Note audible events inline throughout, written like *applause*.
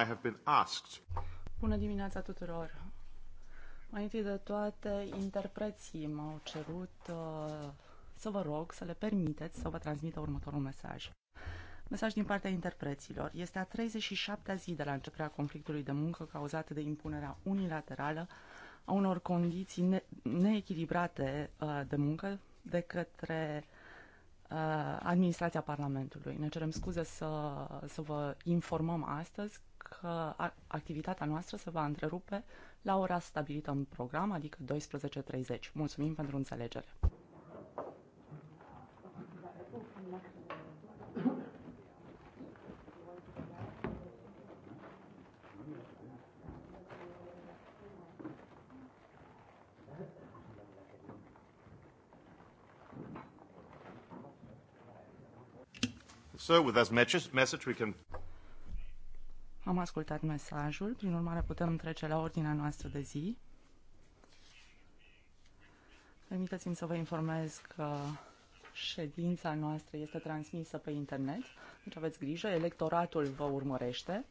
I have been asked. Bună dimineața tuturor! Mai întâi de toate, interpreții m-au cerut uh, să vă rog să le permiteți să vă transmită următorul mesaj. Mesaj din partea interpreților. Este a 37-a zi de la începerea conflictului de muncă cauzat de impunerea unilaterală a unor condiții ne- neechilibrate uh, de muncă de către uh, administrația Parlamentului. Ne cerem scuze să, să vă informăm astăzi că activitatea noastră se va întrerupe la ora stabilită în program, adică 12.30. Mulțumim pentru înțelegere! So with this message we can am ascultat mesajul, prin urmare putem trece la ordinea noastră de zi. Permiteți-mi să vă informez că ședința noastră este transmisă pe internet, deci aveți grijă, electoratul vă urmărește.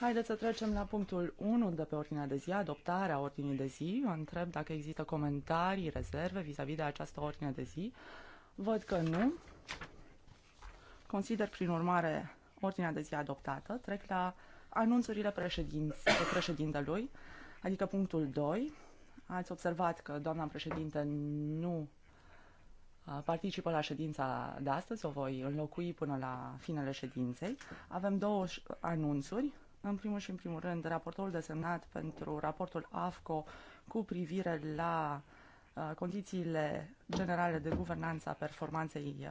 Haideți să trecem la punctul 1 de pe ordinea de zi, adoptarea ordinii de zi. Vă întreb dacă există comentarii, rezerve vis-a-vis -vis de această ordine de zi. Văd că nu. Consider, prin urmare, ordinea de zi adoptată. Trec la anunțurile președin președintelui, adică punctul 2. Ați observat că doamna președinte nu participă la ședința de astăzi, o voi înlocui până la finele ședinței. Avem două anunțuri. În primul și în primul rând, raportorul desemnat pentru raportul AFCO cu privire la uh, Uh, condițiile generale de guvernanță a performanței uh,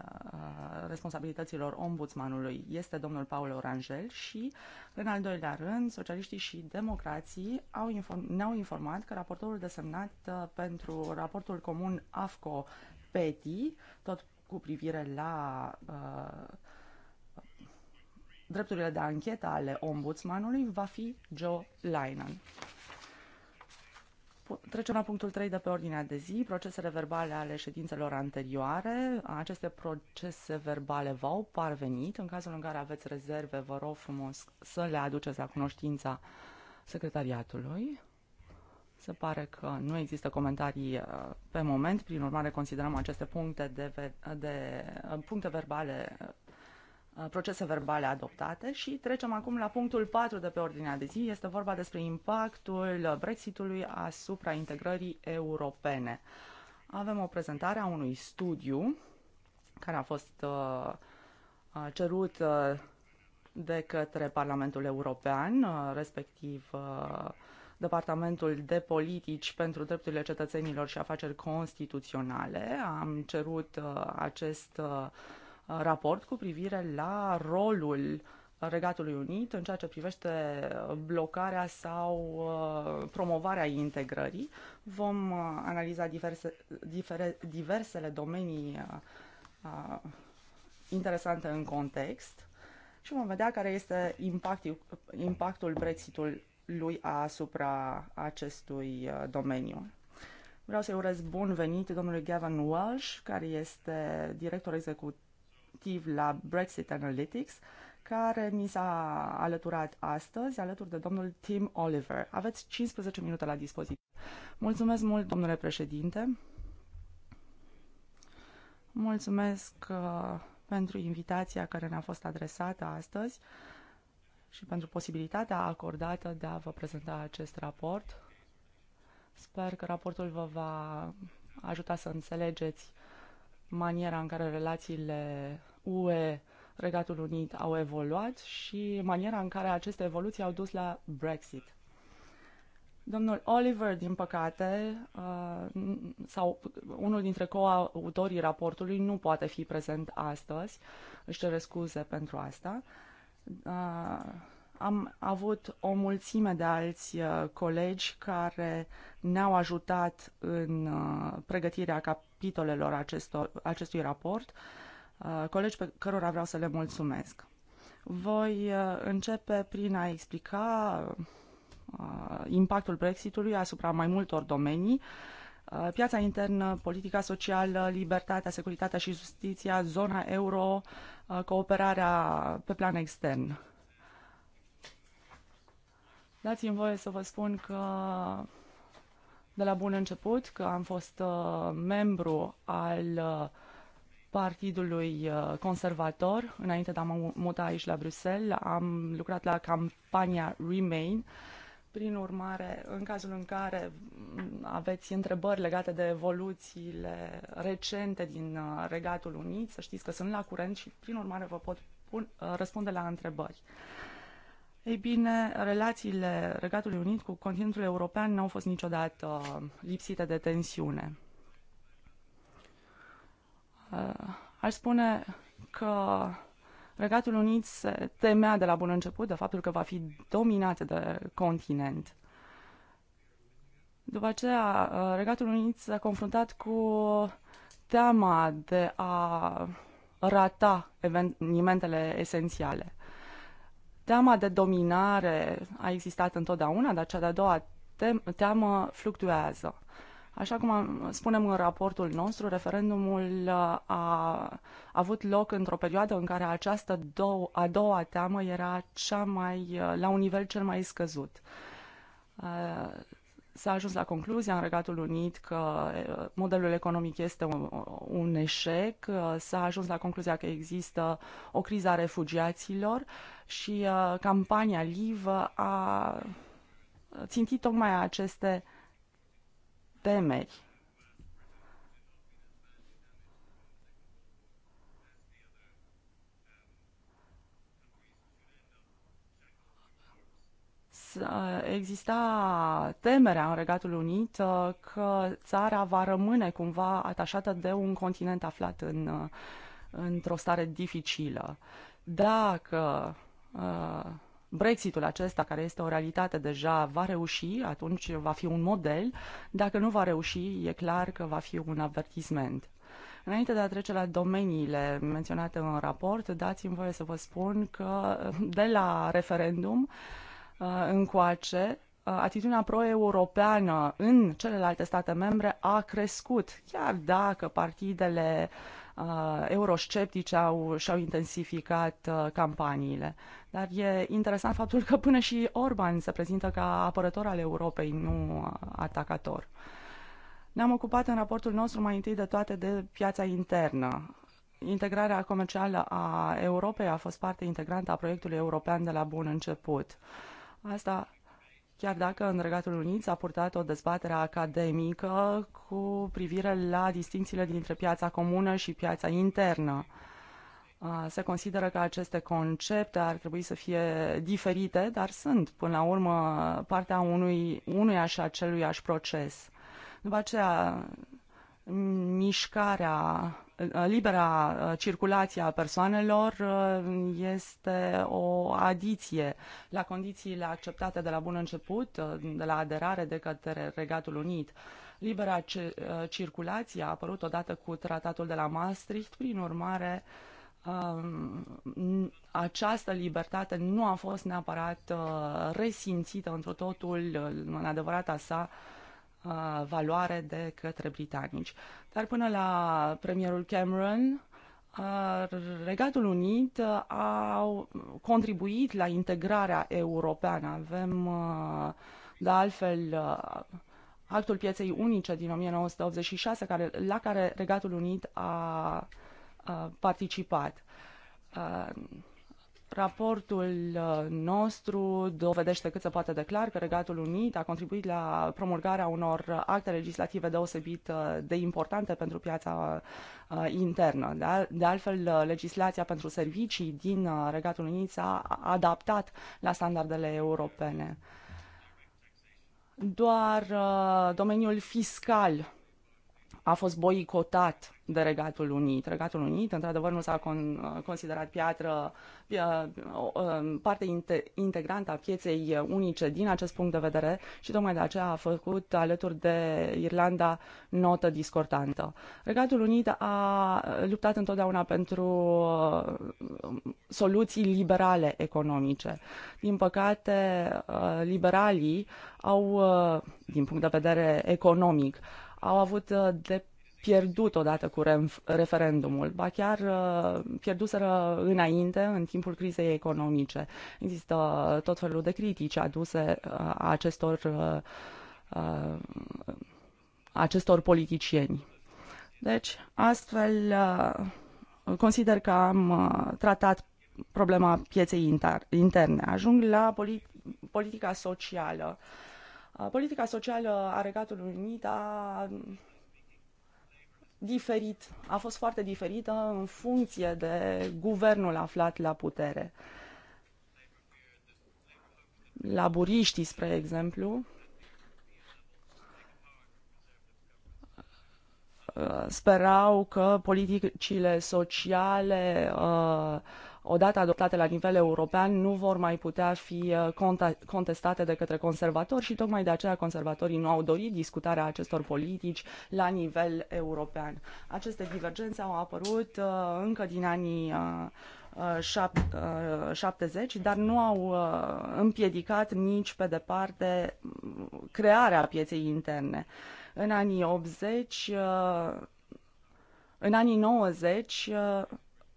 responsabilităților ombudsmanului este domnul Paul Orangel și, în al doilea rând, socialiștii și democrații au inform- ne-au informat că raportorul desemnat uh, pentru raportul comun AFCO-PETI, tot cu privire la uh, drepturile de anchetă ale ombudsmanului, va fi Joe Linen. Trecem la punctul 3 de pe ordinea de zi, procesele verbale ale ședințelor anterioare. Aceste procese verbale v-au parvenit. În cazul în care aveți rezerve, vă rog frumos să le aduceți la cunoștința secretariatului. Se pare că nu există comentarii uh, pe moment, prin urmare considerăm aceste puncte, de, de uh, puncte verbale uh, Uh, procese verbale adoptate și trecem acum la punctul 4 de pe ordinea de zi. Este vorba despre impactul Brexitului asupra integrării europene. Avem o prezentare a unui studiu care a fost uh, uh, cerut uh, de către Parlamentul European, uh, respectiv uh, Departamentul de Politici pentru Drepturile Cetățenilor și Afaceri Constituționale. Am cerut uh, acest uh, raport cu privire la rolul Regatului Unit în ceea ce privește blocarea sau uh, promovarea integrării. Vom uh, analiza diverse, difere, diversele domenii uh, interesante în context și vom vedea care este impactul, impactul Brexitului lui asupra acestui domeniu. Vreau să-i urez bun venit domnului Gavin Walsh, care este director executiv activ la Brexit Analytics, care ni s-a alăturat astăzi, alături de domnul Tim Oliver. Aveți 15 minute la dispoziție. Mulțumesc mult, domnule președinte. Mulțumesc uh, pentru invitația care ne-a fost adresată astăzi și pentru posibilitatea acordată de a vă prezenta acest raport. Sper că raportul vă va ajuta să înțelegeți maniera în care relațiile UE Regatul Unit au evoluat și maniera în care aceste evoluții au dus la Brexit. Domnul Oliver, din păcate, uh, sau unul dintre coautorii raportului nu poate fi prezent astăzi, își cere scuze pentru asta. Uh, am avut o mulțime de alți uh, colegi care ne-au ajutat în pregătirea cap capitolelor acestor, acestui raport, uh, colegi pe cărora vreau să le mulțumesc. Voi uh, începe prin a explica uh, impactul Brexitului asupra mai multor domenii, piața internă, politica socială, libertatea, securitatea și justiția, zona euro, cooperarea pe plan extern. Dați-mi voie să vă spun că de la bun început că am fost uh, membru al uh, Partidului uh, Conservator. Înainte de a mă muta aici la Bruxelles, am lucrat la campania Remain. Prin urmare, în cazul în care mm, aveți întrebări legate de evoluțiile recente din Regatul Unit, să știți că sunt la curent și, prin urmare, vă pot pun, răspunde la întrebări. Uh, ei bine, relațiile Regatului Unit cu continentul european n-au fost niciodată uh, lipsite de tensiune. Uh, aș spune că Regatul Unit se temea de la bun început de faptul că va fi dominat de continent. După aceea, uh, Regatul Unit s-a confruntat cu teama de a rata evenimentele esențiale. Teama de dominare a existat întotdeauna, dar cea de-a doua teamă fluctuează. Așa cum am, spunem în raportul nostru, referendumul a, uh, a avut loc într-o perioadă în care această dou- a doua teamă era cea mai, uh, la un nivel cel mai scăzut. Uh, s-a ajuns la concluzia în Regatul Unit că uh, modelul economic este un, un eșec, uh, s-a ajuns la concluzia că există o criză a refugiaților și uh, campania LIV a țintit tocmai aceste temeri. Uh, exista temerea în Regatul Unit uh, că țara va rămâne cumva atașată de un continent aflat în, uh, într-o stare dificilă. Dacă Brexitul acesta, care este o realitate deja, va reuși, atunci va fi un model. Dacă nu va reuși, e clar că va fi un avertisment. Înainte de a trece la domeniile menționate în raport, dați-mi voie să vă spun că de la referendum uh, Uh, încoace, uh, atitudinea pro-europeană în celelalte state membre a crescut, chiar dacă partidele uh, eurosceptice au, și-au intensificat campaniile. Dar e interesant faptul că până și Orban se prezintă ca apărător al Europei, nu atacator. Ne-am ocupat în raportul nostru mai întâi de toate de piața internă. Integrarea comercială a Europei a fost parte integrantă a proiectului european de la bun început. Uh, Asta chiar dacă în Regatul Unit s-a purtat o dezbatere academică cu privire la distințiile dintre piața comună și piața internă. Se consideră că aceste concepte ar trebui să fie diferite, dar sunt, până la urmă, partea unui, unui și aceluiași proces. După aceea, mișcarea Uh, libera uh, circulație a persoanelor uh, este o adiție la condițiile acceptate de la bun început, de la aderare de către Regatul Unit. Libera circulație a apărut odată cu tratatul de la Maastricht, prin urmare um, această libertate nu a fost neapărat resimțită într totul în adevărata sa uh, Uh, valoare de către britanici. Dar până la premierul Cameron, uh, Regatul Unit uh, a contribuit la integrarea europeană. Avem, de altfel, actul pieței unice din 1986, care, la care Regatul Unit a, a participat. Raportul uh, nostru dovedește cât se poate de clar că Regatul Unit a contribuit la promulgarea unor acte legislative deosebit uh, de importante pentru piața uh, internă. De altfel, legislația pentru servicii din Regatul Unit s-a adaptat la standardele europene. Doar domeniul fiscal a fost boicotat de Regatul Unit. Regatul Unit, într-adevăr, nu s-a con- uh, considerat piatră, uh, uh, um, parte inte- integrantă a pieței unice din acest punct de vedere și tocmai de aceea a făcut alături de Irlanda notă discordantă. Regatul Unit a luptat întotdeauna pentru soluții liberale economice. Din păcate, liberalii au, din punct de vedere economic, au avut uh, de pierdut odată cu referendumul, ba chiar uh, pierduseră înainte, în timpul crizei economice. Există uh, tot felul de critici aduse acestor, acestor politicieni. Deci, astfel, consider că am tratat problema pieței interne. Ajung la politica socială. Uh, Politica socială a Regatului Unit a diferit, a fost foarte diferită în funcție de guvernul aflat la putere. Laburiștii, spre exemplu, sperau că politicile sociale uh, odată adoptate la nivel european, nu vor mai putea fi uh, contestate de către conservatori și tocmai de aceea conservatorii nu au dorit discutarea acestor politici la nivel european. Aceste divergențe au apărut uh, încă din anii 70, uh, dar nu au împiedicat nici pe departe crearea pieței interne. În anii 80, în anii 90,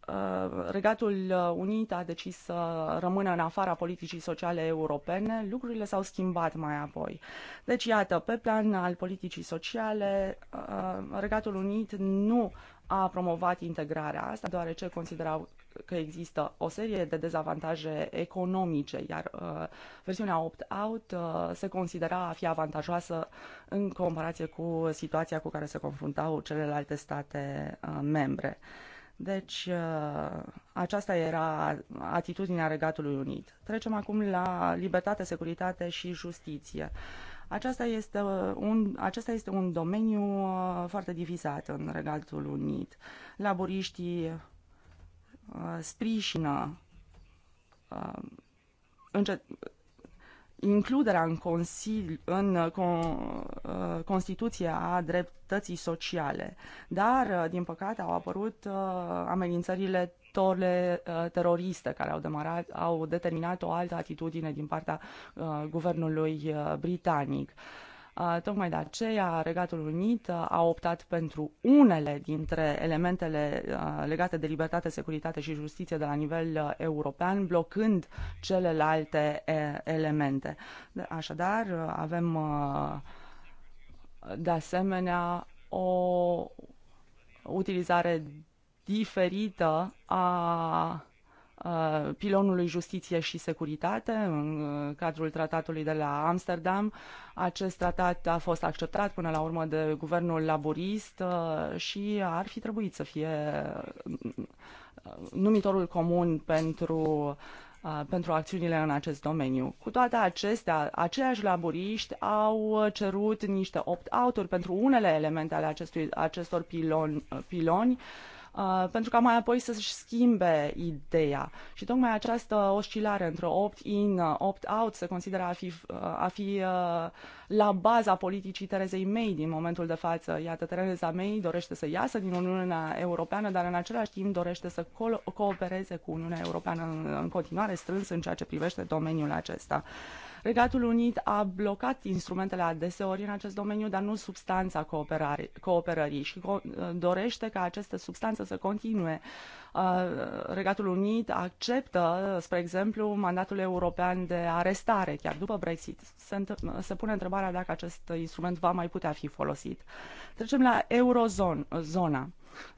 Uh, Regatul uh, Unit a decis să rămână în afara politicii sociale europene, lucrurile s-au schimbat mai apoi. Deci, iată, pe plan al politicii sociale, uh, Regatul Unit nu a promovat integrarea asta, deoarece considerau că există o serie de dezavantaje economice, iar uh, versiunea opt-out uh, se considera a fi avantajoasă în comparație cu situația cu care se confruntau celelalte state uh, membre. Uh, deci, uh, aceasta era atitudinea Regatului Unit. Trecem acum la libertate, securitate și justiție. Aceasta este uh, un, acesta este un domeniu uh, foarte divizat în Regatul Unit. Laburiștii sprijină includerea în, consili, în uh, con, uh, Constituție a dreptății sociale. Dar, uh, din păcate, au apărut amenințările actele teroriste care au, demarat, au determinat o altă atitudine din partea uh, guvernului uh, britanic. Uh, Tocmai de aceea, Regatul Unit a optat pentru unele dintre elementele legate de libertate, securitate și justiție de la nivel european, blocând celelalte elemente. Așadar, avem de asemenea o utilizare diferită a Uh, pilonului justiție și securitate în uh, cadrul tratatului de la Amsterdam. Acest tratat a fost acceptat până la urmă de guvernul laborist uh, și ar fi trebuit să fie numitorul comun pentru pentru acțiunile în acest domeniu. Cu toate acestea, aceiași laburiști au cerut niște opt-out-uri pentru unele elemente ale acestui, acestor pilon, piloni, Uh, pentru ca mai apoi să-și schimbe ideea. Și tocmai această oscilare între opt-in, uh, opt-out se consideră a fi, uh, a fi la baza politicii Terezei May din momentul de față. Iată, Tereza May dorește să iasă din Uniunea Europeană, dar în același timp dorește să co- coopereze cu Uniunea Europeană în, în continuare strâns în ceea ce privește domeniul acesta. Regatul Unit a blocat instrumentele adeseori în acest domeniu, dar nu substanța cooperării și dorește ca aceste substanțe să continue. Uh, Regatul Unit acceptă, spre exemplu, mandatul european de arestare, chiar după Brexit. Se, se pune întrebarea dacă acest instrument va mai putea fi folosit. Trecem la eurozona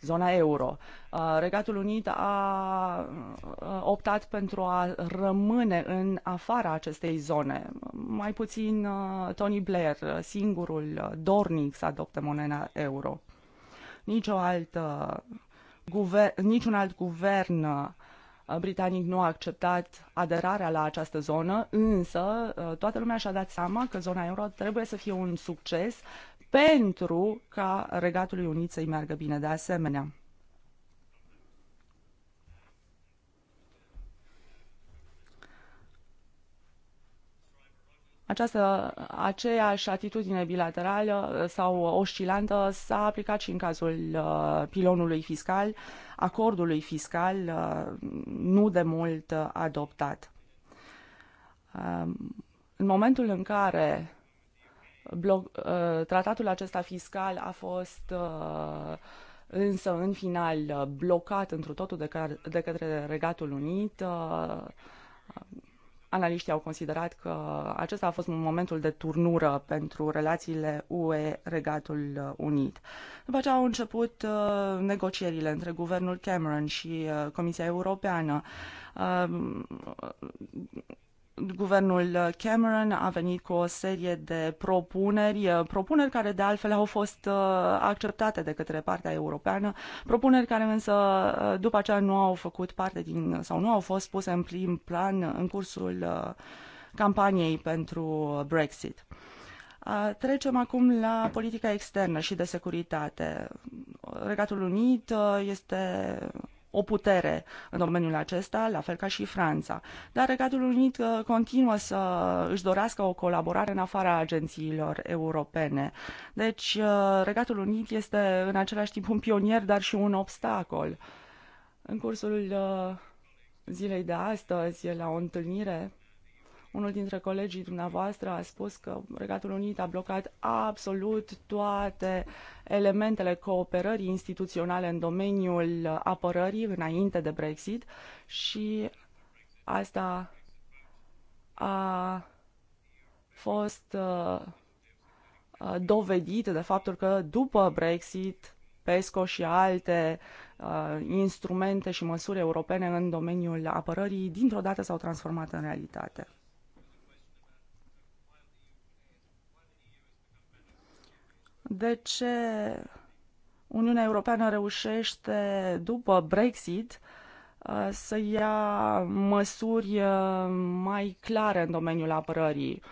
zona euro. Uh, Regatul Unit a uh, optat pentru a rămâne în afara acestei zone. Mai puțin uh, Tony Blair, singurul dornic să adopte moneda euro. Nici o altă guver- niciun alt guvern britanic nu a acceptat aderarea la această zonă, însă toată lumea și-a dat seama că zona euro trebuie să fie un succes pentru ca Regatului Unit să-i meargă bine de asemenea. Această aceeași atitudine bilaterală sau oscilantă s-a aplicat și în cazul uh, pilonului fiscal, acordului fiscal uh, nu de mult uh, adoptat. Uh, în momentul în care Uh, tratatul acesta fiscal a fost uh, însă în final uh, blocat într totul de, de către Regatul Unit. Analiștii au considerat că acesta a fost momentul de turnură pentru relațiile UE-Regatul Unit. După ce au început negocierile între guvernul Cameron și Comisia Europeană Guvernul Cameron a venit cu o serie de propuneri, uh, propuneri care de altfel au fost uh, acceptate de către partea europeană, propuneri care însă uh, după aceea nu au făcut parte din sau nu au fost puse în prim plan în cursul campaniei pentru Brexit. Trecem acum la politica externă și de securitate. Regatul Unit este o putere în domeniul acesta, la fel ca și Franța. Dar Regatul Unit uh, continuă să își dorească o colaborare în afara agențiilor europene. Deci, uh, Regatul Unit este în același timp un pionier, dar și un obstacol. În cursul uh, zilei de astăzi, la o întâlnire unul dintre colegii dumneavoastră a spus că Regatul Unit a blocat absolut toate elementele cooperării instituționale în domeniul apărării înainte de Brexit și asta a fost uh, uh, dovedit de faptul că după Brexit PESCO și alte uh, instrumente și măsuri europene în domeniul apărării, dintr-o dată s-au transformat în realitate. de ce Uniunea Europeană reușește după Brexit uh, să ia măsuri uh, mai clare în domeniul apărării.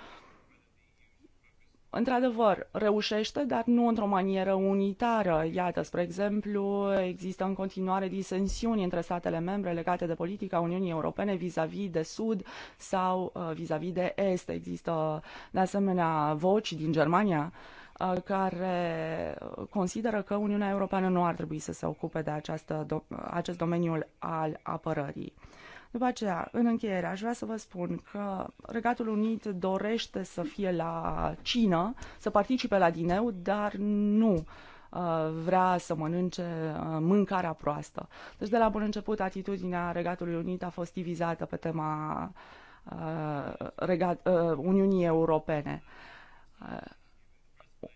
Într-adevăr, reușește, dar nu într-o manieră unitară. Iată, spre exemplu, există în continuare disensiuni între statele membre legate de politica Uniunii Europene vis-a-vis -vis de Sud sau uh, vis-a-vis -vis de Est. Există, de asemenea, voci din Germania uh, Uh, care consideră că Uniunea Europeană nu ar trebui să se ocupe de această, acest domeniul al apărării. După aceea, în încheiere, aș vrea să vă spun că Regatul Unit dorește să fie la cină, să participe la dineu, dar nu uh, vrea să mănânce uh, mâncarea proastă. Deci de la bun început atitudinea Regatului Unit a fost divizată pe tema uh, Regat, uh, Uniunii Europene. Uh,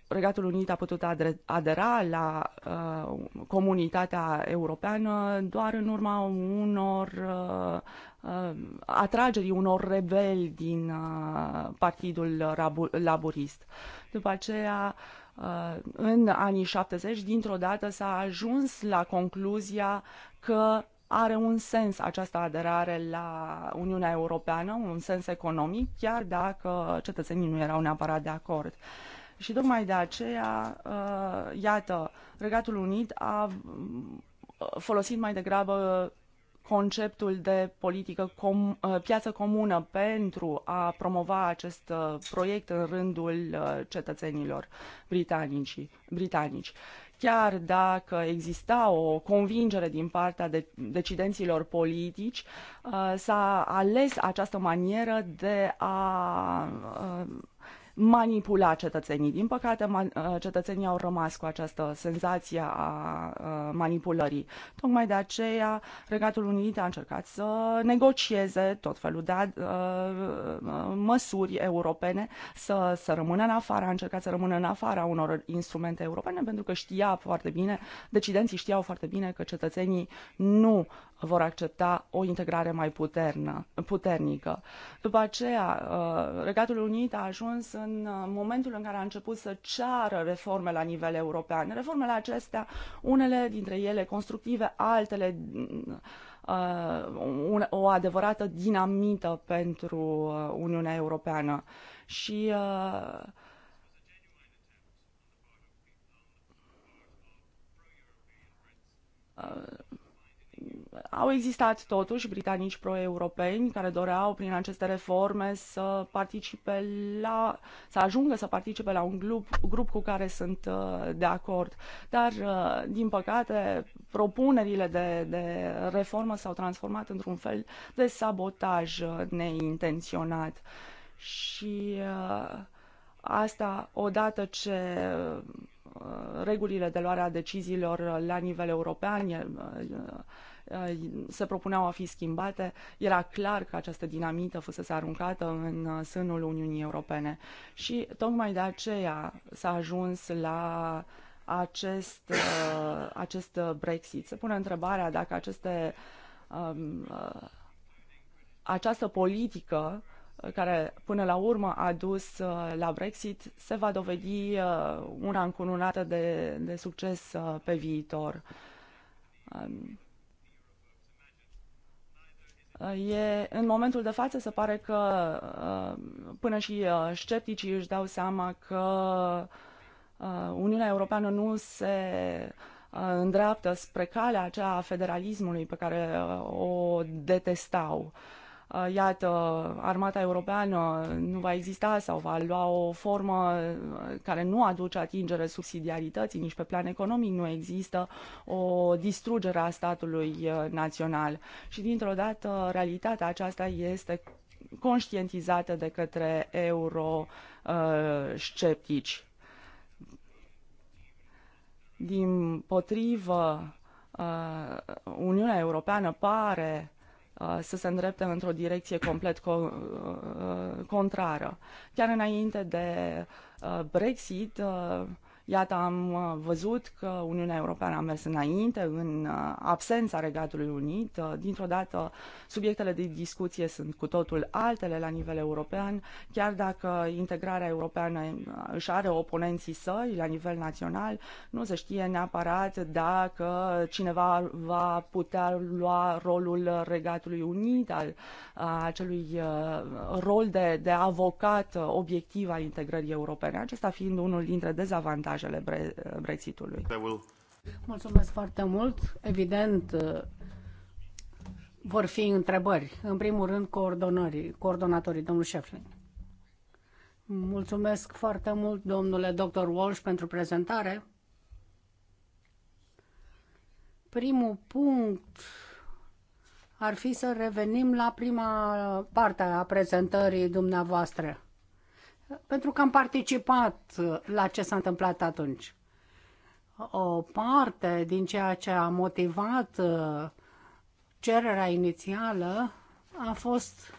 Regatul Unit a putut adera la uh, comunitatea europeană doar în urma unor uh, uh, atragerii unor rebeli din uh, Partidul Laborist. După aceea, uh, în anii 70, dintr-o dată s-a ajuns la concluzia că are un sens această aderare la Uniunea Europeană, un sens economic, chiar dacă cetățenii nu erau neapărat de acord. Uh, și tocmai de aceea, uh, iată, Regatul Unit a uh, folosit mai degrabă conceptul de politică com, uh, piață comună pentru a promova acest proiect în rândul cetățenilor britanici. britanici. Chiar dacă exista o convingere din partea de, decidenților politici, s-a ales această manieră de a manipula cetățenii. Din păcate, uh, cetățenii au rămas cu această senzație a uh, manipulării. Tocmai de aceea, Regatul Unit a încercat să negocieze tot felul de uh, măsuri europene, să, să rămână în afara, a încercat să rămână în afara unor instrumente europene, pentru că știa foarte bine, decidenții știau foarte bine că cetățenii nu vor accepta o integrare mai puternă, puternică. După aceea, uh, Regatul Unit a ajuns în uh, momentul în care a început să ceară reforme la nivel european. Reformele acestea, unele dintre ele constructive, altele uh, o adevărată dinamită pentru Uniunea Europeană. Și au existat totuși britanici pro-europeni care doreau prin aceste reforme să participe la, să ajungă să participe la un grup, grup cu care sunt uh, de acord. Dar, uh, din păcate, propunerile de, de reformă s-au transformat într-un fel de sabotaj neintenționat. Și uh, asta odată ce regulile de luare a deciziilor la nivel european Uh, se propuneau a fi schimbate, era clar că această dinamită fusese aruncată în uh, sânul Uniunii Europene. Și tocmai de aceea s-a ajuns la acest, uh, acest Brexit. Se pune întrebarea dacă aceste, um, această politică care până la urmă a dus la Brexit se va dovedi una încununată de, de succes pe viitor. Um, E, în momentul de față se pare că uh, până și uh, scepticii își dau seama că uh, Uniunea Europeană nu se îndreaptă spre calea aceea a federalismului pe care o detestau. Uh, Uh, iată, armata europeană nu va exista sau va lua o formă uh, care nu aduce atingere subsidiarității, nici pe plan economic nu există o distrugere a statului uh, național. Și dintr-o dată realitatea aceasta este conștientizată de către eurosceptici. Din potrivă, Uniunea Europeană pare Uh, să se îndrepte într-o direcție complet co- uh, uh, contrară. Chiar înainte de Brexit, Iată, am uh, văzut că Uniunea Europeană a mers înainte în uh, absența Regatului Unit. Uh, dintr-o dată, subiectele de discuție sunt cu totul altele la nivel european, chiar dacă integrarea europeană își are oponenții săi la nivel național, nu se știe neapărat dacă cineva va putea lua rolul Regatului Unit, al acelui rol de, de avocat obiectiv al integrării europene, acesta fiind unul dintre dezavantaje avantajele Brexitului. Mulțumesc foarte mult. Evident, vor fi întrebări. În primul rând, coordonării, coordonatorii, domnul Șeflin. Mulțumesc foarte mult, domnule dr. Walsh, pentru prezentare. Primul punct ar fi să revenim la prima parte a prezentării dumneavoastră pentru că am participat uh, la ce s-a întâmplat atunci. O parte din ceea ce a motivat uh, cererea inițială a fost,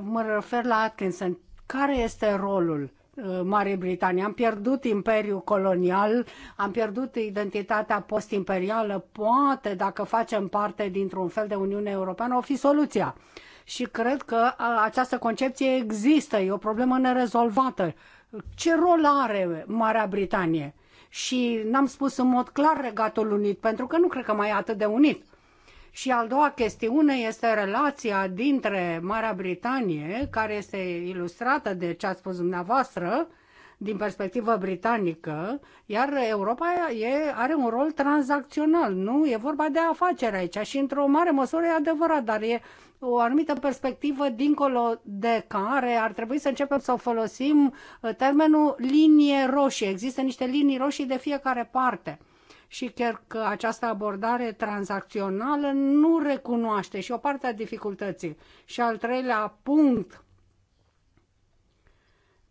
mă refer la Atkinson, care este rolul uh, Marii Britanii. Am pierdut imperiul colonial, am pierdut identitatea postimperială. Poate, dacă facem parte dintr-un fel de Uniune Europeană, o fi soluția și cred că această concepție există, e o problemă nerezolvată. Ce rol are Marea Britanie? Și n-am spus în mod clar Regatul Unit, pentru că nu cred că mai e atât de unit. Și al doua chestiune este relația dintre Marea Britanie, care este ilustrată de ce ați spus dumneavoastră, din perspectivă britanică, iar Europa e, are un rol tranzacțional, nu? E vorba de afaceri aici și într-o mare măsură e adevărat, dar e o anumită perspectivă dincolo de care ar trebui să începem să folosim uh, termenul linie roșie. Există niște linii roșii de fiecare parte și chiar că această abordare tranzacțională nu recunoaște și o parte a dificultății. Și al treilea punct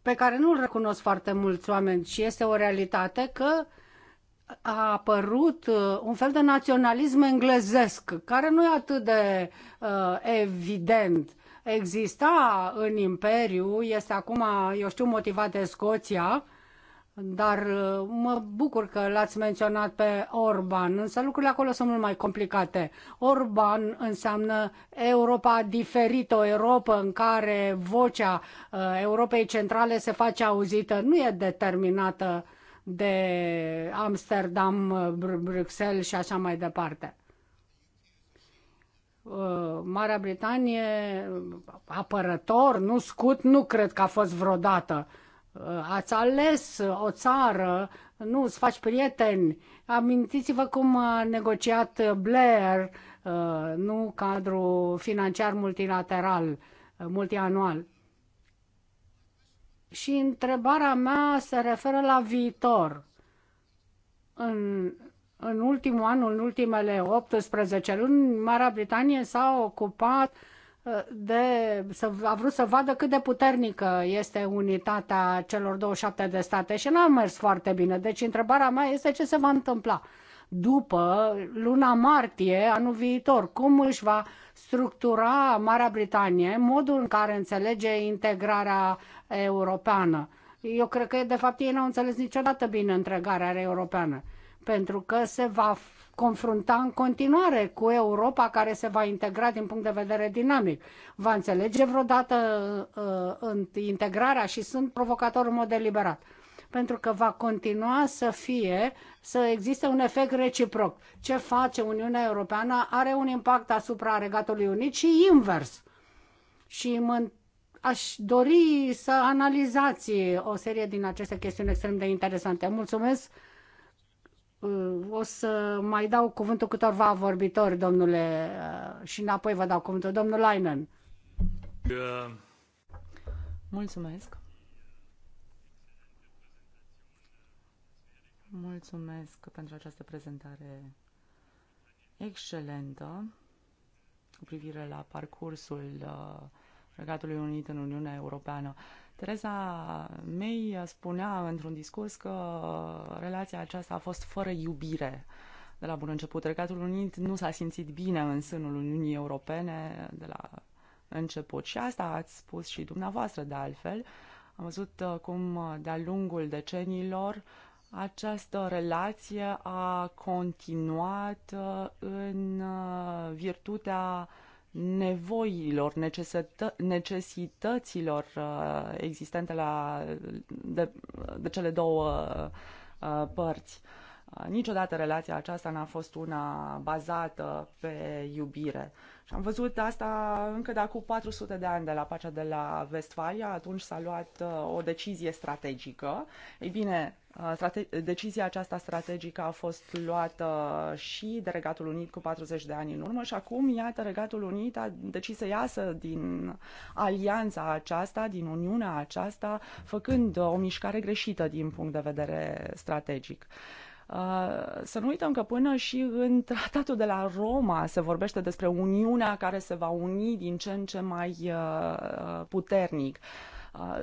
pe care nu-l recunosc foarte mulți oameni și este o realitate că uh, a apărut uh, un fel de naționalism englezesc, care nu e atât de uh, evident. Exista în Imperiu, este acum, eu știu, motivat de Scoția, dar uh, mă bucur că l-ați menționat pe Orban, însă lucrurile acolo sunt mult mai complicate. Orban înseamnă Europa diferită, o Europa în care vocea uh, Europei Centrale se face auzită, nu e determinată de Amsterdam, Bruxelles și așa mai departe. Uh, Marea Britanie, uh, apărător, nu scut, nu cred că a fost vreodată. Uh, ați ales o țară, nu îți faci prieteni. Amintiți-vă cum a negociat Blair, nu cadrul financiar multilateral, multianual. Și întrebarea mea se referă la viitor. În, în ultimul an, în ultimele 18 luni, Marea Britanie s-a ocupat uh, de, să, a vrut să vadă cât de puternică este unitatea celor 27 de state și n-a mers foarte bine. Deci întrebarea mea este ce se va întâmpla după luna martie anul viitor, cum își va structura Marea Britanie, modul în care înțelege integrarea europeană. Eu cred că, de fapt, ei n-au înțeles niciodată bine întregarea europeană, pentru că se va confrunta în continuare cu Europa care se va integra din punct de vedere dinamic. Va înțelege vreodată uh, uh integrarea și sunt provocator în mod deliberat pentru că va continua să fie, să existe un efect reciproc. Ce face Uniunea Europeană are un impact asupra Regatului Unit și invers. Și mă aș dori să analizați o serie din aceste chestiuni extrem de interesante. Mulțumesc! Uh, o să mai dau cuvântul câtorva vorbitori, domnule, uh, și înapoi vă dau cuvântul. Domnul Leinen. Mulțumesc! Mulțumesc pentru această prezentare excelentă cu privire la parcursul uh, Regatului Unit în Uniunea Europeană. Teresa May spunea într-un discurs că relația aceasta a fost fără iubire de la bun început. Regatul Unit nu s-a simțit bine în sânul Uniunii Europene de la început și asta ați spus și dumneavoastră de altfel. Am văzut uh, cum uh, de-a lungul deceniilor această relație a continuat uh, în uh, virtutea nevoilor, necesită- necesităților uh, existente la, de, de cele două părți. Niciodată relația aceasta n-a fost una bazată pe iubire. Și am văzut asta încă de acum 400 de ani de la pacea de la Vestfalia. Atunci s-a luat uh, o decizie strategică. Ei bine, uh, strate- decizia aceasta strategică a fost luată și de Regatul Unit cu 40 de ani în urmă și acum, iată, Regatul Unit a decis să iasă din alianța aceasta, din Uniunea aceasta, făcând uh, o mișcare greșită din punct de vedere strategic. Uh, să nu uităm că până și în tratatul de la Roma se vorbește despre Uniunea care se va uni din ce în ce mai uh, uh, puternic.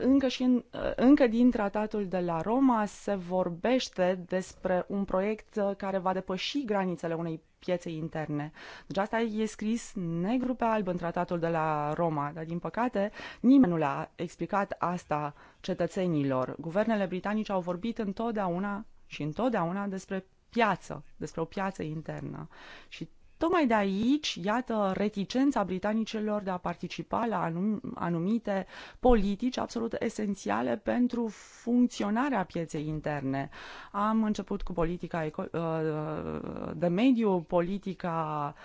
Încă, și în, încă din tratatul de la Roma se vorbește despre un proiect care va depăși granițele unei piețe interne. Deci asta e scris negru pe alb în tratatul de la Roma, dar din păcate nimeni nu le-a explicat asta cetățenilor. Guvernele britanice au vorbit întotdeauna și întotdeauna despre piață, despre o piață internă. Și tocmai de aici, iată, reticența britanicilor de a participa la anumite politici absolut esențiale pentru funcționarea pieței interne. Am început cu politica uh, de mediu, politica uh,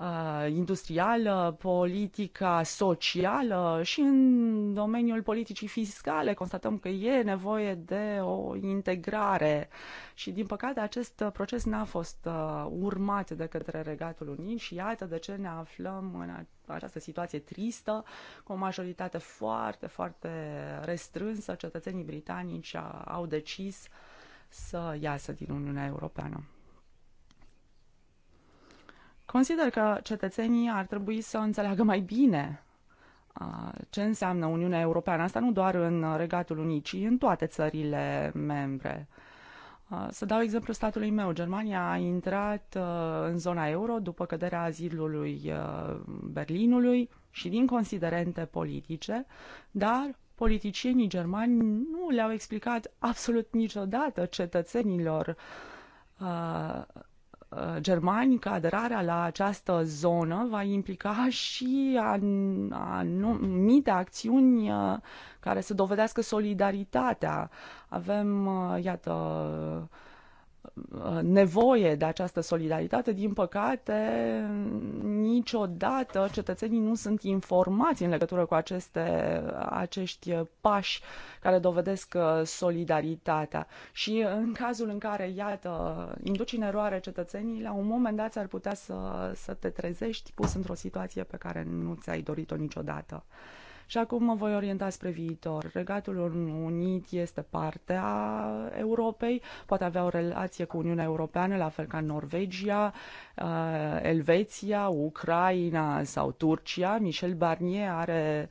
Uh, industrială, politica socială și în domeniul politicii fiscale constatăm că e nevoie de o integrare și din păcate acest proces n-a fost uh, urmat de către Regatul Unit și iată de ce ne aflăm în această situație tristă cu o majoritate foarte, foarte restrânsă. Cetățenii britanici au decis să iasă din Uniunea Europeană. Consider că cetățenii ar trebui să înțeleagă mai bine ce înseamnă Uniunea Europeană. Asta nu doar în Regatul Unii, ci în toate țările membre. Să dau exemplu statului meu. Germania a intrat în zona euro după căderea azilului Berlinului și din considerente politice, dar politicienii germani nu le-au explicat absolut niciodată cetățenilor Uh, germani că aderarea la această zonă va implica și anumite acțiuni uh, care să dovedească solidaritatea. Avem, uh, iată, nevoie de această solidaritate, din păcate, niciodată cetățenii nu sunt informați în legătură cu aceste, acești pași care dovedesc uh, solidaritatea. Și în cazul în care, iată, induci în eroare cetățenii, la un moment dat ar putea să, să te trezești pus într-o situație pe care nu ți-ai dorit-o niciodată. Și acum mă voi orienta spre viitor. Regatul Unit este partea Europei, poate avea o relație cu Uniunea Europeană, la fel ca Norvegia, uh, Elveția, Ucraina sau Turcia. Michel Barnier are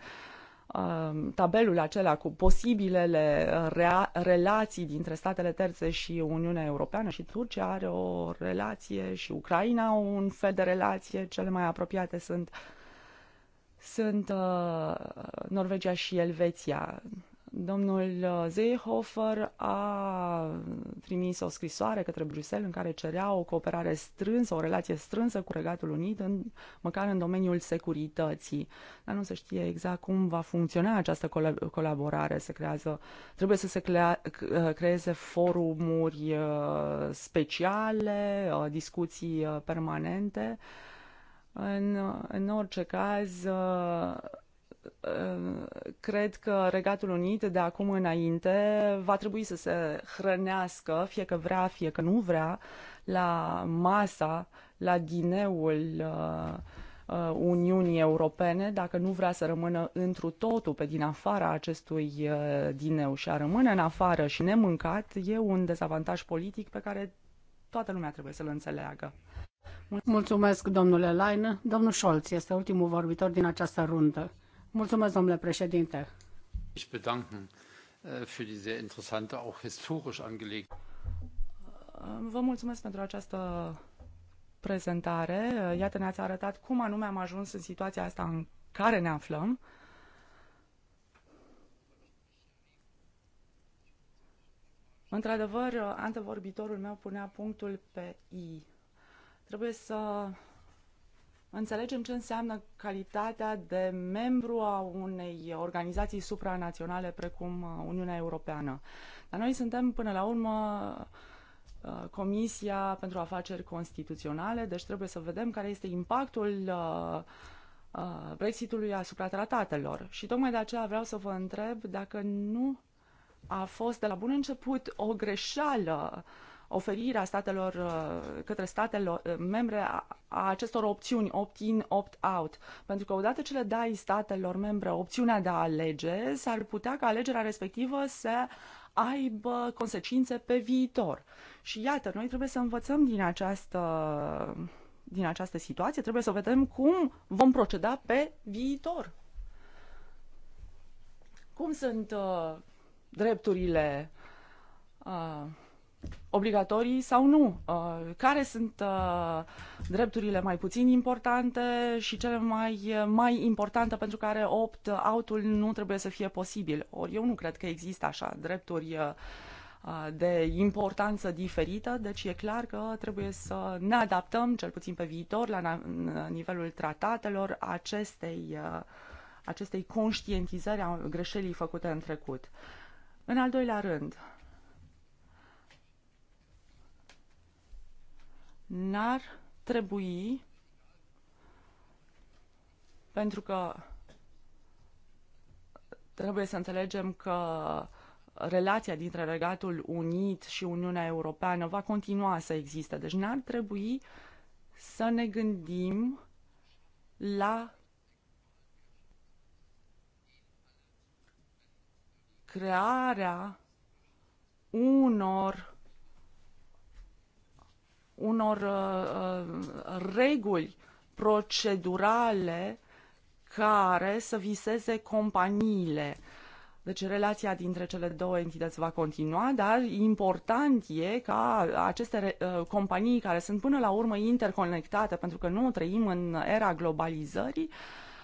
uh, tabelul acela cu posibilele uh, rea- relații dintre statele terțe și Uniunea Europeană și Turcia are o relație și Ucraina un fel de relație, cele mai apropiate sunt sunt uh, Norvegia și Elveția. Domnul uh, Zeehofer a trimis o scrisoare către Bruxelles în care cerea o cooperare strânsă, o relație strânsă cu Regatul Unit, în, măcar în domeniul securității. Dar nu se știe exact cum va funcționa această col- colaborare. Se creează, trebuie să se crea, uh, creeze forumuri uh, speciale, discuții permanente. Uh, în, în orice caz, uh, uh, cred că Regatul Unit de acum înainte va trebui să se hrănească, fie că vrea, fie că nu vrea, la masa, la dineul uh, Uniunii Europene, dacă nu vrea să rămână întru totul pe din afara acestui dineu și a rămâne în afară și nemâncat, e un dezavantaj politic pe care toată lumea trebuie să-l înțeleagă. Mulțumesc, domnule Lain. Domnul Scholz este ultimul vorbitor din această rundă. Mulțumesc, domnule președinte. Ich bedanken äh, für diese interessante, auch historisch angelegte. Vă mulțumesc pentru această prezentare. Iată, ne-ați arătat cum anume am ajuns în situația asta în care ne aflăm. Într-adevăr, antevorbitorul meu punea punctul pe I. Trebuie să înțelegem ce înseamnă calitatea de membru a unei organizații supranaționale precum uh, Uniunea Europeană. Dar noi suntem, până la urmă, uh, Comisia pentru Afaceri Constituționale, deci trebuie să vedem care este impactul uh, Brexitului asupra tratatelor. Și tocmai de aceea vreau să vă întreb dacă nu a fost de la bun început o greșeală uh, oferirea statelor, uh, către statele uh, membre a acestor opțiuni opt-in, opt-out. Pentru că odată ce le dai statelor membre opțiunea de a alege, s-ar putea ca alegerea respectivă să aibă consecințe pe viitor. Și iată, noi trebuie să învățăm din această, din această situație, trebuie să vedem cum vom proceda pe viitor. Cum sunt uh, drepturile uh, obligatorii sau nu, uh, care sunt uh, drepturile mai puțin importante și cele mai, uh, mai importante pentru care opt autul nu trebuie să fie posibil. Ori eu nu cred că există așa drepturi de importanță diferită, deci e clar că trebuie să ne adaptăm, cel puțin pe viitor, la nivelul tratatelor acestei, acestei conștientizări a greșelii făcute în trecut. În al doilea rând, n-ar trebui, pentru că trebuie să înțelegem că relația dintre Regatul Unit și Uniunea Europeană va continua să existe. Deci n-ar trebui să ne gândim la crearea unor unor uh, uh, reguli procedurale care să viseze companiile. Deci relația dintre cele două entități va continua, dar important e ca aceste uh, companii care sunt până la urmă interconectate, pentru că nu trăim în era globalizării,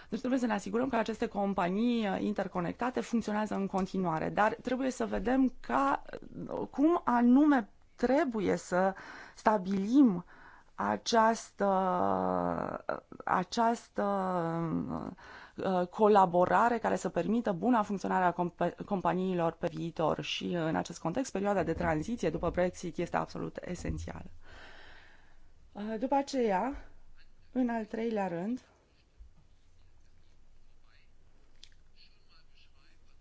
deci trebuie să ne asigurăm că aceste companii uh, interconectate funcționează în continuare, dar trebuie să vedem ca, uh, cum anume trebuie să stabilim această, această uh, colaborare care să permită buna funcționare a companiilor pe viitor și în acest context perioada de tranziție după Brexit este absolut esențială. Uh, după aceea, în al treilea rând,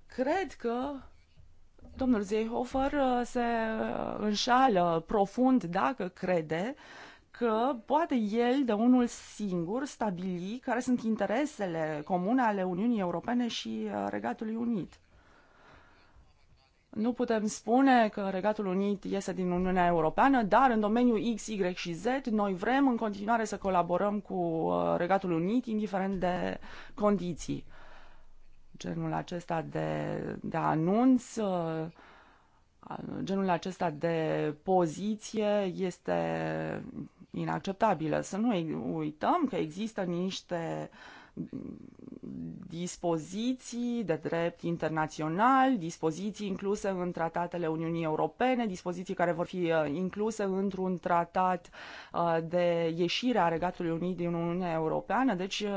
cred că domnul Zehofer uh, se uh, înșală profund dacă crede că poate el de unul singur stabili care sunt interesele comune ale Uniunii Europene și uh, Regatului Unit. Nu putem spune că Regatul Unit iese din Uniunea Europeană, dar în domeniul X, Y și Z noi vrem în continuare să colaborăm cu Regatul Unit, indiferent de condiții genul acesta de, de anunț, uh, genul acesta de poziție este inacceptabilă. Să nu uităm că există niște uh, dispoziții de drept internațional, dispoziții incluse în tratatele Uniunii Europene, dispoziții care vor fi uh, incluse într-un tratat uh, de ieșire a Regatului Unit din Uniunea Europeană. Deci, uh,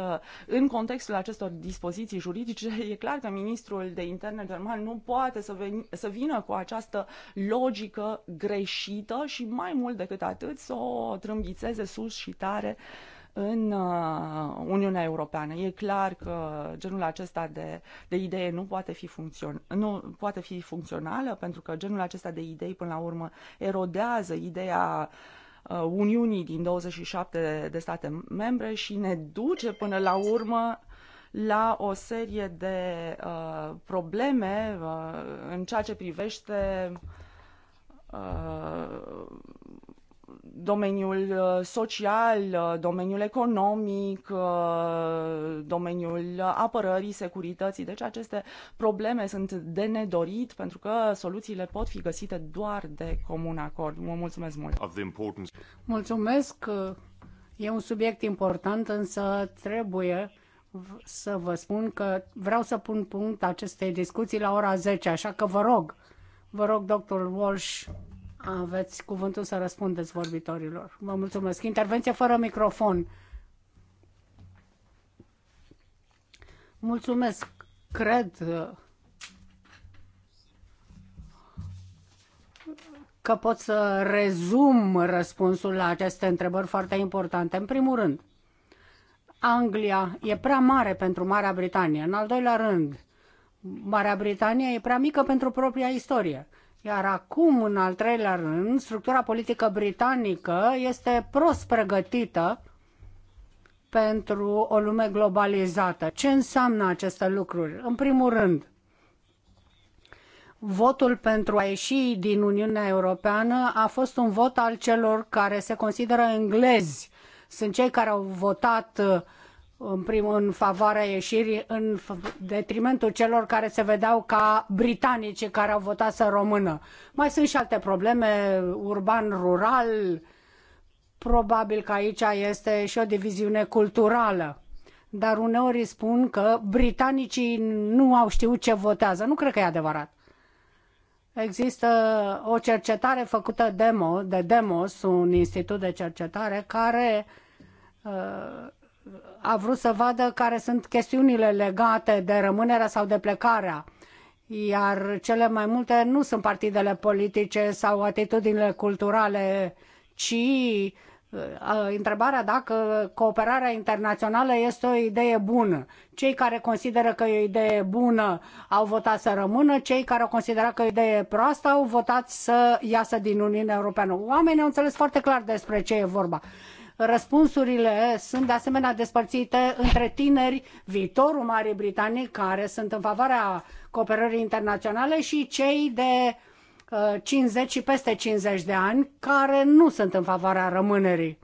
în contextul acestor dispoziții juridice, *laughs* e clar că ministrul de interne german nu poate să, veni, să vină cu această logică greșită și mai mult decât atât să o trâmbițeze sus și tare uh, în uh, Uniunea Europeană. E clar că genul acesta de, de idee nu poate, fi funcțion- nu poate fi funcțională, pentru că genul acesta de idei, până la urmă, erodează ideea uh, Uniunii din 27 de state membre și ne duce până la urmă la o serie de uh, probleme uh, în ceea ce privește uh, domeniul uh, social, uh, domeniul economic, uh, domeniul apărării, securității. Deci aceste probleme sunt de nedorit pentru că soluțiile pot fi găsite doar de comun acord. Mă mulțumesc mult! Mulțumesc! E un subiect important, însă trebuie să vă spun că vreau să pun punct acestei discuții la ora 10, așa că vă rog, vă rog, doctor Walsh, aveți cuvântul să răspundeți vorbitorilor. Vă mulțumesc. Intervenție fără microfon. Mulțumesc. Cred că pot să rezum răspunsul la aceste întrebări foarte importante. În primul rând, Anglia e prea mare pentru Marea Britanie. În al doilea rând, Marea Britanie e prea mică pentru propria istorie. Iar acum, în al treilea rând, structura politică britanică este prost pregătită pentru o lume globalizată. Ce înseamnă aceste lucruri? În primul rând, votul pentru a ieși din Uniunea Europeană a fost un vot al celor care se consideră englezi. Sunt cei care au votat uh, în, prim, în favoarea ieșirii, în detrimentul celor care se vedeau ca britanici care au votat să română. Mai sunt și alte probleme, urban-rural, probabil că aici este și o diviziune culturală. Dar uneori spun că britanicii nu au știut ce votează. Nu cred că e adevărat. Există o cercetare făcută demo, de Demos, un institut de cercetare, care uh, a vrut să vadă care sunt chestiunile legate de rămânerea sau de plecarea iar cele mai multe nu sunt partidele politice sau atitudinile culturale, ci uh, uh, întrebarea dacă cooperarea internațională este o idee bună. Cei care consideră că e o idee bună au votat să rămână, cei care au considerat că e o idee proastă au votat să iasă din Uniunea Europeană. Oamenii au înțeles foarte clar despre ce e vorba. Răspunsurile sunt de asemenea despărțite între tineri, viitorul Marii Britanii, care sunt în favoarea cooperării internaționale, și cei de 50 uh, și peste 50 de ani, care nu sunt în favoarea rămânerii.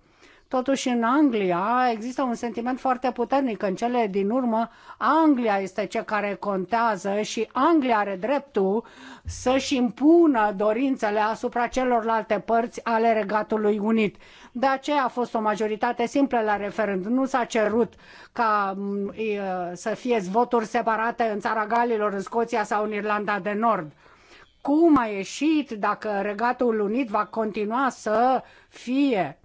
Totuși, în Anglia există un sentiment foarte puternic că în cele din urmă Anglia este cea care contează și Anglia are dreptul să-și impună dorințele asupra celorlalte părți ale Regatului Unit. De aceea a fost o majoritate simplă la referendum. Nu s-a cerut ca mm, să fie voturi separate în țara Galilor, în Scoția sau în Irlanda de Nord cum a ieșit, dacă Regatul Unit va continua să fie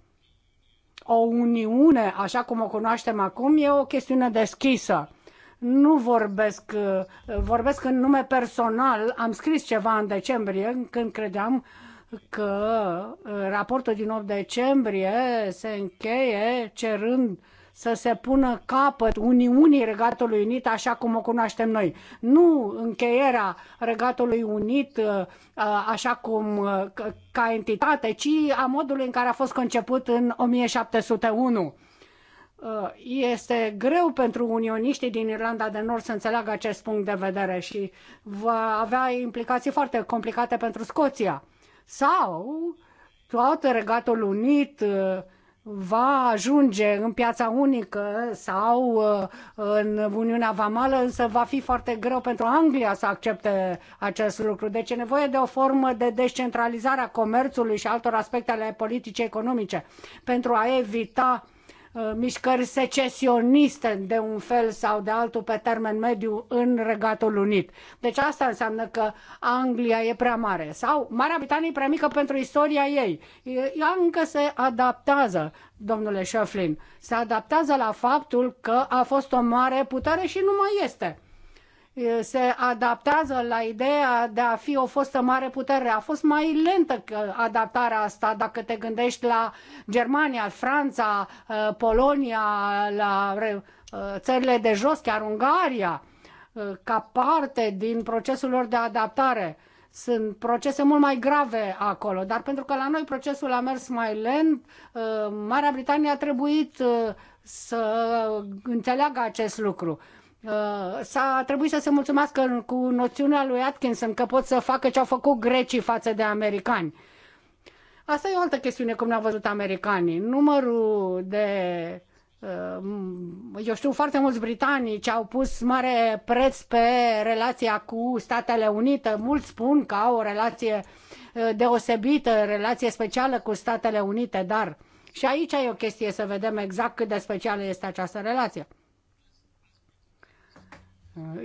o uniune, așa cum o cunoaștem acum, e o chestiune deschisă. Nu vorbesc, uh, vorbesc în nume personal, am scris ceva în decembrie când credeam că uh, raportul din 8 decembrie se încheie cerând uh, să se pună capăt Uniunii Regatului Unit așa cum o cunoaștem noi. Nu încheierea Regatului Unit uh, uh, așa cum uh, ca entitate, ci a modului în care a fost conceput în 1701 este greu pentru unioniștii din Irlanda de Nord să înțeleagă acest punct de vedere și va avea implicații foarte complicate pentru Scoția. Sau toate Regatul Unit va ajunge în piața unică sau uh, în Uniunea Vamală, însă va fi foarte greu pentru Anglia să accepte acest lucru. Deci e nevoie de o formă de descentralizare a comerțului și altor aspecte ale politicii economice pentru a evita Uh, mișcări secesioniste de un fel sau de altul pe termen mediu în Regatul Unit. Deci asta înseamnă că Anglia e prea mare sau Marea Britanie e prea mică pentru istoria ei. Ea încă se adaptează, domnule Schöflin, se adaptează la faptul că a fost o mare putere și nu mai este se adaptează la ideea de a fi o fostă mare putere. A fost mai lentă adaptarea asta dacă te gândești la Germania, Franța, Polonia, la țările de jos, chiar Ungaria, ca parte din procesul lor de adaptare. Sunt procese mult mai grave acolo, dar pentru că la noi procesul a mers mai lent, Marea Britanie a trebuit să înțeleagă acest lucru Uh, s-a trebuit să se mulțumească cu noțiunea lui Atkinson că pot să facă ce au făcut grecii față de americani. Asta e o altă chestiune, cum ne-au văzut americanii. Numărul de uh, eu știu, foarte mulți britanici au pus mare preț pe relația cu Statele Unite. Mulți spun că au o relație uh, deosebită, relație specială cu Statele Unite, dar și aici e o chestie să vedem exact cât de specială este această relație.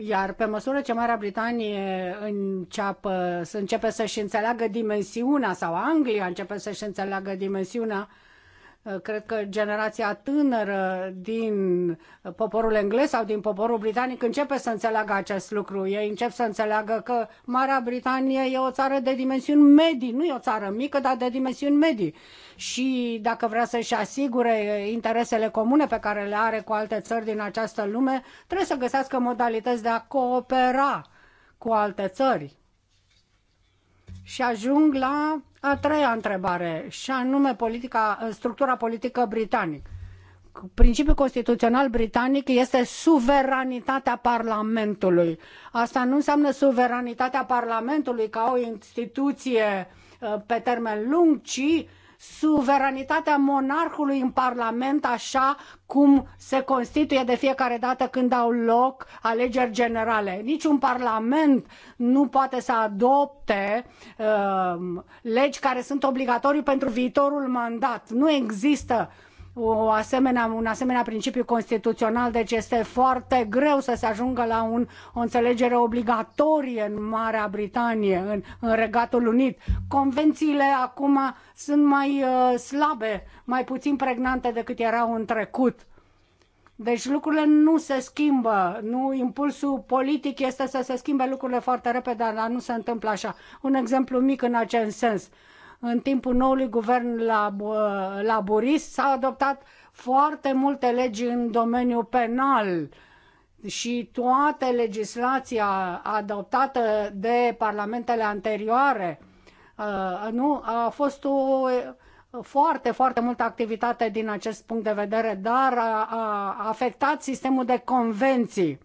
Iar pe măsură ce Marea Britanie înceapă, începe să-și înțeleagă dimensiunea, sau Anglia începe să-și înțeleagă dimensiunea Uh, cred că generația tânără din poporul englez sau din poporul britanic începe să înțeleagă acest lucru. Ei încep să înțeleagă că Marea Britanie e o țară de dimensiuni medii, nu e o țară mică, dar de dimensiuni medii. Și dacă vrea să-și asigure interesele comune pe care le are cu alte țări din această lume, trebuie să găsească modalități de a coopera cu alte țări. Și ajung la a treia întrebare, și anume politica, structura politică britanică. Principiul constituțional britanic este suveranitatea Parlamentului. Asta nu înseamnă suveranitatea Parlamentului ca o instituție uh, pe termen lung, ci suveranitatea monarhului în Parlament, așa cum se constituie de fiecare dată când au loc alegeri generale. Niciun Parlament nu poate să adopte uh, legi care sunt obligatorii pentru viitorul mandat. Nu există uh, o asemenea, un asemenea principiu constituțional, deci este foarte greu să se ajungă la un, o înțelegere obligatorie în Marea Britanie, în, în Regatul Unit. Convențiile acum sunt mai uh, slabe, mai puțin pregnante decât erau în trecut. Deci lucrurile nu se schimbă, nu impulsul politic este să se schimbe lucrurile foarte repede, dar nu se întâmplă așa. Un exemplu mic în acest sens. Uh, în timpul noului guvern laborist s-au adoptat foarte multe legi în domeniul penal și toată legislația adoptată de parlamentele anterioare uh, nu, a fost o foarte, foarte multă activitate din acest punct de vedere, dar a, a afectat sistemul de convenții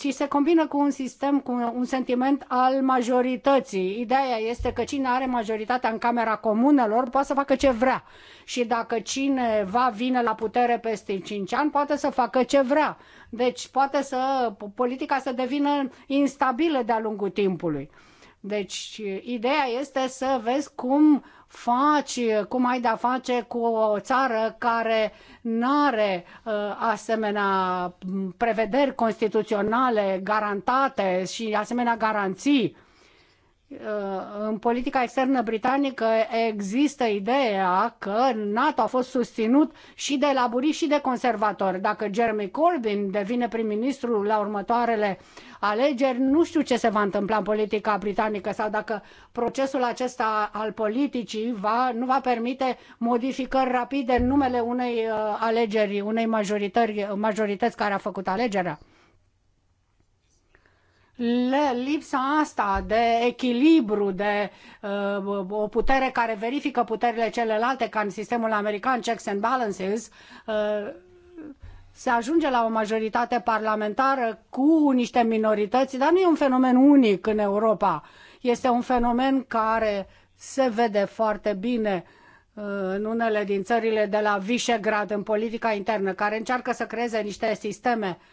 și se combină cu un sistem, cu un sentiment al majorității. Ideea este că cine are majoritatea în Camera Comunelor poate să facă ce vrea. Și dacă cine va vine la putere peste 5 ani, poate să facă ce vrea. Deci poate să politica să devină instabilă de-a lungul timpului. Deci, ideea este să vezi cum faci, cum ai de-a face cu o țară care nu are uh, asemenea prevederi constituționale garantate și asemenea garanții. Uh, în politica externă britanică există ideea că NATO a fost susținut și de laburii și de conservatori. Dacă Jeremy Corbyn devine prim-ministru la următoarele alegeri, nu știu ce se va întâmpla în politica britanică sau dacă procesul acesta al politicii va, nu va permite modificări rapide în numele unei uh, alegeri, unei majorități care a făcut alegerea lipsa asta de echilibru, de uh, o putere care verifică puterile celelalte, ca în sistemul american, checks and balances, uh, se ajunge la o majoritate parlamentară cu niște minorități, dar nu e un fenomen unic în Europa. Este un fenomen care se vede foarte bine uh, în unele din țările de la Visegrad în politica internă, care încearcă să creeze niște sisteme uh,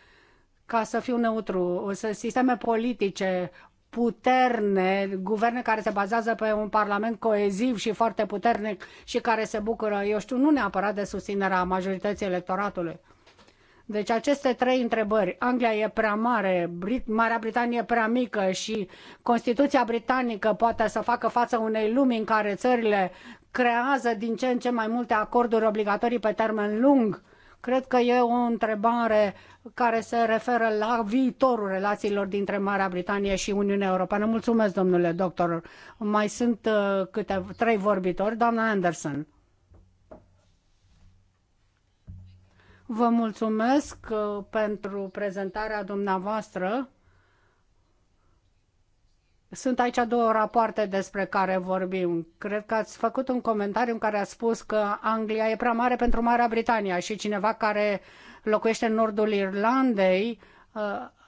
ca să fiu neutru, sisteme politice puterne, guverne care se bazează pe un parlament coeziv și foarte puternic și care se bucură, eu știu, nu neapărat de susținerea majorității electoratului. Deci aceste trei întrebări, Anglia e prea mare, Brit- Marea Britanie e prea mică și Constituția britanică poate să facă față unei lumi în care țările creează din ce în ce mai multe acorduri obligatorii pe termen lung Cred că e o întrebare care se referă la viitorul relațiilor dintre Marea Britanie și Uniunea Europeană. Mulțumesc, domnule doctor. Mai sunt uh, câte trei vorbitori. Doamna Anderson. Vă mulțumesc uh, pentru prezentarea dumneavoastră sunt aici două rapoarte despre care vorbim. Cred că ați făcut un comentariu în care a spus că Anglia e prea mare pentru Marea Britania și cineva care locuiește în nordul Irlandei uh,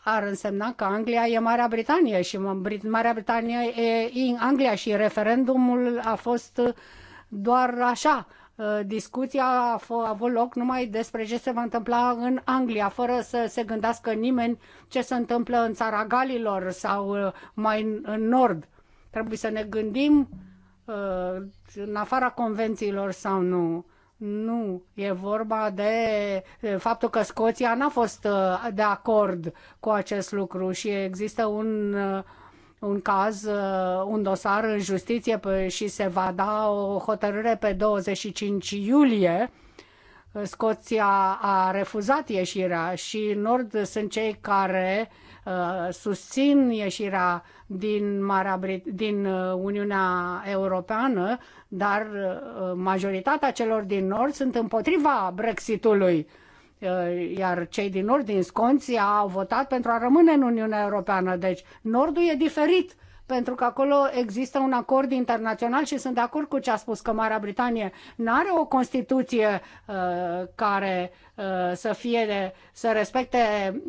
ar însemna că Anglia e Marea Britanie și Marea Britanie e Anglia și referendumul a fost uh, doar așa Uh, discuția a, a avut loc numai despre ce se va întâmpla în Anglia, fără să se gândească nimeni ce se întâmplă în țara Galilor sau uh, mai în, în nord. Trebuie să ne gândim uh, în afara convențiilor sau nu. Nu, e vorba de faptul că Scoția n-a fost de acord cu acest lucru și există un un caz, uh, un dosar în justiție și se va da o hotărâre pe 25 iulie. Uh, Scoția a refuzat ieșirea și Nord sunt cei care uh, susțin ieșirea din, Marea Brit- din Uniunea Europeană, dar majoritatea celor din Nord sunt împotriva Brexitului. Eh, iar cei din Nord, din Sconția, au votat pentru a rămâne în Uniunea Europeană. Deci Nordul e diferit pentru că acolo există un acord internațional și sunt de acord cu ce a spus că Marea Britanie nu are o constituție uh, care uh, să fie să respecte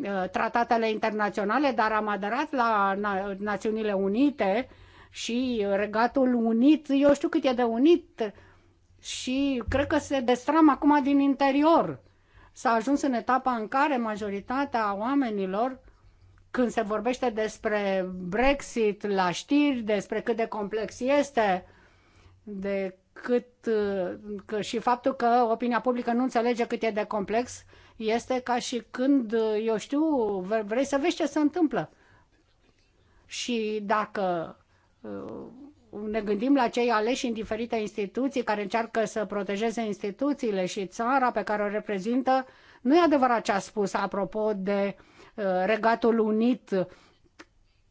uh, tratatele internaționale, dar am aderat la Na- Națiunile Unite și Regatul Unit, eu știu cât e de unit și cred că se destram acum din interior s-a ajuns în etapa în care majoritatea oamenilor, când se vorbește despre Brexit la știri, despre cât de complex este, de cât că și faptul că opinia publică nu înțelege cât e de complex, este ca și când, eu știu, vrei să vezi ce se întâmplă. Și dacă uh, ne gândim la cei aleși în diferite instituții care încearcă să protejeze instituțiile și țara pe care o reprezintă, nu e adevărat ce a spus apropo de uh, Regatul Unit,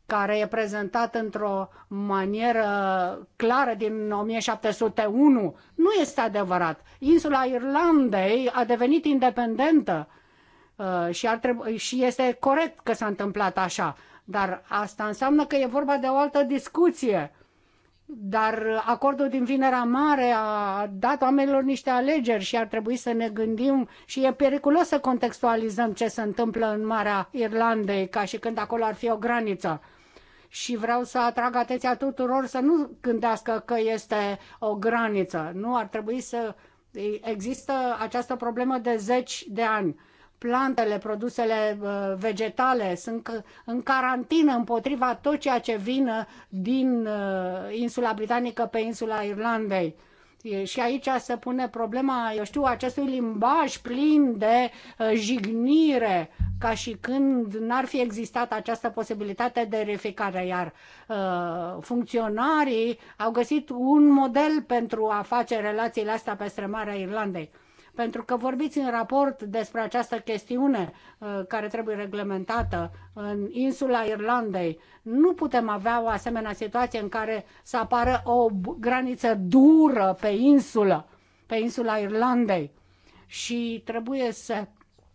care e prezentat într-o manieră clară din 1701. Nu este adevărat. Insula Irlandei a devenit independentă uh, și, ar trebui, și este corect că s-a întâmplat așa. Dar asta înseamnă că e vorba de o altă discuție dar acordul din Vinerea Mare a dat oamenilor niște alegeri și ar trebui să ne gândim și e periculos să contextualizăm ce se întâmplă în Marea Irlandei, ca și când acolo ar fi o graniță și vreau să atrag atenția tuturor să nu gândească că este o graniță. Nu ar trebui să există această problemă de zeci de ani plantele, produsele uh, vegetale, sunt în carantină împotriva tot ceea ce vine din uh, insula britanică pe insula Irlandei. Și aici se pune problema, eu știu, acestui limbaj plin de uh, jignire, ca și când n-ar fi existat această posibilitate de reficare, Iar uh, funcționarii au găsit un model pentru a face relațiile astea pe strămarea Irlandei. Pentru că vorbiți în raport despre această chestiune uh, care trebuie reglementată în insula Irlandei. Nu putem avea o asemenea situație în care să apară o graniță dură pe insulă, pe insula Irlandei. Și trebuie să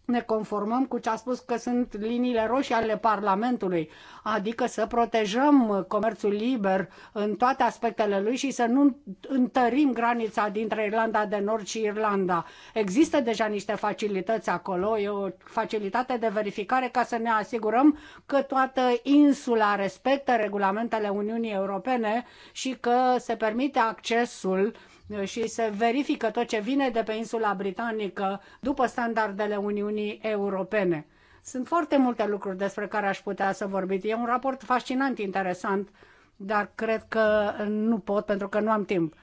ne conformăm cu ce a spus că sunt liniile roșii ale Parlamentului, adică să protejăm comerțul liber în toate aspectele lui și să nu întărim granița dintre Irlanda de Nord și Irlanda. Există deja niște facilități acolo, e o facilitate de verificare ca să ne asigurăm că toată insula respectă regulamentele Uniunii Europene și că se permite accesul uh, și se verifică tot ce vine de pe insula britanică după standardele Uniunii Europene. Sunt foarte multe lucruri despre care aș putea să vorbim. E un raport fascinant, interesant, dar cred că nu pot pentru că nu am timp.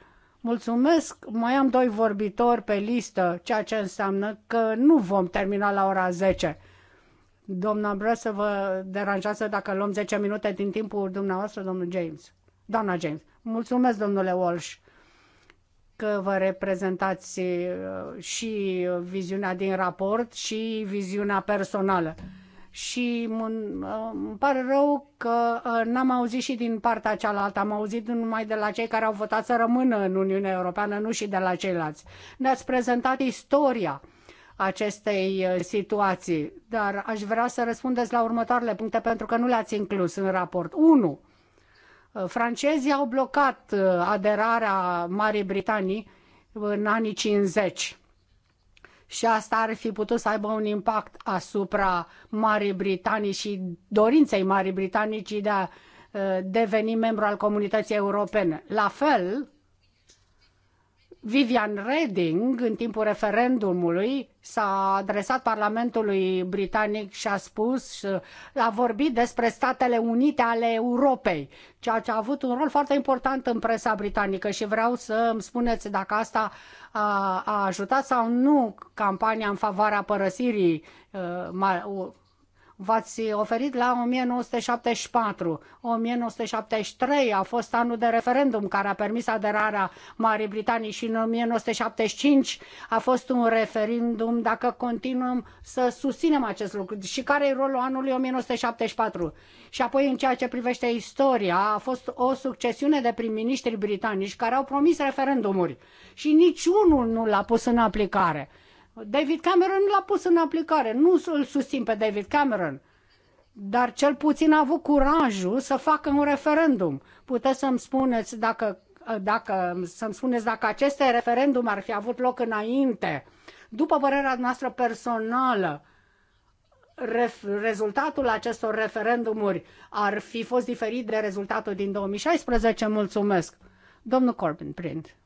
Mulțumesc, mai am doi vorbitori pe listă, ceea ce înseamnă că nu vom termina la ora 10. Doamna vreau să vă deranjează dacă luăm 10 minute din timpul dumneavoastră, domnul James. Doamna James. Mulțumesc, domnule Walsh că vă reprezentați uh, și viziunea din raport și viziunea personală. Și uh, îmi pare rău că uh, n-am auzit și din partea cealaltă, am auzit numai de la cei care au votat să rămână în Uniunea Europeană, nu și de la ceilalți. Ne-ați prezentat istoria acestei situații, dar aș vrea să răspundeți la următoarele puncte pentru că nu le-ați inclus în raport. 1 Uh, francezii au blocat uh, aderarea Marii Britanii în anii 50 și asta ar fi putut să aibă un impact asupra Marii Britanii și dorinței Marii Britanii de a uh, deveni membru al comunității europene. La fel, Vivian Reding, în timpul referendumului, s-a adresat Parlamentului Britanic și a spus, a vorbit despre Statele Unite ale Europei, ceea ce a avut un rol foarte important în presa britanică și vreau să îmi spuneți dacă asta a, a ajutat sau nu campania în favoarea părăsirii uh, v-ați oferit la 1974. 1973 a fost anul de referendum care a permis aderarea Marii Britanii și în 1975 a fost un referendum dacă continuăm să susținem acest lucru. Și care e rolul anului 1974? Și apoi în ceea ce privește istoria, a fost o succesiune de prim-ministri britanici care au promis referendumuri și niciunul nu l-a pus în aplicare. David Cameron l-a pus în aplicare. Nu îl susțin pe David Cameron, dar cel puțin a avut curajul să facă un referendum. Puteți să-mi spuneți dacă, dacă, să-mi spuneți dacă aceste referendum ar fi avut loc înainte, după părerea noastră personală, rezultatul acestor referendumuri ar fi fost diferit de rezultatul din 2016? Mulțumesc. Domnul Corbyn, print.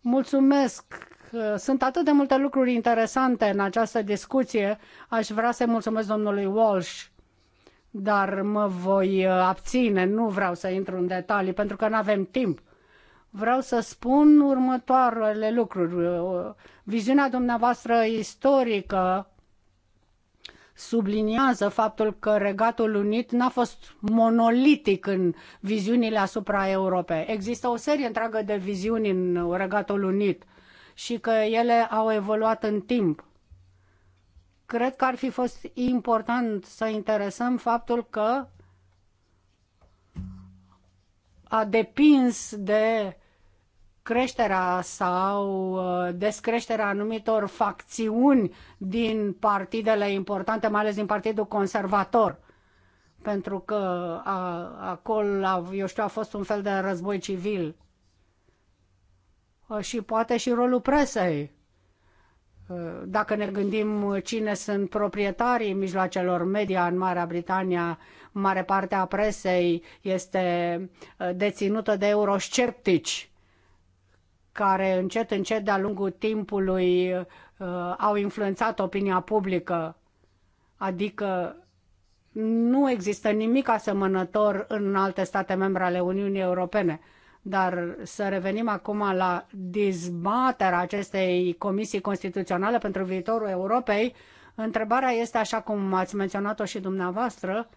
Mulțumesc. Eh, sunt atât de multe lucruri interesante în această discuție. Aș vrea să mulțumesc domnului Walsh, dar mă voi eh, abține, nu vreau să intru în detalii, pentru că nu avem timp. Vreau să spun următoarele lucruri. Eh, viziunea dumneavoastră istorică subliniază faptul că Regatul Unit n-a fost monolitic în viziunile asupra Europei. Există o serie întreagă de viziuni în Regatul Unit și că ele au evoluat în timp. Cred că ar fi fost important să interesăm faptul că a depins de creșterea sau uh, descreșterea anumitor facțiuni din partidele importante, mai ales din Partidul Conservator. Pentru că a, acolo, eu știu, a fost un fel de război civil Uh, și poate și rolul presei. Uh, dacă ne gândim cine sunt proprietarii mijloacelor media în Marea Britania, mare parte a presei este uh, deținută de eurosceptici care încet, încet, de-a lungul timpului au influențat opinia publică. Adică nu există nimic asemănător în alte state membre ale Uniunii Europene. Dar să revenim acum la dezbaterea acestei comisii constituționale pentru viitorul Europei, întrebarea este, așa cum ați menționat-o și dumneavoastră,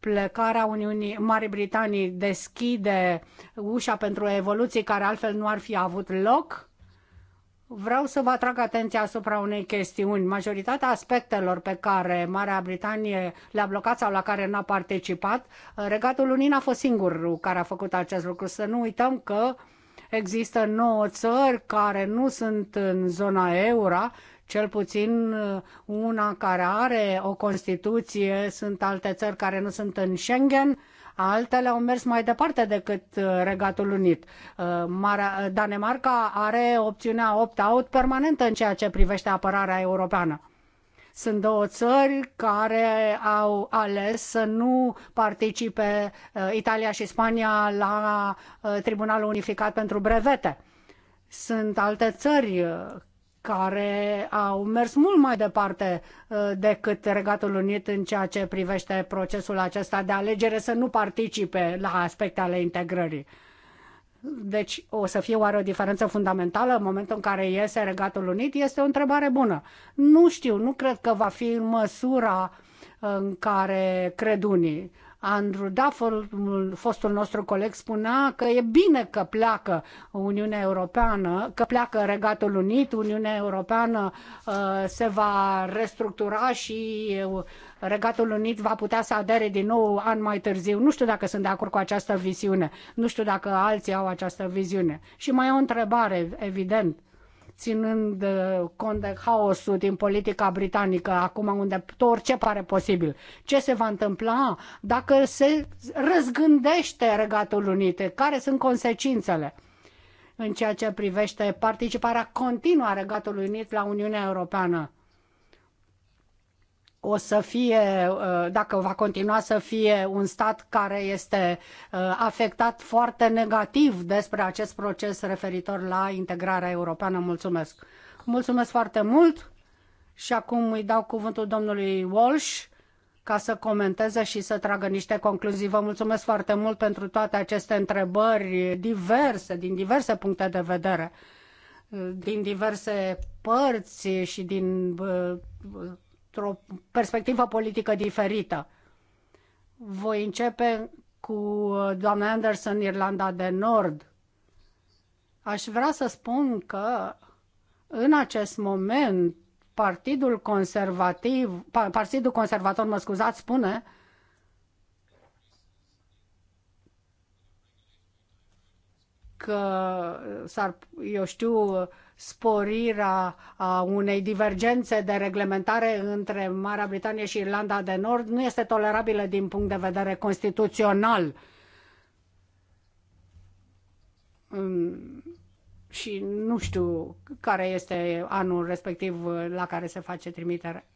plecarea Uniunii Marii Britanii deschide ușa pentru evoluții care altfel nu ar fi avut loc? Vreau să vă atrag atenția asupra unei chestiuni. Majoritatea aspectelor pe care Marea Britanie le-a blocat sau la care n-a participat, Regatul Unit a fost singurul care a făcut acest lucru. Să nu uităm că există nouă țări care nu sunt în zona euro, cel puțin uh, una care are o Constituție, sunt alte țări care nu sunt în Schengen Altele au mers mai departe decât uh, Regatul Unit. Uh, uh, Danemarca are opțiunea opt-out permanentă în ceea ce privește apărarea europeană. Sunt două țări care au ales să nu participe Italia și Spania la Tribunalul Unificat pentru Brevete. Sunt alte țări care au mers mult mai departe uh, decât Regatul Unit în ceea ce privește procesul acesta de alegere să nu participe la aspecte ale integrării. Deci o să fie oare o diferență fundamentală în momentul în care iese Regatul Unit? Este o întrebare bună. Nu știu, nu cred că va fi în măsura în care cred unii. Andrew Dufford, fostul nostru coleg, spunea că e bine că pleacă Uniunea Europeană, că pleacă Regatul Unit, Uniunea Europeană uh, se va restructura și uh, Regatul Unit va putea să adere din nou an mai târziu. Nu știu dacă sunt de acord cu această viziune, nu știu dacă alții au această viziune. Și mai e o întrebare, evident ținând uh, cont de haosul din politica britanică, acum unde tot orice pare posibil. Ce se va întâmpla dacă se răzgândește Regatul Unit? Care sunt consecințele? în ceea ce privește participarea continuă a Regatului Unit la Uniunea Europeană o să fie, uh, dacă va continua să fie un stat care este uh, afectat foarte negativ despre acest proces referitor la integrarea europeană. Mulțumesc! Mulțumesc foarte mult și acum îi dau cuvântul domnului Walsh ca să comenteze și să tragă niște concluzii. Vă mulțumesc foarte mult pentru toate aceste întrebări diverse, din diverse puncte de vedere, uh, din diverse părți și din într-o perspectivă politică diferită. Voi începe cu doamna Anderson, Irlanda de Nord. Aș vrea să spun că în acest moment Partidul Conservativ, Partidul Conservator, mă scuzați, spune că s-ar, eu știu, sporirea a unei divergențe de reglementare între Marea Britanie și Irlanda de Nord nu este tolerabilă din punct de vedere constituțional. Mm, și nu știu care este anul respectiv la care se face trimitere.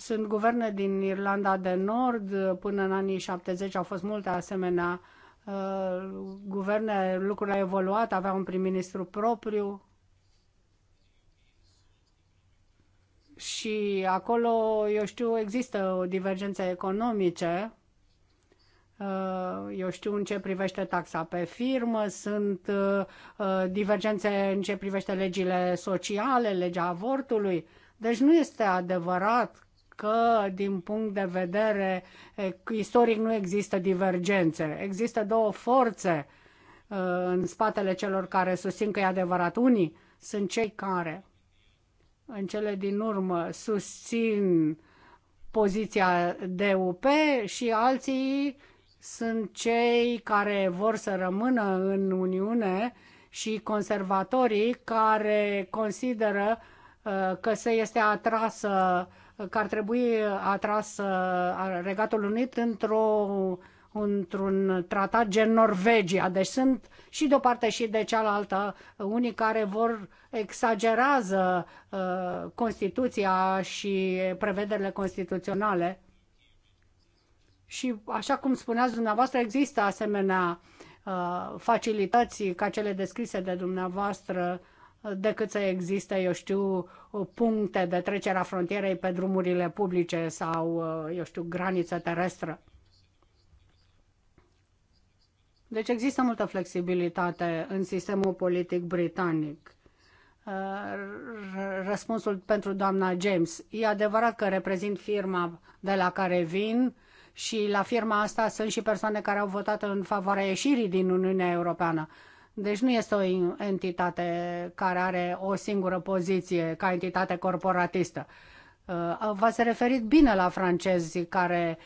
Sunt guverne din Irlanda de Nord, până în anii 70 au fost multe asemenea uh, guverne, lucrurile au evoluat, avea un prim-ministru propriu, și acolo, eu știu, există o divergență economice. Uh, eu știu în ce privește taxa pe firmă, sunt uh, divergențe în ce privește legile sociale, legea avortului. Deci nu este adevărat că din punct de vedere istoric nu există divergențe. Există două forțe în spatele celor care susțin că e adevărat. Unii sunt cei care în cele din urmă susțin poziția DUP și alții sunt cei care vor să rămână în Uniune și conservatorii care consideră că se este atrasă că ar trebui atras uh, Regatul Unit într-o într-un tratat gen Norvegia. Deci sunt și de o parte și de cealaltă unii care vor exagerează uh, Constituția și prevederile constituționale. Și așa cum spuneați dumneavoastră, există asemenea uh, facilități ca cele descrise de dumneavoastră uh, decât să existe, eu știu, puncte de trecere a frontierei pe drumurile publice sau, uh, eu știu, graniță terestră. Deci există multă flexibilitate în sistemul politic britanic. Uh, răspunsul pentru doamna James. E adevărat că reprezint firma de la care vin și la firma asta sunt și persoane care au votat în favoarea ieșirii din Uniunea Europeană. Deci nu este o entitate care are o singură poziție ca entitate corporatistă. Uh, v-ați referit bine la francezi care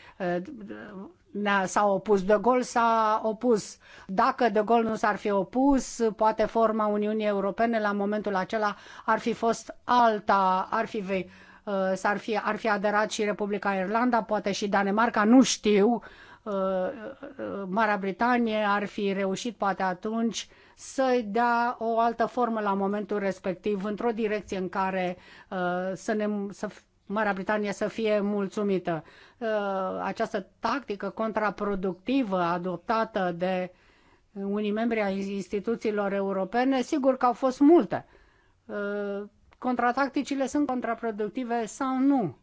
uh, s au opus. De gol, s-a opus. Dacă De gol nu s-ar fi opus, poate forma Uniunii Europene la momentul acela ar fi fost alta, ar fi vei uh, s-ar fi, ar fi aderat și Republica Irlanda, poate și Danemarca, nu știu, Marea Britanie ar fi reușit poate atunci să-i dea o altă formă la momentul respectiv, într-o direcție în care uh, să ne, să Marea Britanie să fie mulțumită. Uh, această tactică contraproductivă adoptată de unii membri ai instituțiilor europene, sigur că au fost multe. Uh, contratacticile sunt contraproductive sau nu?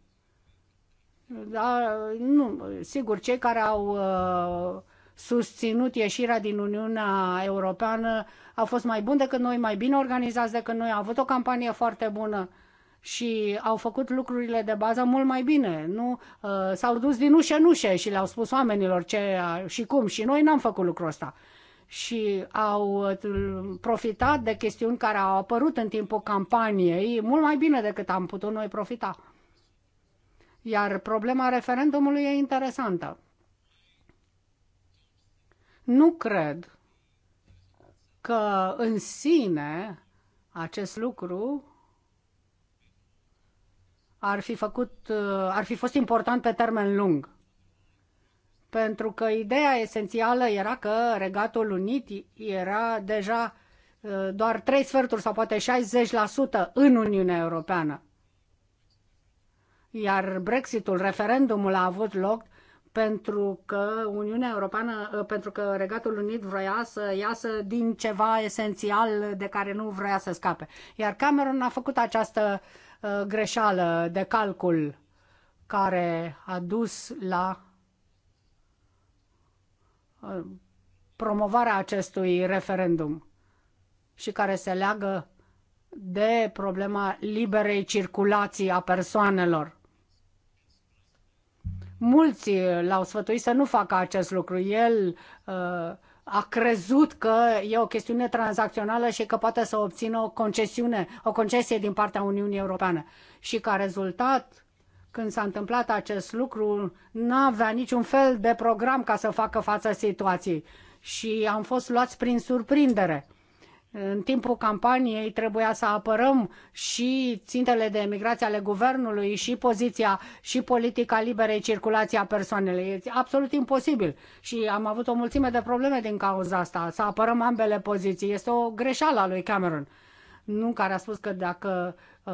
Dar, nu, sigur, cei care au uh, susținut ieșirea din Uniunea Europeană au fost mai buni decât noi, mai bine organizați decât noi, au avut o campanie foarte bună și au făcut lucrurile de bază mult mai bine. Nu uh, s-au dus din ușe în ușe și le-au spus oamenilor ce și cum și noi n-am făcut lucrul ăsta. Și au uh, profitat de chestiuni care au apărut în timpul campaniei mult mai bine decât am putut noi profita. Iar problema referendumului e interesantă. Nu cred că în sine acest lucru ar fi, făcut, uh, ar fi fost important pe termen lung. Pentru că ideea esențială era că Regatul Unit era deja uh, doar trei sferturi sau poate 60% în Uniunea Europeană. Iar Brexitul, referendumul a avut loc pentru că Uniunea Europeană, ă, pentru că Regatul Unit vroia să iasă din ceva esențial de care nu vroia să scape. Iar Cameron a făcut această uh, greșeală de calcul care a dus la ă, promovarea acestui referendum și care se leagă de problema liberei circulații a persoanelor Mulți uh, l-au sfătuit să nu facă acest lucru. El uh, a crezut că e o chestiune tranzacțională și că poate să obțină o concesiune, o concesie din partea Uniunii Europene. Și ca rezultat, când s-a întâmplat acest lucru, n-avea niciun fel de program ca să facă față situației și am fost luați prin surprindere. În timpul campaniei trebuia să apărăm și țintele de emigrație ale guvernului și poziția și politica liberei circulații a persoanelor. E absolut imposibil și am avut o mulțime de probleme din cauza asta, să apărăm ambele poziții. Este o greșeală a lui Cameron, nu care a spus că dacă uh,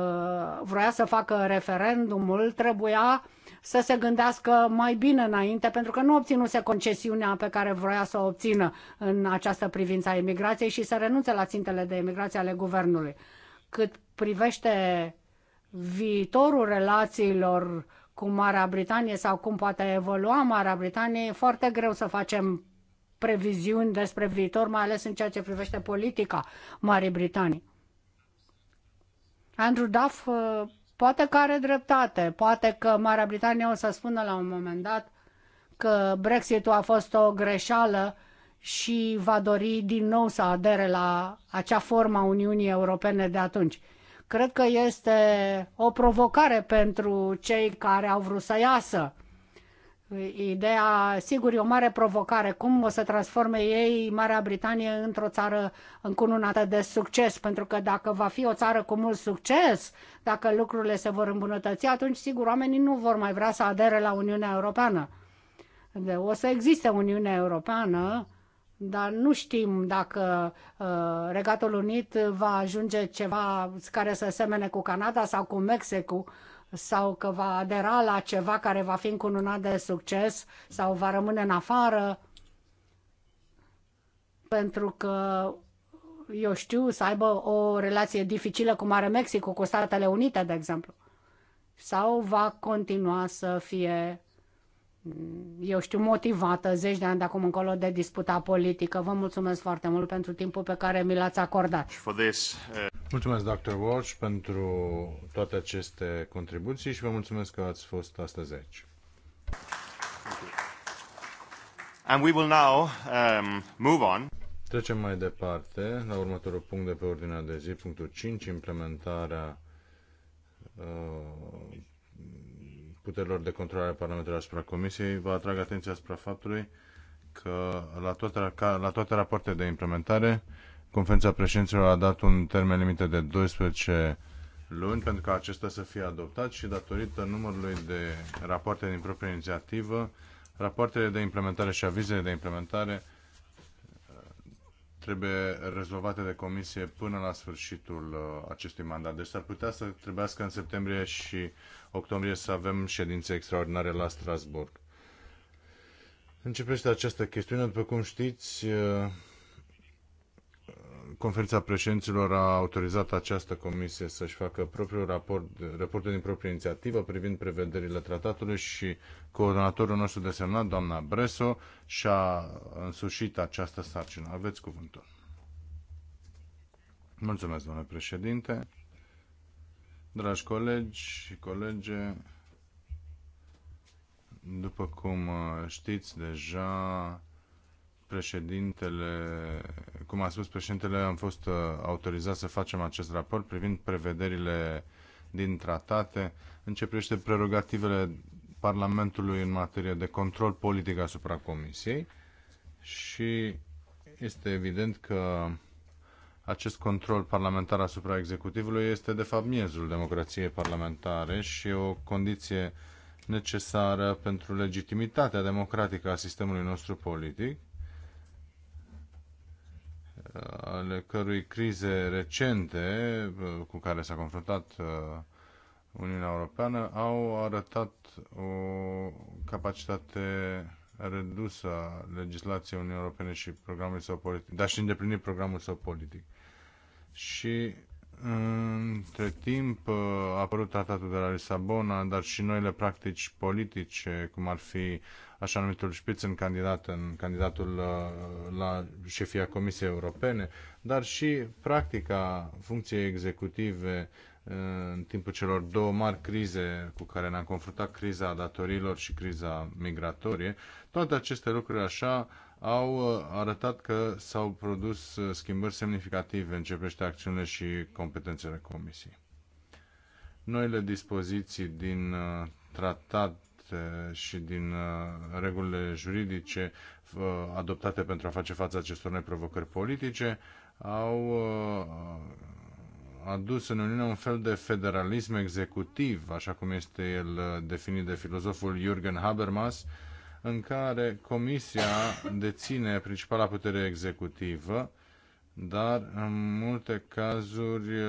vroia să facă referendumul, trebuia să se gândească mai bine înainte, pentru că nu obținuse concesiunea pe care vroia să o obțină în această privință a emigrației și să renunțe la țintele de emigrație ale guvernului. Cât privește viitorul relațiilor cu Marea Britanie sau cum poate evolua Marea Britanie, e foarte greu să facem previziuni despre viitor, mai ales în ceea ce privește politica Marii Britanii. Andrew Duff uh, Poate că are dreptate, poate că Marea Britanie o să spună la un moment dat că Brexitul a fost o greșeală și va dori din nou să adere la acea formă a Uniunii Europene de atunci. Cred că este o provocare pentru cei care au vrut să iasă Ideea, sigur, e o mare provocare. Cum o să transforme ei Marea Britanie într-o țară încununată de succes? Pentru că dacă va fi o țară cu mult succes, dacă lucrurile se vor îmbunătăți, atunci, sigur, oamenii nu vor mai vrea să adere la Uniunea Europeană. De, o să existe Uniunea Europeană, dar nu știm dacă uh, Regatul Unit va ajunge ceva care să semene cu Canada sau cu Mexicul sau că va adera la ceva care va fi încununat de succes sau va rămâne în afară pentru că eu știu, să aibă o relație dificilă cu Mare Mexicul cu Statele Unite, de exemplu. Sau va continua să fie eu știu, motivată zeci de ani de acum încolo de disputa politică. Vă mulțumesc foarte mult pentru timpul pe care mi l-ați acordat. Uh, mulțumesc, Dr. Walsh, pentru toate aceste contribuții și vă mulțumesc că ați fost astăzi aici. And we will now um, move on. Trecem mai departe la următorul punct de pe ordinea de zi, punctul 5, implementarea uh, puterilor de controlare parlamentară Parlamentului asupra Comisiei, vă atrag atenția asupra faptului că la toate, la toate rapoartele de implementare, Conferința Președinților a dat un termen limită de 12 luni pentru ca acesta să fie adoptat și datorită numărului de rapoarte din proprie inițiativă, rapoartele de implementare și avizele de implementare trebuie rezolvate de comisie până la sfârșitul uh, acestui mandat. Deci s-ar putea să trebuiască în septembrie și octombrie să avem ședințe extraordinare la Strasburg. Începește această chestiune, după cum știți, uh, conferința președinților a autorizat această comisie să-și facă propriul raport, raportul din proprie inițiativă privind prevederile tratatului și coordonatorul nostru desemnat, doamna Breso, și-a însușit această sarcină. Aveți cuvântul. Mulțumesc, domnule președinte. Dragi colegi și colege, după cum știți deja, președintele, cum a spus președintele, am fost uh, autorizat să facem acest raport privind prevederile din tratate în ce privește prerogativele Parlamentului în materie de control politic asupra Comisiei și este evident că acest control parlamentar asupra executivului este de fapt miezul democrației parlamentare și o condiție necesară pentru legitimitatea democratică a sistemului nostru politic ale cărui crize recente uh, cu care s-a confruntat uh, Uniunea Europeană au arătat o capacitate redusă a legislației Uniunii Europene și programului său politic, dar și îndeplinit programul său politic. Și între timp uh, a apărut tratatul de la Lisabona, dar și noile practici politice, cum ar fi așa numitul Spitzenkandidat, în candidatul uh, la șefia Comisiei Europene, dar și practica funcției executive uh, în timpul celor două mari crize cu care ne-am confruntat, criza datorilor și criza migratorie, toate aceste lucruri așa au uh, arătat că s-au produs schimbări semnificative în ce privește acțiunile și competențele Comisiei. Noile dispoziții din tratat și din uh, regulile juridice uh, adoptate pentru a face față acestor noi provocări politice au uh, adus în Uniune un fel de federalism executiv, așa cum este el definit de filozoful Jürgen Habermas, în care Comisia deține principala putere executivă, dar în multe cazuri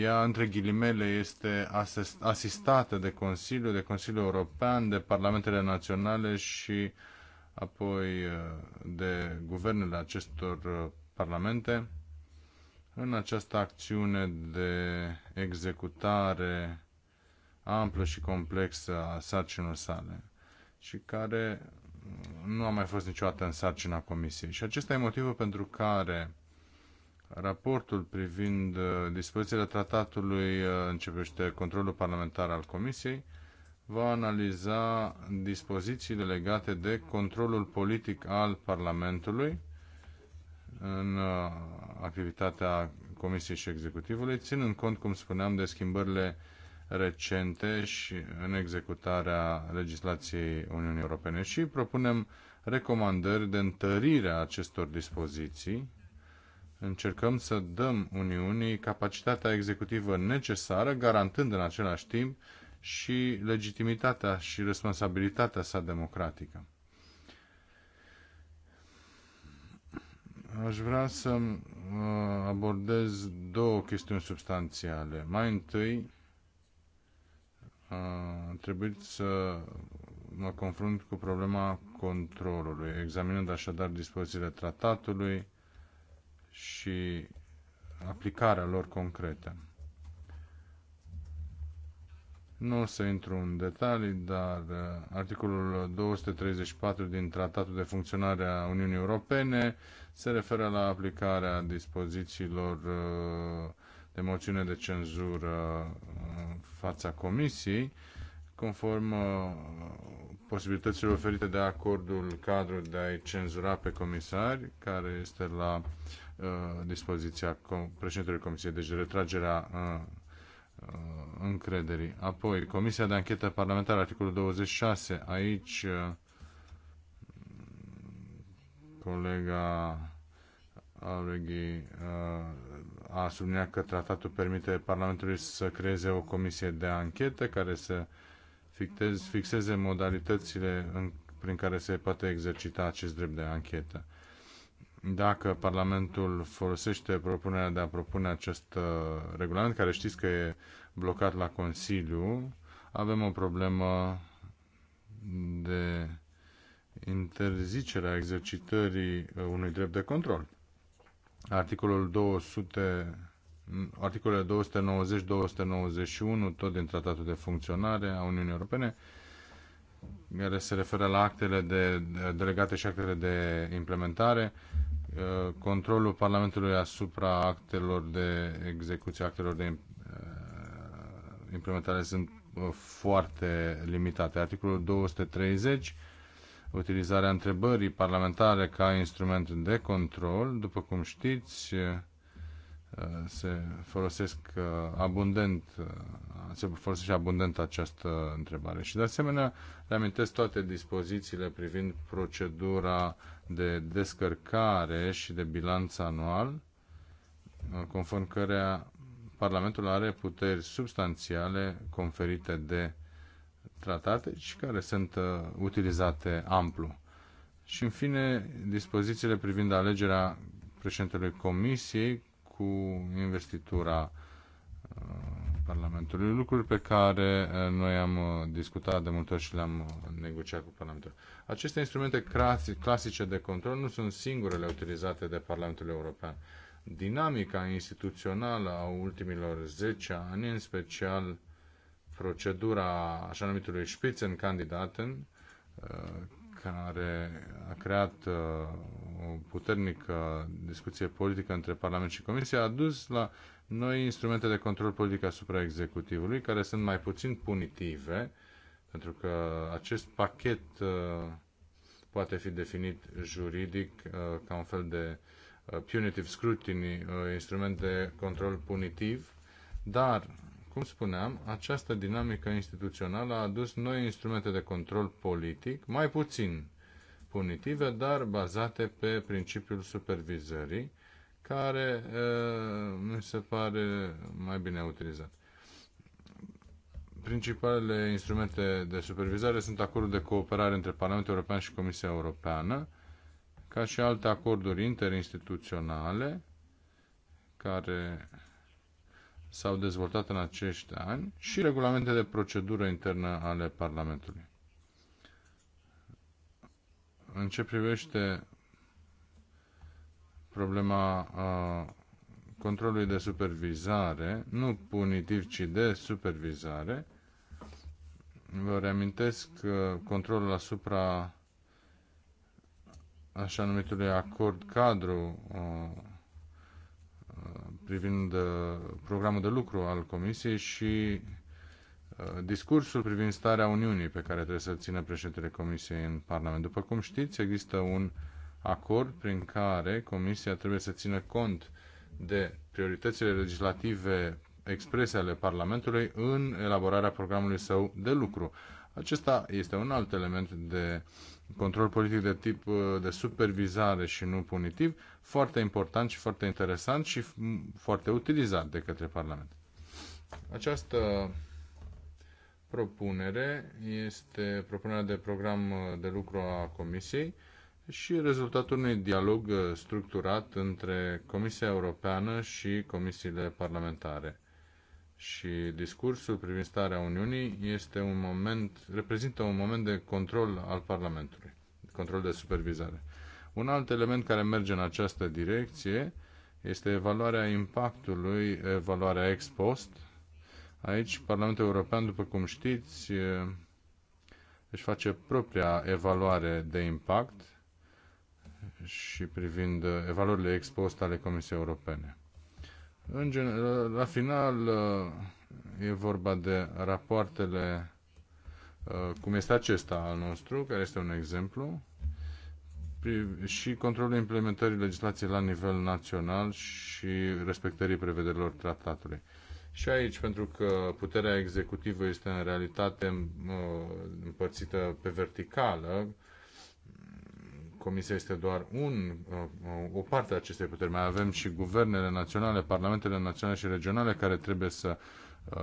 ea, între ghilimele, este asistată de Consiliu, de Consiliul European, de Parlamentele Naționale și apoi uh, de guvernele acestor uh, parlamente. În această acțiune de executare amplă și complexă a sarcinilor sale și care nu a mai fost niciodată în sarcina Comisiei. Și acesta e motivul pentru care Raportul privind uh, dispozițiile tratatului uh, începește controlul parlamentar al Comisiei va analiza dispozițiile legate de controlul politic al Parlamentului în uh, activitatea Comisiei și Executivului, ținând cont, cum spuneam, de schimbările recente și în executarea legislației Uniunii Europene și propunem recomandări de întărire a acestor dispoziții Încercăm să dăm Uniunii capacitatea executivă necesară, garantând în același timp și legitimitatea și responsabilitatea sa democratică. Aș vrea să uh, abordez două chestiuni substanțiale. Mai întâi, uh, trebuie să mă confrunt cu problema controlului, examinând așadar dispozițiile tratatului și aplicarea lor concretă. Nu o să intru în detalii, dar uh, articolul 234 din Tratatul de Funcționare a Uniunii Europene se referă la aplicarea dispozițiilor uh, de moțiune de cenzură uh, fața Comisiei, conform posibilităților oferite de acordul cadru de a-i cenzura pe comisari, care este la Uh, dispoziția președintelui Comisiei, deci retragerea uh, uh, încrederii. Apoi, Comisia de Anchetă Parlamentară, articolul 26. Aici, colega Aureghi a subliniat că tratatul permite Parlamentului să creeze o comisie de anchetă care să fixeze modalitățile în, prin care se poate exercita acest drept de anchetă dacă Parlamentul folosește propunerea de a propune acest uh, regulament, care știți că e blocat la Consiliu, avem o problemă de interzicerea exercitării uh, unui drept de control. Articolul 200, articolele 290-291, tot din Tratatul de Funcționare a Uniunii Europene, care se referă la actele de delegate și actele de implementare, Uh, controlul Parlamentului asupra actelor de execuție, actelor de uh, implementare sunt uh, foarte limitate. Articolul 230, utilizarea întrebării parlamentare ca instrument de control, după cum știți, se folosesc abundent se folosește abundent această întrebare. Și de asemenea, reamintesc toate dispozițiile privind procedura de descărcare și de bilanț anual, conform cărea Parlamentul are puteri substanțiale conferite de tratate și care sunt uh, utilizate amplu. Și în fine, dispozițiile privind alegerea președintelui Comisiei cu investitura uh, Parlamentului, lucruri pe care eh, noi am eh, discutat de multe ori și le-am eh, negociat cu Parlamentul. Aceste instrumente clasice de control nu sunt singurele utilizate de Parlamentul European. Dinamica instituțională a ultimilor 10 ani, în special procedura așa numitului Spitzenkandidaten, care a creat o puternică discuție politică între Parlament și Comisie, a dus la noi instrumente de control politic asupra executivului, care sunt mai puțin punitive, pentru că acest pachet uh, poate fi definit juridic uh, ca un fel de uh, punitive scrutiny, instrument de control punitiv, dar, cum spuneam, această dinamică instituțională a adus noi instrumente de control politic, mai puțin punitive, dar bazate pe principiul supervizării, care mi se pare mai bine utilizat. Principalele instrumente de supervizare sunt acordul de cooperare între Parlamentul European și Comisia Europeană, ca și alte acorduri interinstituționale care s-au dezvoltat în acești ani și regulamente de procedură internă ale Parlamentului. În ce privește problema uh, controlului de supervizare, nu punitiv, ci de supervizare. Vă reamintesc că controlul asupra așa numitului acord cadru privind programul de lucru al Comisiei și discursul privind starea Uniunii pe care trebuie să-l țină președintele Comisiei în Parlament. După cum știți, există un uh, acord prin care Comisia trebuie să țină cont de prioritățile legislative exprese ale Parlamentului în elaborarea programului său de lucru. Acesta este un alt element de control politic de tip uh, de supervizare și nu punitiv, foarte important și foarte interesant și foarte utilizat de către Parlament. Această propunere este propunerea de program uh, de lucru a Comisiei și rezultatul unui dialog uh, structurat între Comisia Europeană și comisiile parlamentare. Și discursul privind starea Uniunii este un moment, reprezintă un moment de control al Parlamentului, control de supervizare. Un alt element care merge în această direcție este evaluarea impactului, evaluarea ex post. Aici, Parlamentul European, după cum știți, uh, își face propria evaluare de impact și privind uh, evaluările expuse ale Comisiei Europene. În general, la final uh, e vorba de rapoartele uh, cum este acesta al nostru, care este un exemplu, și controlul implementării legislației la nivel național și respectării prevederilor tratatului. Și aici, pentru că puterea executivă este în realitate împărțită pe verticală, Comisia este doar un, uh, o parte a acestei puteri. Mai avem și guvernele naționale, parlamentele naționale și regionale care trebuie să uh,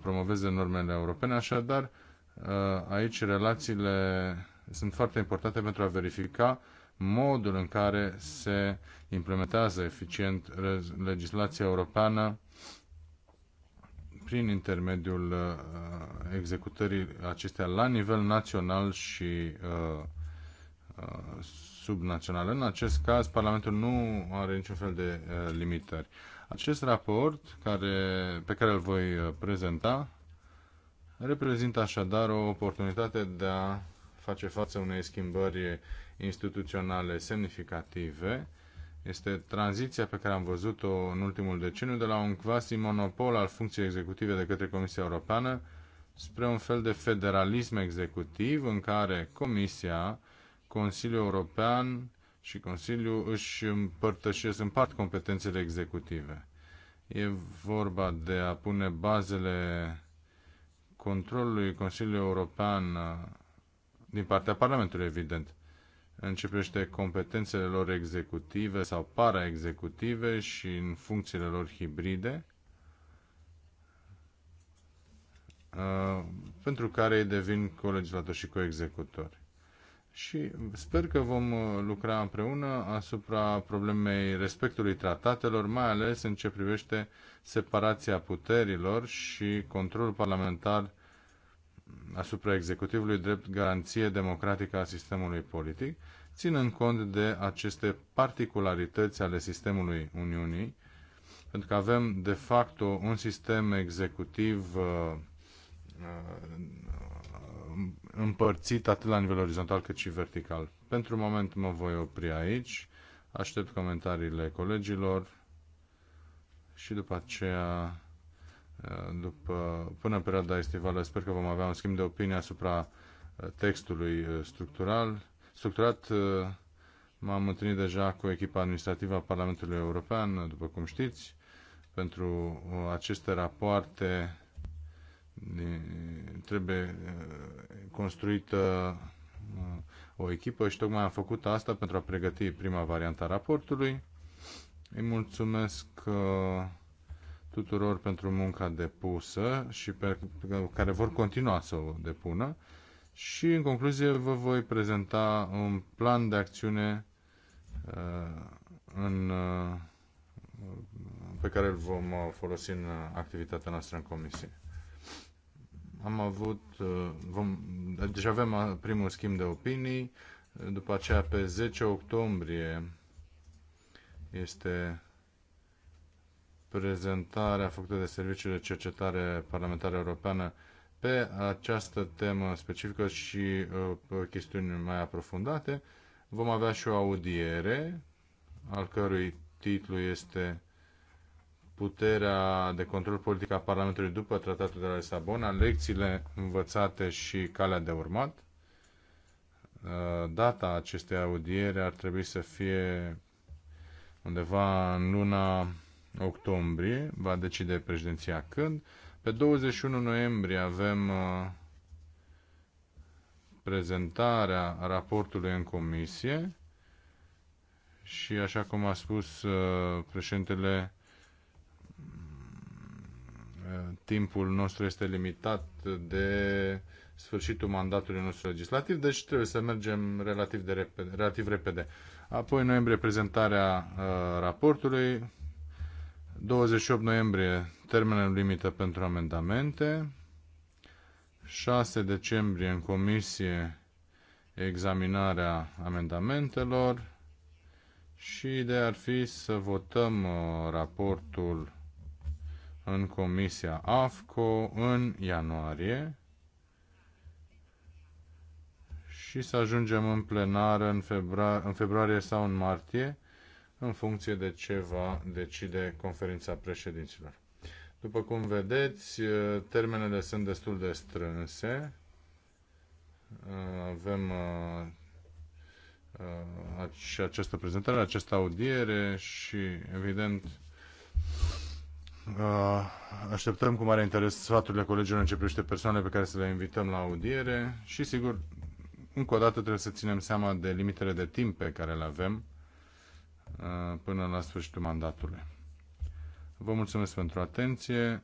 promoveze normele europene. Așadar, uh, aici relațiile sunt foarte importante pentru a verifica modul în care se implementează eficient legislația europeană prin intermediul executării acestea la nivel național și uh, Uh, subnațională. În acest caz, Parlamentul nu are niciun fel de uh, limitări. Acest raport care, pe care îl voi uh, prezenta reprezintă așadar o oportunitate de a face față unei schimbări instituționale semnificative. Este tranziția pe care am văzut-o în ultimul deceniu de la un quasi monopol al funcției executive de către Comisia Europeană spre un fel de federalism executiv în care Comisia Consiliul European și Consiliul își împărtășesc, împart competențele executive. E vorba de a pune bazele controlului Consiliului European uh, din partea Parlamentului, evident. Începește competențele lor executive sau para-executive și în funcțiile lor hibride, uh, pentru care ei devin colegislatori și coexecutori și sper că vom uh, lucra împreună asupra problemei respectului tratatelor, mai ales în ce privește separația puterilor și controlul parlamentar asupra executivului drept garanție democratică a sistemului politic, ținând cont de aceste particularități ale sistemului Uniunii, pentru că avem de facto un sistem executiv uh, uh, împărțit atât la nivel orizontal cât și vertical. Pentru moment mă voi opri aici, aștept comentariile colegilor și după aceea, uh, după, până în perioada estivală, sper că vom avea un schimb de opinie asupra uh, textului uh, structural. Structurat, m-am întâlnit deja cu echipa administrativă a Parlamentului European, după cum știți, pentru aceste rapoarte trebuie uh, construită uh, o echipă și tocmai am făcut asta pentru a pregăti prima variantă a raportului. Îi mulțumesc uh, tuturor pentru munca depusă și pe care vor continua să o depună și în concluzie vă voi prezenta un plan de acțiune în, pe care îl vom folosi în activitatea noastră în comisie am avut, uh, vom, deja deci avem uh, primul schimb de opinii, după aceea pe 10 octombrie este prezentarea făcută de Serviciul de Cercetare Parlamentară Europeană pe această temă specifică și pe uh, chestiuni mai aprofundate. Vom avea și o audiere, al cărui titlu este puterea de control politic a Parlamentului după Tratatul de la Lisabona, lecțiile învățate și calea de urmat. Uh, data acestei audiere ar trebui să fie undeva în luna octombrie, va decide președinția când. Pe 21 noiembrie avem uh, prezentarea raportului în comisie și, așa cum a spus uh, președintele timpul nostru este limitat de sfârșitul mandatului nostru legislativ, deci trebuie să mergem relativ, de repede, relativ repede. Apoi, noiembrie, prezentarea uh, raportului. 28 noiembrie, termenul limită pentru amendamente. 6 decembrie, în comisie, examinarea amendamentelor. Și ideea ar fi să votăm uh, raportul în Comisia AFCO în ianuarie și să ajungem în plenară în, februar, în februarie sau în martie, în funcție de ce va decide conferința președinților. După cum vedeți, eh, termenele sunt destul de strânse. Eh, avem și eh, această prezentare, această audiere și, evident, Uh, așteptăm cu mare interes sfaturile colegilor în ce privește persoanele pe care să le invităm la audiere și, sigur, încă o dată trebuie să ținem seama de limitele de timp pe care le avem uh, până la sfârșitul mandatului. Vă mulțumesc pentru atenție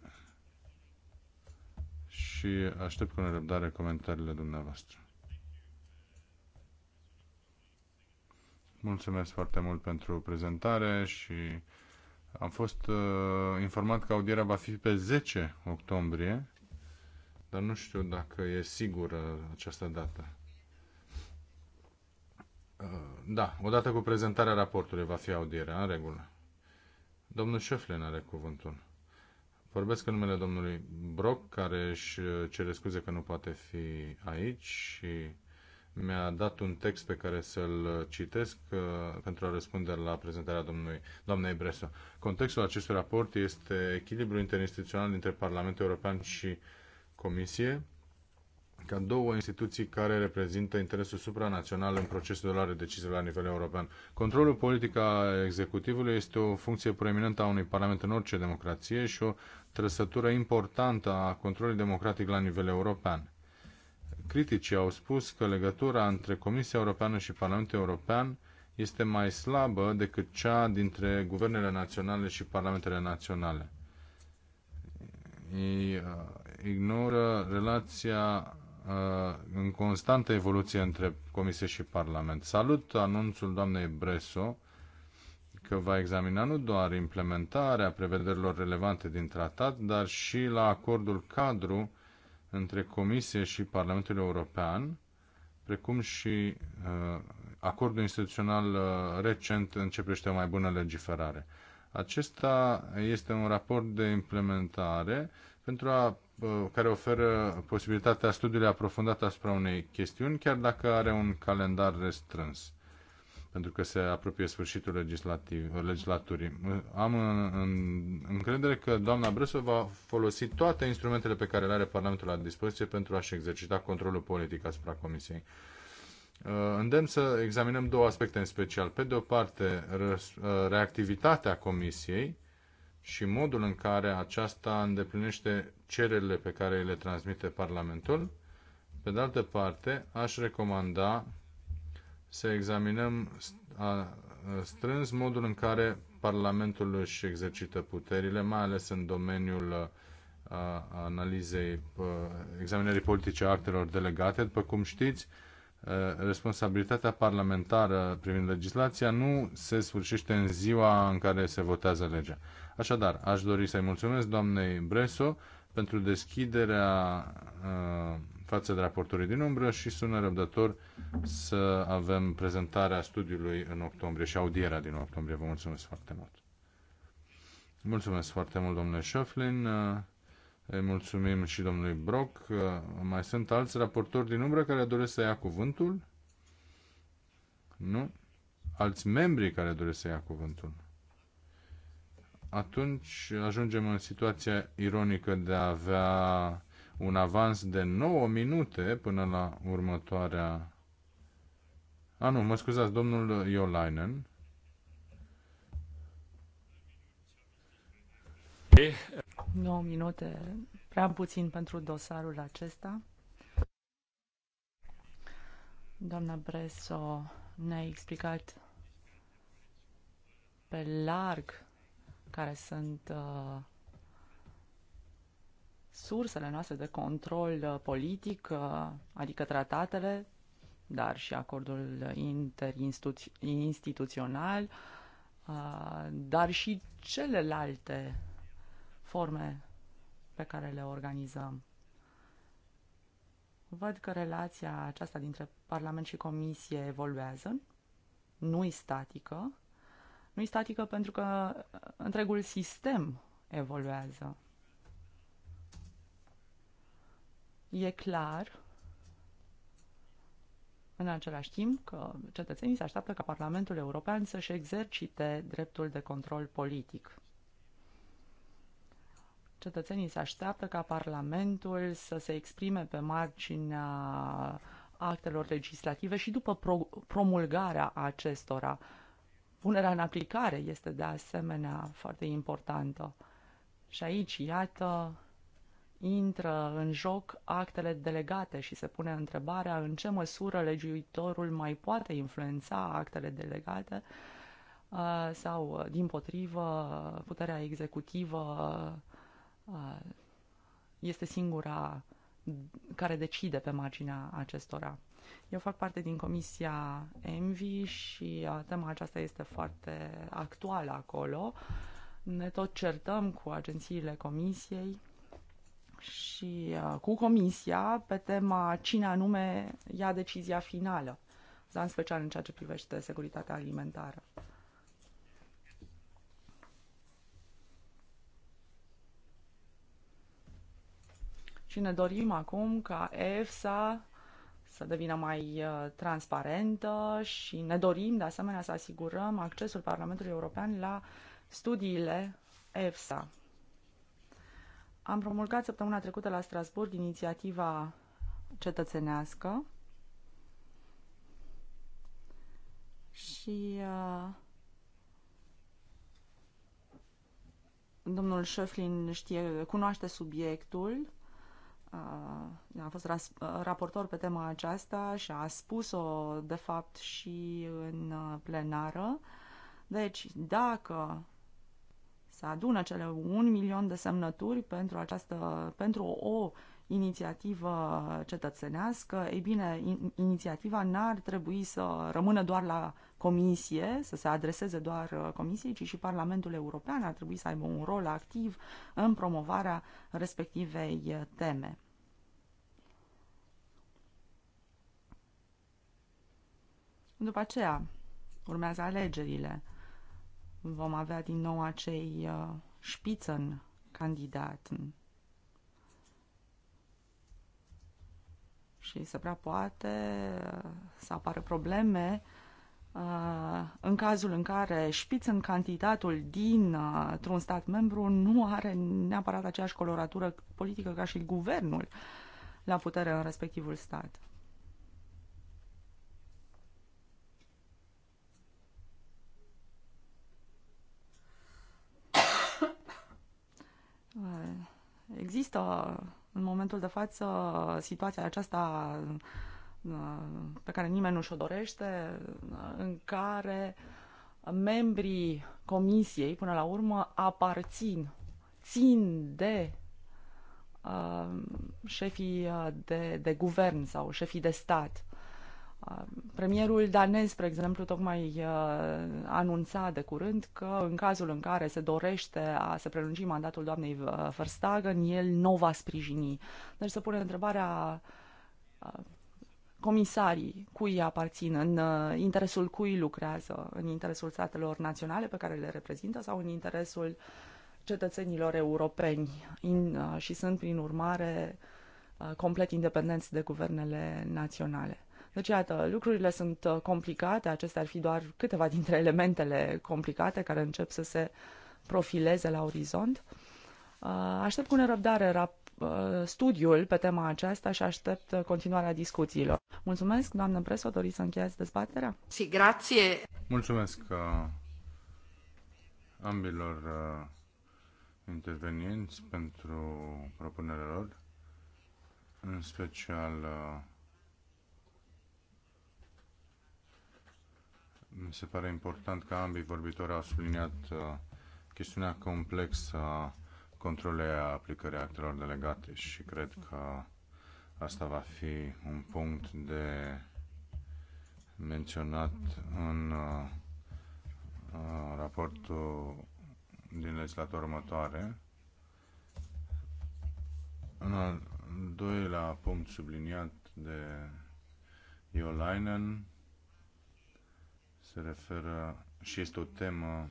și aștept cu nerăbdare comentariile dumneavoastră. Mulțumesc foarte mult pentru prezentare și am fost uh, informat că audierea va fi pe 10 octombrie, dar nu știu dacă e sigură această dată. Uh, da, odată cu prezentarea raportului va fi audierea, în regulă. Domnul Șeflen are cuvântul. Vorbesc în numele domnului Brock, care își cere scuze că nu poate fi aici și mi-a dat un text pe care să-l citesc uh, pentru a răspunde la prezentarea domnului, doamnei Bresa. Contextul acestui raport este echilibrul interinstituțional dintre Parlamentul European și Comisie, ca două instituții care reprezintă interesul supranațional în procesul de luare decizii la nivel european. Controlul politic al executivului este o funcție preeminentă a unui parlament în orice democrație și o trăsătură importantă a controlului democratic la nivel european criticii au spus că legătura între Comisia Europeană și Parlamentul European este mai slabă decât cea dintre guvernele naționale și parlamentele naționale. Ei uh, ignoră relația uh, în constantă evoluție între Comisie și Parlament. Salut anunțul doamnei Bresso, că va examina nu doar implementarea prevederilor relevante din tratat, dar și la acordul cadru între Comisie și Parlamentul European, precum și uh, acordul instituțional uh, recent începește o mai bună legiferare. Acesta este un raport de implementare pentru a, uh, care oferă posibilitatea studiului aprofundat asupra unei chestiuni, chiar dacă are un calendar restrâns pentru că se apropie sfârșitul legislativ, legislaturii. Am în, uh, în, încredere că doamna Brăsă va folosi toate instrumentele pe care le are Parlamentul la dispoziție pentru a-și exercita controlul politic asupra Comisiei. Uh, îndemn să examinăm două aspecte în special. Pe de o parte, uh, reactivitatea Comisiei și modul în care aceasta îndeplinește cererile pe care le transmite Parlamentul. Pe de altă parte, aș recomanda să examinăm strâns modul în care Parlamentul își exercită puterile, mai ales în domeniul analizei, examinării politice a actelor delegate. După cum știți, responsabilitatea parlamentară privind legislația nu se sfârșește în ziua în care se votează legea. Așadar, aș dori să-i mulțumesc doamnei Breso pentru deschiderea față de raportorii din umbră și sună răbdător să avem prezentarea studiului în octombrie și audierea din octombrie. Vă mulțumesc foarte mult! Mulțumesc foarte mult, domnule Șoflin. Îi mulțumim și domnului Brock. Mai sunt alți raportori din umbră care doresc să ia cuvântul? Nu? Alți membri care doresc să ia cuvântul? Atunci ajungem în situația ironică de a avea un avans de 9 minute până la următoarea... A, nu, mă scuzați, domnul Iolainen. E... 9 minute, prea puțin pentru dosarul acesta. Doamna Bresso ne-a explicat pe larg care sunt uh, sursele noastre de control uh, politic, uh, adică tratatele, dar și acordul interinstituțional, uh, dar și celelalte forme pe care le organizăm. Văd că relația aceasta dintre Parlament și Comisie evoluează, nu e statică, nu e statică pentru că întregul sistem evoluează. E clar în același timp că cetățenii se așteaptă ca Parlamentul European să-și exercite dreptul de control politic. Cetățenii se așteaptă ca Parlamentul să se exprime pe marginea actelor legislative și după pro- promulgarea acestora. Punerea în aplicare este de asemenea foarte importantă. Și aici, iată, intră în joc actele delegate și se pune întrebarea în ce măsură legiuitorul mai poate influența actele delegate uh, sau, uh, din potrivă, puterea executivă uh, este singura care decide pe marginea acestora. Eu fac parte din comisia ENVI și tema aceasta este foarte actuală acolo. Ne tot certăm cu agențiile comisiei și uh, cu Comisia pe tema cine anume ia decizia finală, dar în special în ceea ce privește securitatea alimentară. Și ne dorim acum ca EFSA să devină mai uh, transparentă și ne dorim de asemenea să asigurăm accesul Parlamentului European la studiile EFSA. Am promulgat săptămâna trecută la Strasburg inițiativa cetățenească și uh, domnul Șeflin știe, cunoaște subiectul, uh, a fost ras, uh, raportor pe tema aceasta și a spus-o, de fapt, și în uh, plenară. Deci, dacă să adună cele un milion de semnături pentru, această, pentru o inițiativă cetățenească, ei bine, in, inițiativa n-ar trebui să rămână doar la comisie, să se adreseze doar uh, comisiei, ci și Parlamentul European ar trebui să aibă un rol activ în promovarea respectivei uh, teme. După aceea, urmează alegerile vom avea din nou acei uh, spitzen candidaten. Și se prea poate uh, să apară probleme uh, în cazul în care în candidatul dintr-un uh, stat membru nu are neapărat aceeași coloratură politică ca și guvernul la putere în respectivul stat. Există în momentul de față situația aceasta uh, pe care nimeni nu și-o dorește, uh, în care membrii comisiei, până la urmă, aparțin, țin de uh, șefii de, de guvern sau șefii de stat. Premierul danez, spre exemplu, tocmai uh, anunța de curând că în cazul în care se dorește a se prelungi mandatul doamnei uh, Verstagen, el nu va sprijini. Deci se pune întrebarea uh, comisarii cui aparțin, în interesul cui lucrează, în interesul statelor naționale pe care le reprezintă sau în interesul cetățenilor europeni in, și sunt, prin urmare, complet independenți de guvernele naționale. Deci, iată, lucrurile sunt uh, complicate, acestea ar fi doar câteva dintre elementele complicate care încep să se profileze la orizont. Uh, aștept cu nerăbdare uh, studiul pe tema aceasta și aștept continuarea discuțiilor. Mulțumesc, doamnă Preso, doriți să încheiați dezbaterea? Si, grație! Mulțumesc uh, ambilor uh, intervenienți pentru propunerea lor, în special uh, Mi se pare important că ambii vorbitori au subliniat uh, chestiunea complexă a controlei a aplicării actelor delegate și cred că asta va fi un punct de menționat în uh, uh, raportul din legislator următoare. În al doilea punct subliniat de Iolainen se referă și este o temă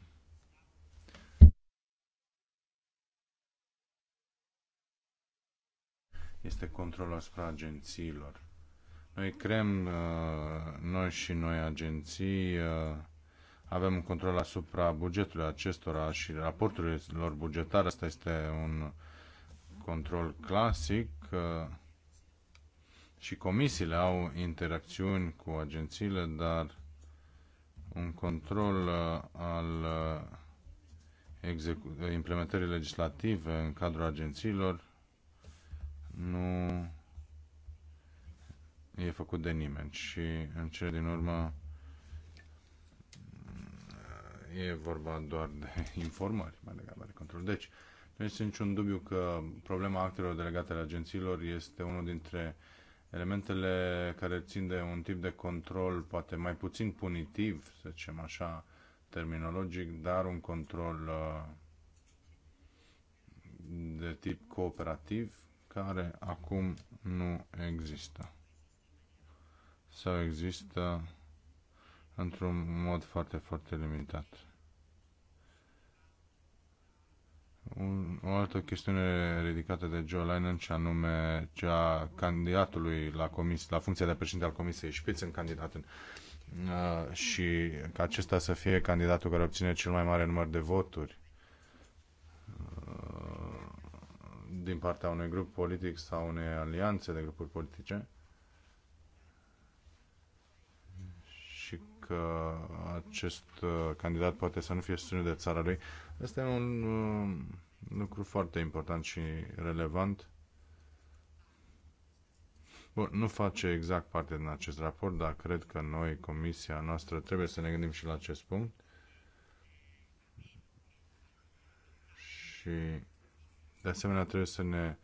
este controlul asupra agențiilor. Noi creăm uh, noi și noi agenții, uh, avem un control asupra bugetului acestora și raporturilor lor bugetare. Asta este un control clasic uh, și comisiile au interacțiuni cu agențiile, dar un control uh, al uh, uh, implementării legislative în cadrul agențiilor nu e făcut de nimeni și în cele din urmă e vorba doar de *laughs* informări mai degrabă de control. Deci, nu este niciun dubiu că problema actelor delegate ale agențiilor este unul dintre uh, elementele care țin de un tip de control poate mai puțin punitiv, să zicem așa, terminologic, dar un control uh, de tip cooperativ care acum nu există. Sau există într-un mod foarte, foarte limitat. o altă chestiune ridicată de Joe Linen și anume cea candidatului la, comis, la funcția de președinte al Comisiei, candidat candidatul, uh, și ca acesta să fie candidatul care obține cel mai mare număr de voturi uh, din partea unui grup politic sau unei alianțe de grupuri politice și că acest uh, candidat poate să nu fie susținut de țara lui. Asta e un uh, Lucru foarte important și relevant. Bun, nu face exact parte din acest raport, dar cred că noi, comisia noastră, trebuie să ne gândim și la acest punct. Și, de asemenea, trebuie să ne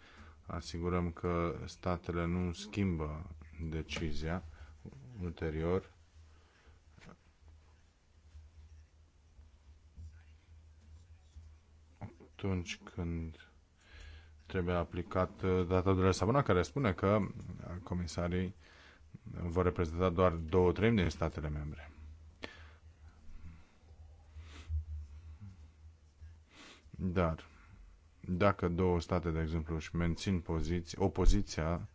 asigurăm că statele nu schimbă decizia ulterior atunci când trebuie aplicat data de la Sabona, care spune că comisarii vor reprezenta doar două treimi din statele membre. Dar dacă două state, de exemplu, își mențin poziția, opoziția,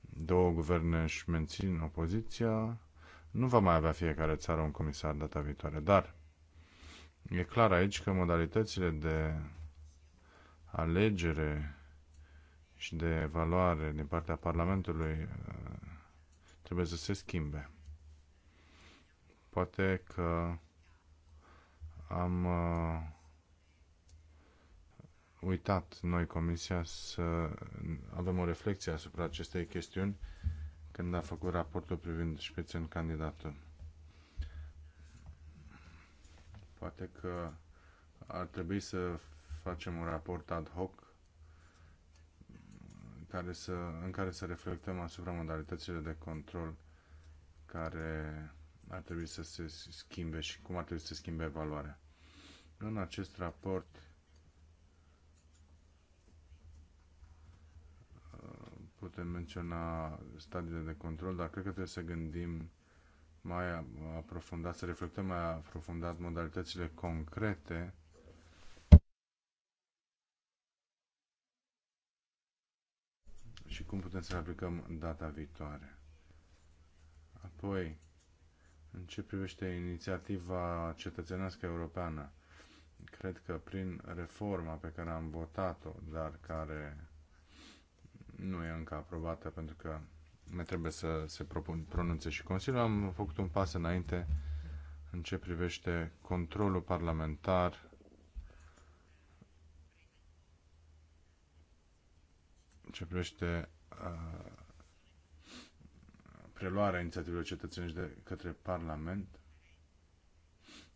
două guverne își mențin opoziția, nu va mai avea fiecare țară un comisar data viitoare. Dar E clar aici că modalitățile de alegere și de evaluare din partea Parlamentului uh, trebuie să se schimbe. Poate că am uh, uitat noi Comisia să avem o reflexie asupra acestei chestiuni când a făcut raportul privind în candidatul. Poate că ar trebui să facem un raport ad hoc care să, în care să reflectăm asupra modalităților de control care ar trebui să se schimbe și cum ar trebui să se schimbe valoarea. În acest raport putem menționa stadiile de control, dar cred că trebuie să gândim mai aprofundat, să reflectăm mai aprofundat modalitățile concrete și cum putem să le aplicăm data viitoare. Apoi, în ce privește inițiativa cetățenească europeană, cred că prin reforma pe care am votat-o, dar care nu e încă aprobată pentru că mai trebuie să se propun, pronunțe și Consiliul. Am făcut un pas înainte în ce privește controlul parlamentar în ce privește uh, preluarea inițiativelor cetățenești de către Parlament,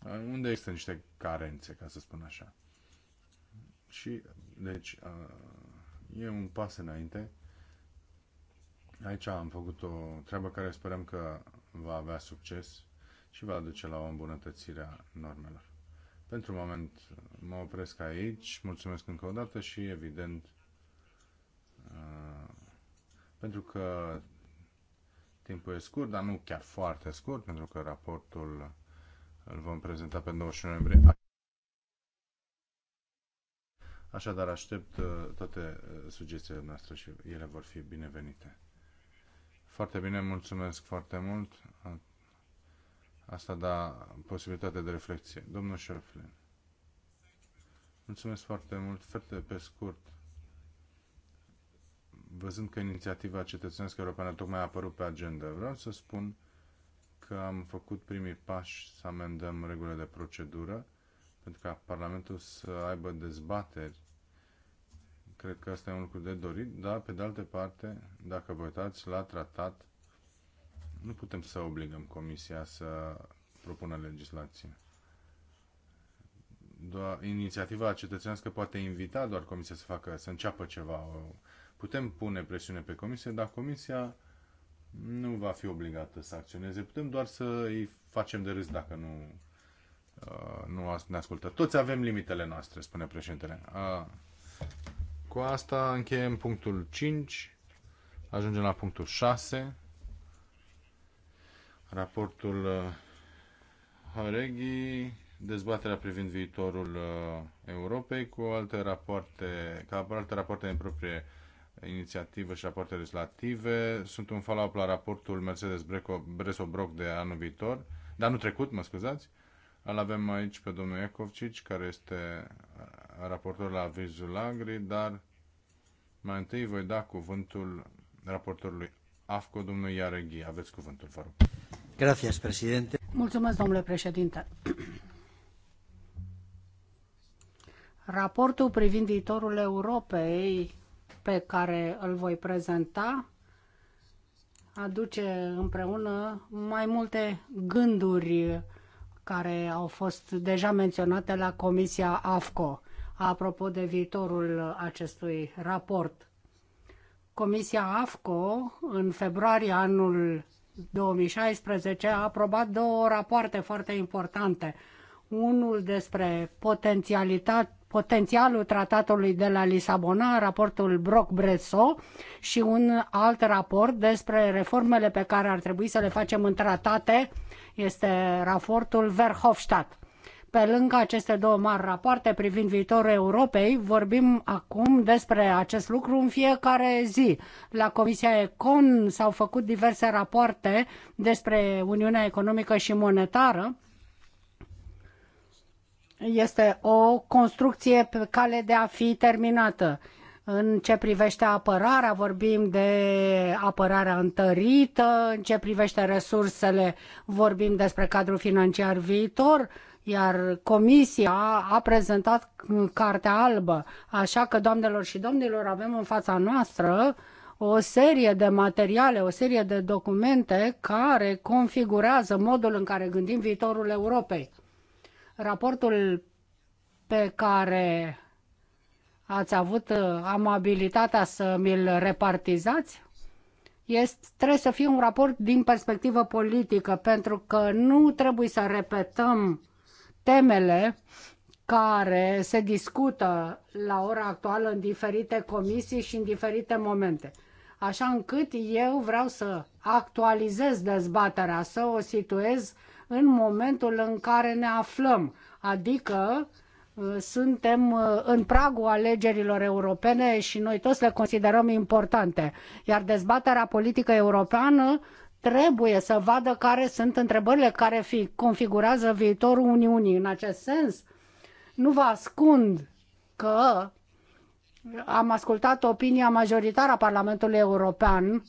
uh, unde există niște carențe, ca să spun așa. Și, deci, uh, e un pas înainte Aici am făcut o treabă care sperăm că va avea succes și va duce la o îmbunătățire a normelor. Pentru moment mă opresc aici, mulțumesc încă o dată și evident uh, pentru că timpul e scurt, dar nu chiar foarte scurt, pentru că raportul îl vom prezenta pe 21 noiembrie. Așadar, aștept uh, toate uh, sugestiile noastre și ele vor fi binevenite. Foarte bine, mulțumesc foarte mult. Asta da posibilitate de reflexie. Domnul Șeflin. Mulțumesc foarte mult. Foarte pe scurt. Văzând că inițiativa cetățenească europeană tocmai a apărut pe agenda, vreau să spun că am făcut primii pași să amendăm regulile de procedură pentru ca Parlamentul să aibă dezbateri Cred că asta e un lucru de dorit, dar pe de altă parte, dacă vă uitați la tratat, nu putem să obligăm Comisia să propună legislație. Doar, inițiativa cetățenească poate invita doar Comisia să facă, să înceapă ceva. Putem pune presiune pe Comisie, dar Comisia nu va fi obligată să acționeze. Putem doar să îi facem de râs dacă nu, uh, nu ne ascultă. Toți avem limitele noastre, spune președintele. Uh, cu asta încheiem punctul 5, ajungem la punctul 6, raportul Horeghi, uh, dezbaterea privind viitorul uh, Europei cu alte rapoarte, ca alte rapoarte în proprie inițiativă și rapoarte legislative. Sunt un follow-up la raportul Mercedes Bresobroc de anul viitor, de anul trecut, mă scuzați. Îl avem aici pe domnul Iacovcici, care este uh, raportor la Vizul Agri, dar mai întâi voi da cuvântul raportorului AFCO, domnul Iarăghi. Aveți cuvântul, vă rog. Gracias, președinte. Mulțumesc, domnule președinte. Raportul privind viitorul Europei pe care îl voi prezenta aduce împreună mai multe gânduri care au fost deja menționate la Comisia AFCO apropo de viitorul acestui raport. Comisia AFCO, în februarie anul 2016, a aprobat două rapoarte foarte importante. Unul despre potențialitate, potențialul tratatului de la Lisabona, raportul Brock-Bresso și un alt raport despre reformele pe care ar trebui să le facem în tratate, este raportul Verhofstadt. Pe lângă aceste două mari rapoarte privind viitorul Europei, vorbim acum despre acest lucru în fiecare zi. La Comisia Econ s-au făcut diverse rapoarte despre Uniunea Economică și Monetară, este o construcție pe cale de a fi terminată. În ce privește apărarea, vorbim de apărarea întărită, în ce privește resursele, vorbim despre cadrul financiar viitor, iar comisia a prezentat cartea albă. Așa că, doamnelor și domnilor, avem în fața noastră o serie de materiale, o serie de documente care configurează modul în care gândim viitorul Europei. Raportul pe care ați avut uh, amabilitatea să mi-l repartizați este, trebuie să fie un raport din perspectivă politică, pentru că nu trebuie să repetăm temele care se discută la ora actuală în diferite comisii și în diferite momente. Așa încât eu vreau să actualizez dezbaterea, să o situez în momentul în care ne aflăm, adică uh, suntem uh, în pragul alegerilor europene și noi toți le considerăm importante. Iar dezbaterea politică europeană trebuie să vadă care sunt întrebările care fi, configurează viitorul Uniunii. În acest sens, nu vă ascund că am ascultat opinia majoritară a Parlamentului European,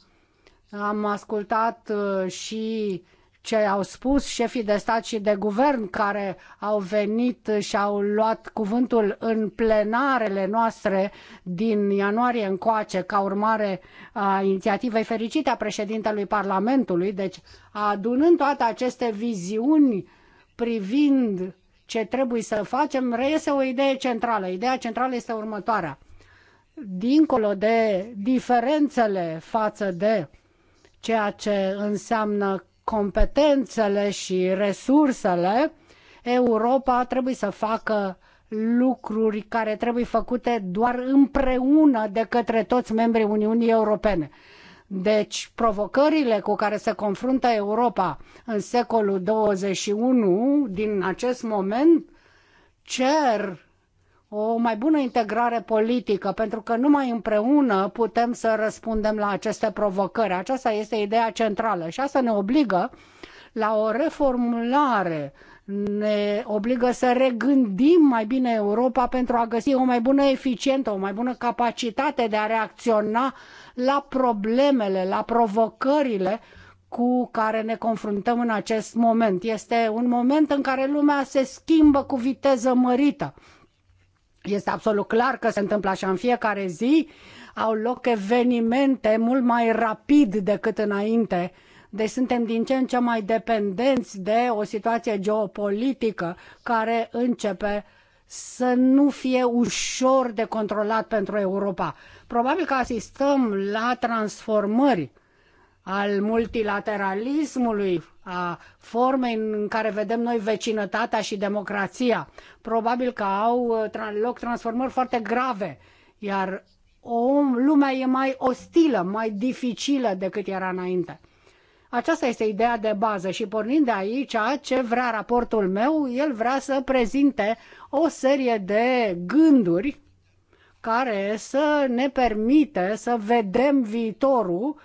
am ascultat uh, și ce au spus șefii de stat și de guvern care au venit și au luat cuvântul în plenarele noastre din ianuarie încoace ca urmare a inițiativei fericite a președintelui Parlamentului, deci adunând toate aceste viziuni privind ce trebuie să facem, reiese o idee centrală. Ideea centrală este următoarea. Dincolo de diferențele față de ceea ce înseamnă competențele și resursele, Europa trebuie să facă lucruri care trebuie făcute doar împreună de către toți membrii Uniunii Europene. Deci, provocările cu care se confruntă Europa în secolul 21 din acest moment cer o mai bună integrare politică, pentru că numai împreună putem să răspundem la aceste provocări. Aceasta este ideea centrală și asta ne obligă la o reformulare, ne obligă să regândim mai bine Europa pentru a găsi o mai bună eficientă, o mai bună capacitate de a reacționa la problemele, la provocările cu care ne confruntăm în acest moment. Este un moment în care lumea se schimbă cu viteză mărită este absolut clar că se întâmplă așa în fiecare zi. Au loc evenimente mult mai rapid decât înainte. Deci suntem din ce în ce mai dependenți de o situație geopolitică care începe să nu fie ușor de controlat pentru Europa. Probabil că asistăm la transformări al multilateralismului, a formei în care vedem noi vecinătatea și democrația. Probabil că au uh, loc transformări foarte grave, iar o, lumea e mai ostilă, mai dificilă decât era înainte. Aceasta este ideea de bază și pornind de aici, ce vrea raportul meu, el vrea să prezinte o serie de gânduri care să ne permite să vedem viitorul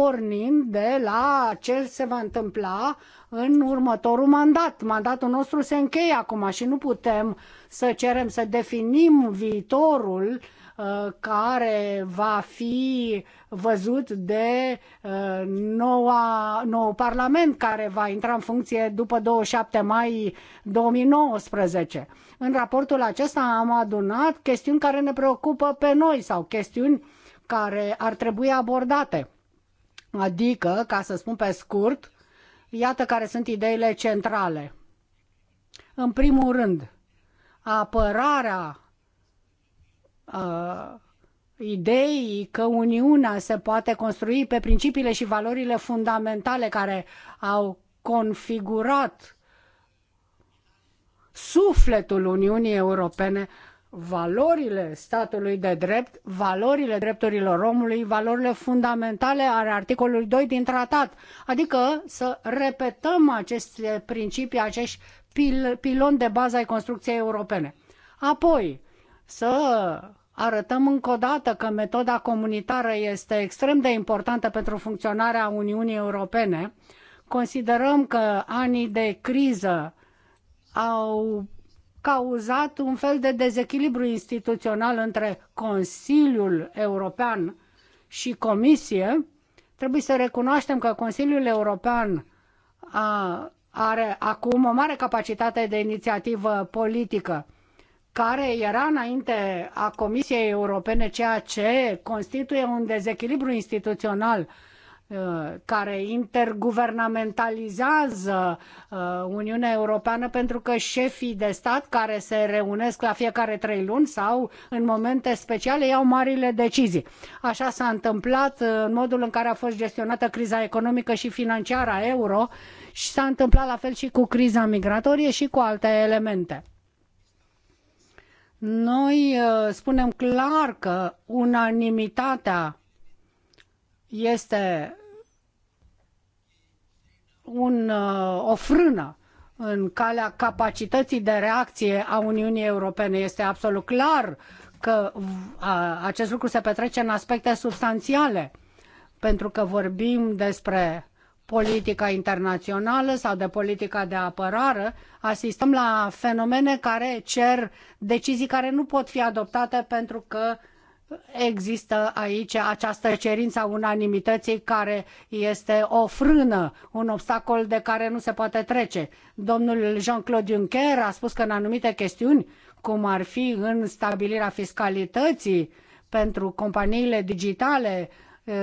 pornind de la ce se va întâmpla în următorul mandat. Mandatul nostru se încheie acum și nu putem să cerem să definim viitorul uh, care va fi văzut de uh, noua, nou Parlament care va intra în funcție după 27 mai 2019. În raportul acesta am adunat chestiuni care ne preocupă pe noi sau chestiuni care ar trebui abordate. Adică, ca să spun pe scurt, iată care sunt ideile centrale. În primul rând, apărarea a, ideii că Uniunea se poate construi pe principiile și valorile fundamentale care au configurat sufletul Uniunii Europene valorile statului de drept, valorile drepturilor omului, valorile fundamentale ale articolului 2 din tratat. Adică să repetăm aceste principii, acești pil- pilon de bază ai construcției europene. Apoi, să arătăm încă o dată că metoda comunitară este extrem de importantă pentru funcționarea Uniunii Europene. Considerăm că anii de criză au cauzat un fel de dezechilibru instituțional între Consiliul European și Comisie. Trebuie să recunoaștem că Consiliul European a, are acum o mare capacitate de inițiativă politică, care era înainte a Comisiei Europene, ceea ce constituie un dezechilibru instituțional uh, Uh, care interguvernamentalizează uh, Uniunea Europeană pentru că șefii de stat care se reunesc la fiecare trei luni sau în momente speciale iau marile decizii. Așa s-a întâmplat uh, în modul în care a fost gestionată criza economică și financiară a euro și s-a întâmplat la fel și cu criza migratorie și cu alte elemente. Noi spunem clar că unanimitatea este un, uh, o frână în calea capacității de reacție a Uniunii Europene. Este absolut clar că uh, acest lucru se petrece în aspecte substanțiale, pentru că vorbim despre politica internațională sau de politica de apărare, asistăm la fenomene care cer decizii care nu pot fi adoptate pentru că există aici această cerință a unanimității care este o frână, un obstacol de care nu se poate trece. Domnul Jean-Claude Juncker a spus că în anumite chestiuni, cum ar fi în stabilirea fiscalității pentru companiile digitale, uh,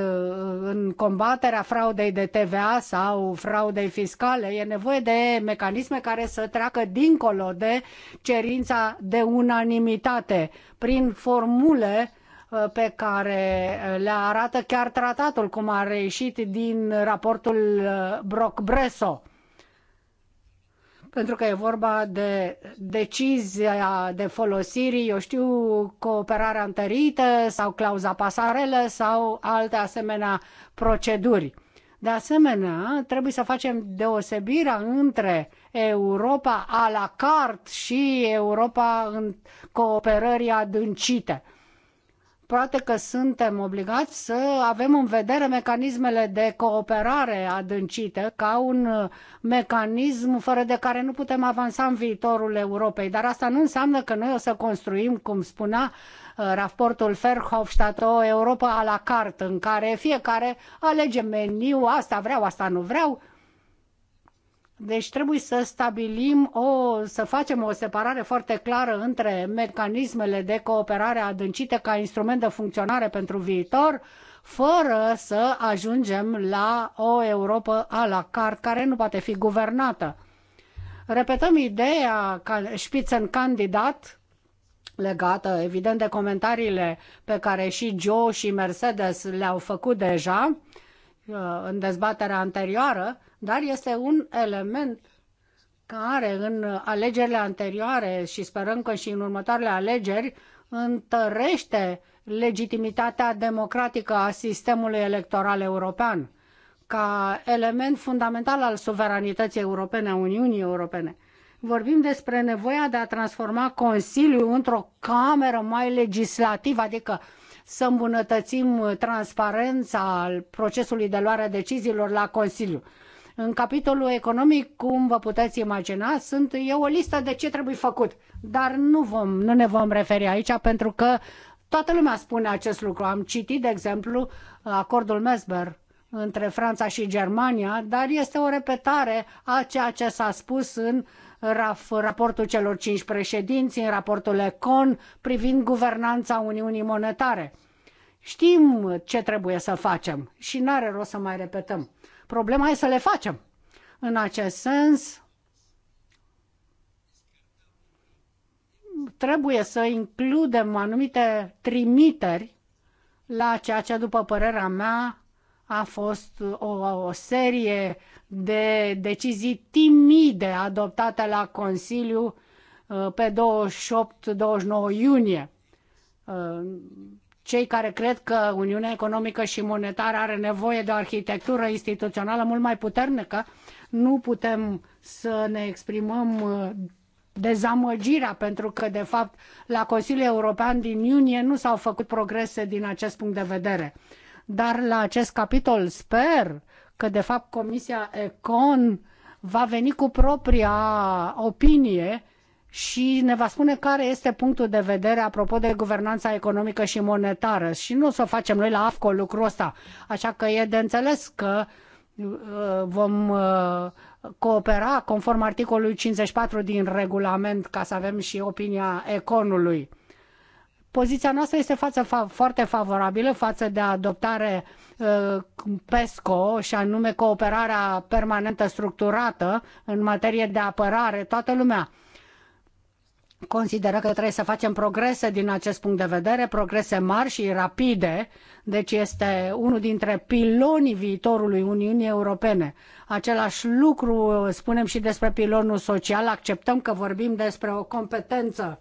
în combaterea fraudei de TVA sau fraudei fiscale, e nevoie de mecanisme care să treacă dincolo de cerința de unanimitate, prin formule Uh, pe care uh, le arată chiar tratatul, cum a reieșit din raportul uh, Brock-Bresso pentru că e vorba de decizia de folosire, eu știu, cooperarea întărită sau clauza pasarelă sau alte asemenea proceduri. De asemenea, trebuie să facem deosebirea între Europa a la carte și Europa în cooperării adâncite poate că suntem obligați să avem în vedere mecanismele de cooperare adâncită ca un uh, mecanism fără de care nu putem avansa în viitorul Europei. Dar asta nu înseamnă că noi o să construim, cum spunea uh, raportul Verhofstadt, o Europa a la carte, în care fiecare alege meniu, asta vreau, asta nu vreau, deci trebuie să stabilim o, să facem o separare foarte clară între mecanismele de cooperare adâncite ca instrument de funcționare pentru viitor, fără să ajungem la o Europa a la carte care nu poate fi guvernată. Repetăm ideea ca candidat legată, evident, de comentariile pe care și Joe și Mercedes le-au făcut deja uh, în dezbaterea anterioară, dar este un element care în alegerile anterioare și sperăm că și în următoarele alegeri întărește legitimitatea democratică a sistemului electoral european ca element fundamental al suveranității europene, a Uniunii Europene. Vorbim despre nevoia de a transforma Consiliul într-o cameră mai legislativă, adică să îmbunătățim transparența al procesului de luare a deciziilor la Consiliu. În capitolul economic, cum vă puteți imagina, sunt e o listă de ce trebuie făcut. Dar nu, vom, nu ne vom referi aici pentru că toată lumea spune acest lucru. Am citit, de exemplu, acordul Mesber între Franța și Germania, dar este o repetare a ceea ce s-a spus în raportul celor cinci președinți, în raportul Econ privind guvernanța Uniunii Monetare. Știm ce trebuie să facem și n-are rost să mai repetăm. Problema e să le facem. În acest sens, trebuie să includem anumite trimiteri la ceea ce, după părerea mea, a fost o, o serie de decizii timide adoptate la Consiliu uh, pe 28-29 iunie. Uh, cei care cred că Uniunea Economică și Monetară are nevoie de o arhitectură instituțională mult mai puternică, nu putem să ne exprimăm uh, dezamăgirea, pentru că, de fapt, la Consiliul European din iunie nu s-au făcut progrese din acest punct de vedere. Dar la acest capitol sper că, de fapt, Comisia Econ va veni cu propria opinie și ne va spune care este punctul de vedere apropo de guvernanța economică și monetară. Și nu o să facem noi la AFCO lucrul ăsta. Așa că e de înțeles că uh, vom uh, coopera conform articolului 54 din regulament ca să avem și opinia econului. Poziția noastră este față, fa, foarte favorabilă față de adoptare uh, PESCO și anume cooperarea permanentă structurată în materie de apărare, toată lumea consideră că trebuie să facem progrese din acest punct de vedere, progrese mari și rapide, deci este unul dintre pilonii viitorului Uniunii Europene. Același lucru uh, spunem și despre pilonul social, acceptăm că vorbim despre o competență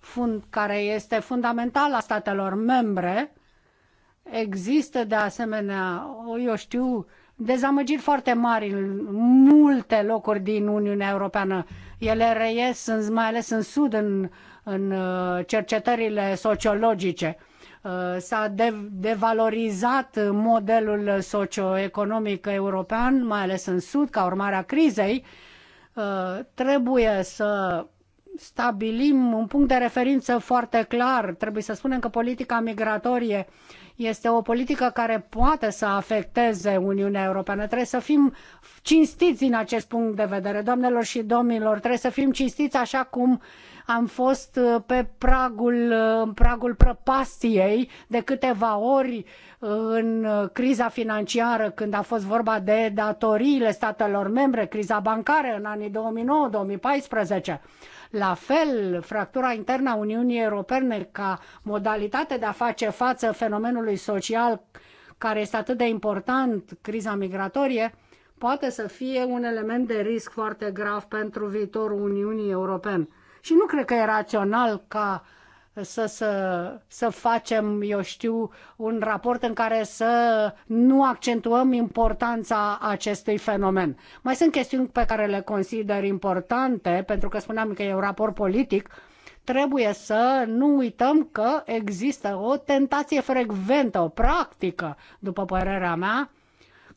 fund, care este fundamentală a statelor membre. Există de asemenea, eu știu, dezamăgiri foarte mari în multe locuri din Uniunea Europeană. Ele reies, în, mai ales în Sud, în, în uh, cercetările sociologice. Uh, s-a de, devalorizat modelul socioeconomic european, mai ales în Sud, ca urmare a crizei. Uh, trebuie să stabilim un punct de referință foarte clar. Trebuie să spunem că politica migratorie uh, este o politică care poate să afecteze Uniunea Europeană. Trebuie să fim cinstiți din acest punct de vedere. Doamnelor și domnilor, trebuie să fim cinstiți așa cum am fost uh, pe pragul, uh, pragul prăpastiei de câteva ori uh, în criza financiară, când a fost vorba de datoriile statelor membre, criza bancară în anii 2009-2014. La fel, fractura internă a Uniunii Europene ca modalitate de a face față fenomenului social care este atât de important, criza migratorie, poate să fie un element de risc foarte grav pentru viitorul Uniunii Europene. Și nu cred că e rațional ca să, să, să facem, eu știu, un raport în care să nu accentuăm importanța acestui fenomen. Mai sunt chestiuni pe care le consider importante, pentru că spuneam că e un raport politic, trebuie să nu uităm că există o tentație frecventă, o practică, după părerea mea,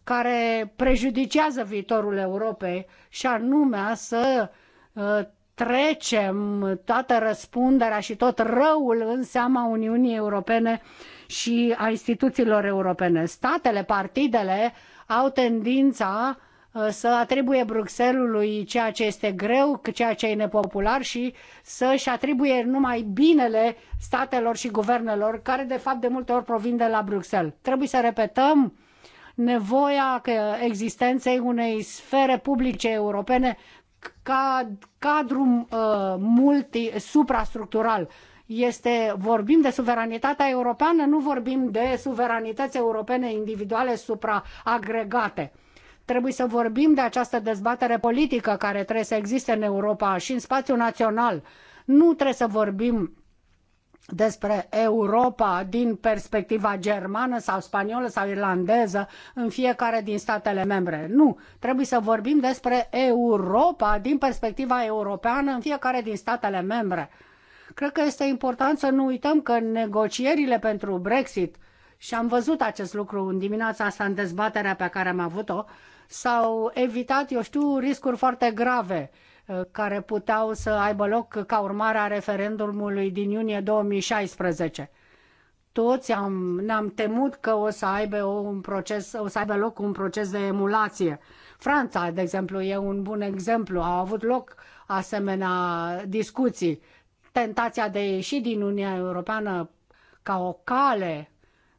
care prejudicează viitorul Europei și anume să uh, trecem toată răspunderea și tot răul în seama Uniunii Europene și a instituțiilor europene. Statele, partidele au tendința uh, să atribuie Bruxellesului ceea ce este greu, ceea ce e nepopular și să-și atribuie numai binele statelor și guvernelor, care de fapt de multe ori provin de la Bruxelles. Trebuie să repetăm nevoia existenței unei sfere publice europene cadru uh, multi, suprastructural. Este, vorbim de suveranitatea europeană, nu vorbim de suveranități europene individuale supraagregate. Trebuie să vorbim de această dezbatere politică care trebuie să existe în Europa și în spațiul național. Nu trebuie să vorbim despre Europa din perspectiva germană sau spaniolă sau irlandeză în fiecare din statele membre. Nu, trebuie să vorbim despre Europa din perspectiva europeană în fiecare din statele membre. Cred că este important să nu uităm că negocierile pentru Brexit și am văzut acest lucru în dimineața asta în dezbaterea pe care am avut-o, s-au evitat, eu știu, riscuri foarte grave care puteau să aibă loc ca urmare a referendumului din iunie 2016. Toți am, ne-am temut că o să, aibă un proces, o să aibă loc un proces de emulație. Franța, de exemplu, e un bun exemplu. Au avut loc asemenea discuții. Tentația de a ieși din Uniunea Europeană ca o cale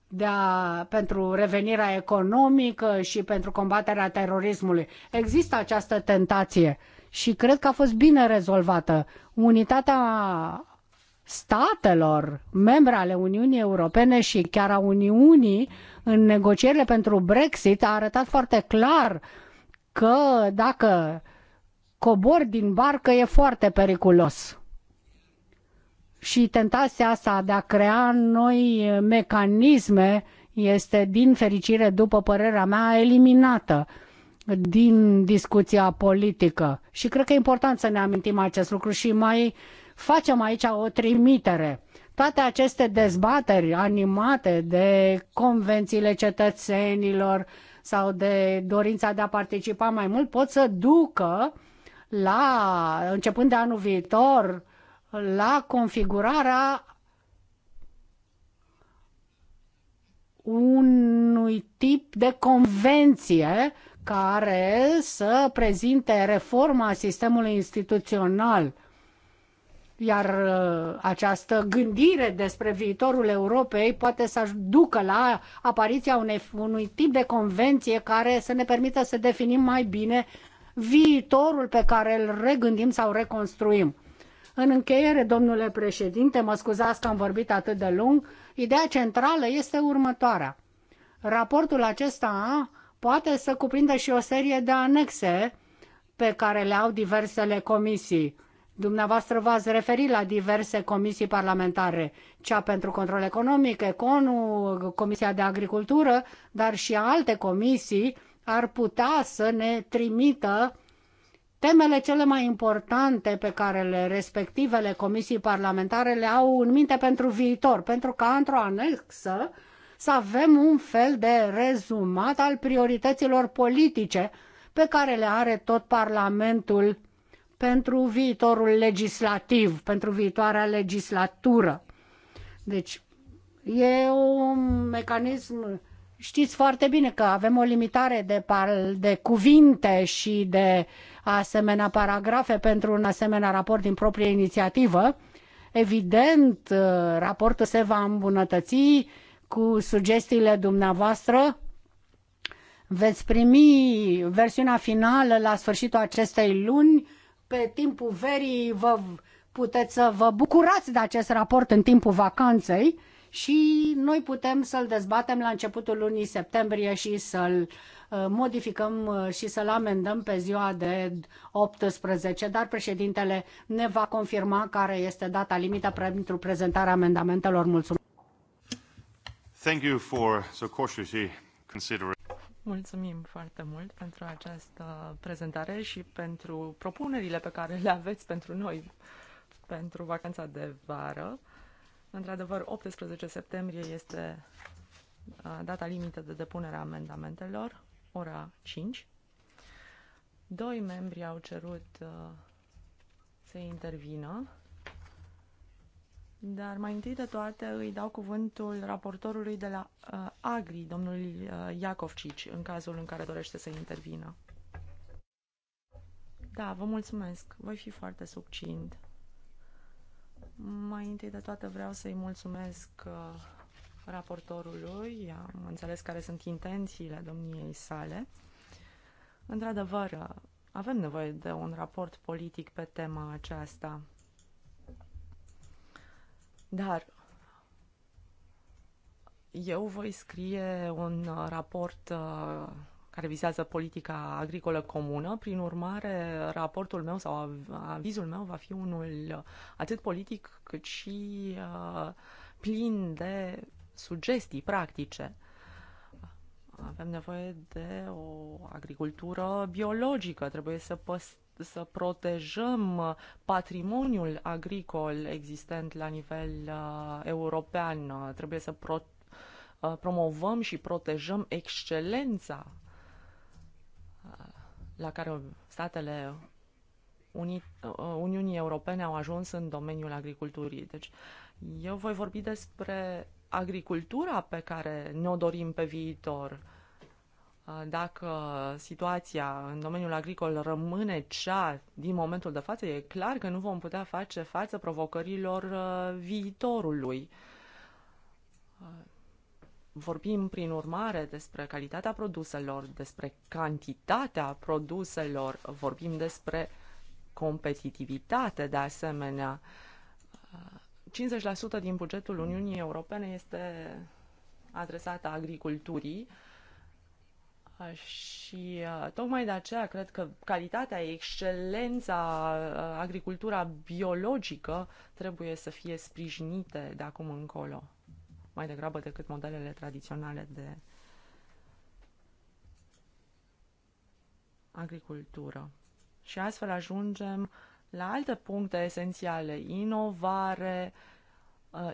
de a, pentru revenirea economică și pentru combaterea terorismului. Există această tentație și cred că a fost bine rezolvată. Unitatea statelor membre ale Uniunii Europene și chiar a Uniunii în negocierile pentru Brexit a arătat foarte clar că dacă cobori din barcă e foarte periculos. Și tentația asta de a crea noi mecanisme este, din fericire, după părerea mea, eliminată din discuția politică. Și cred că e important să ne amintim acest lucru și mai facem aici o trimitere. Toate aceste dezbateri animate de convențiile cetățenilor sau de dorința de a participa mai mult pot să ducă la, începând de anul viitor, la configurarea unui tip de convenție care să prezinte reforma sistemului instituțional. Iar uh, această gândire despre viitorul Europei poate să ducă la apariția unei, unui tip de convenție care să ne permită să definim mai bine viitorul pe care îl regândim sau reconstruim. În încheiere, domnule președinte, mă scuzați că am vorbit atât de lung, ideea centrală este următoarea. Raportul acesta poate să cuprindă și o serie de anexe pe care le au diversele comisii. Dumneavoastră v-ați referit la diverse comisii parlamentare, cea pentru control economic, ECONU, Comisia de Agricultură, dar și alte comisii ar putea să ne trimită temele cele mai importante pe care le respectivele comisii parlamentare le au în minte pentru viitor, pentru ca într-o anexă să avem un fel de rezumat al priorităților politice pe care le are tot Parlamentul pentru viitorul legislativ, pentru viitoarea legislatură. Deci e un mecanism, știți foarte bine că avem o limitare de, par, de cuvinte și de asemenea paragrafe pentru un asemenea raport din proprie inițiativă. Evident, raportul se va îmbunătăți cu sugestiile dumneavoastră. Veți primi versiunea finală la sfârșitul acestei luni. Pe timpul verii vă puteți să vă bucurați de acest raport în timpul vacanței și noi putem să-l dezbatem la începutul lunii septembrie și să-l uh, modificăm uh, și să-l amendăm pe ziua de 18, dar președintele ne va confirma care este data limită pentru prezentarea amendamentelor. Mulțumesc! Thank you for so cautiously considering. Mulțumim foarte mult pentru această prezentare și pentru propunerile pe care le aveți pentru noi pentru vacanța de vară. Într-adevăr, 18 septembrie este data limită de depunere a amendamentelor, ora 5. Doi membri au cerut să intervină. Dar mai întâi de toate îi dau cuvântul raportorului de la uh, Agri, domnul uh, Iacovcici, în cazul în care dorește să intervină. Da, vă mulțumesc. Voi fi foarte succint. Mai întâi de toate vreau să-i mulțumesc uh, raportorului. Am înțeles care sunt intențiile domniei sale. Într-adevăr, uh, avem nevoie de un raport politic pe tema aceasta. Dar eu voi scrie un uh, raport uh, care vizează politica agricolă comună. Prin urmare, raportul meu sau avizul meu va fi unul uh, atât politic cât și plin de sugestii practice. Avem nevoie de o agricultură biologică, trebuie să păstrăm să protejăm uh, patrimoniul agricol existent la nivel uh, european. Uh, trebuie să pro- uh, promovăm și protejăm excelența uh, la care statele Uni- Uniunii Europene au ajuns în domeniul agriculturii. Deci eu voi vorbi despre agricultura pe care ne-o dorim pe viitor. Uh, Uh, dacă situația în domeniul agricol rămâne cea din momentul de față, e clar că nu vom putea face față provocărilor uh, viitorului. Uh, vorbim, prin urmare, despre calitatea produselor, despre cantitatea produselor, vorbim despre competitivitate, de asemenea. 50% din bugetul Uniunii Europene este adresat agriculturii. Uh, Ah, și ah, tocmai de aceea cred că calitatea, excelența, ah, agricultura biologică trebuie să fie sprijinite de acum încolo, mai degrabă decât modelele tradiționale de agricultură. Și astfel ajungem la alte puncte esențiale, inovare,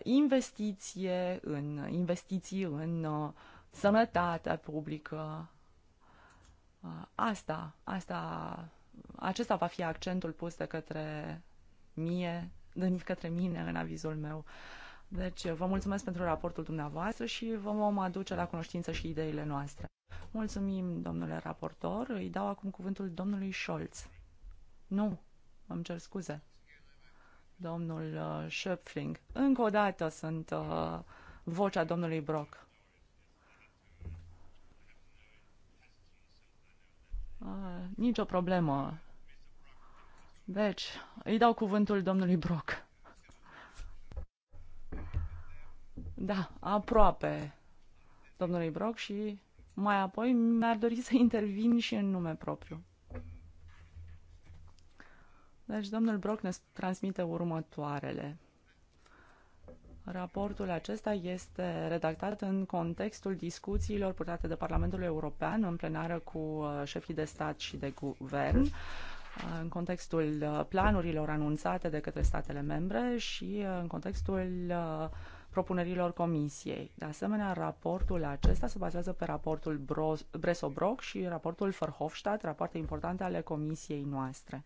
investiție în investiții în sănătatea publică, Asta, asta, acesta va fi accentul pus de către mie, de către mine în avizul meu. Deci vă mulțumesc pentru raportul dumneavoastră și vă vom aduce la cunoștință și ideile noastre. Mulțumim, domnule raportor. Îi dau acum cuvântul domnului Scholz. Nu, îmi cer scuze. Domnul uh, Schöpfling. Încă o dată sunt uh, vocea domnului Brock. Ah, nicio problemă. Deci, îi dau cuvântul domnului Brock. Da, aproape domnului Brock și mai apoi mi-ar dori să intervin și în nume propriu. Deci domnul Brock ne transmite următoarele. Raportul acesta este redactat în contextul discuțiilor purtate de Parlamentul European în plenară cu uh, șefii de stat și de guvern, uh, în contextul uh, planurilor anunțate de către statele membre și în contextul propunerilor comisiei. De asemenea, raportul acesta se bazează pe raportul Bresobroc și raportul Verhofstadt, rapoarte importante ale comisiei noastre.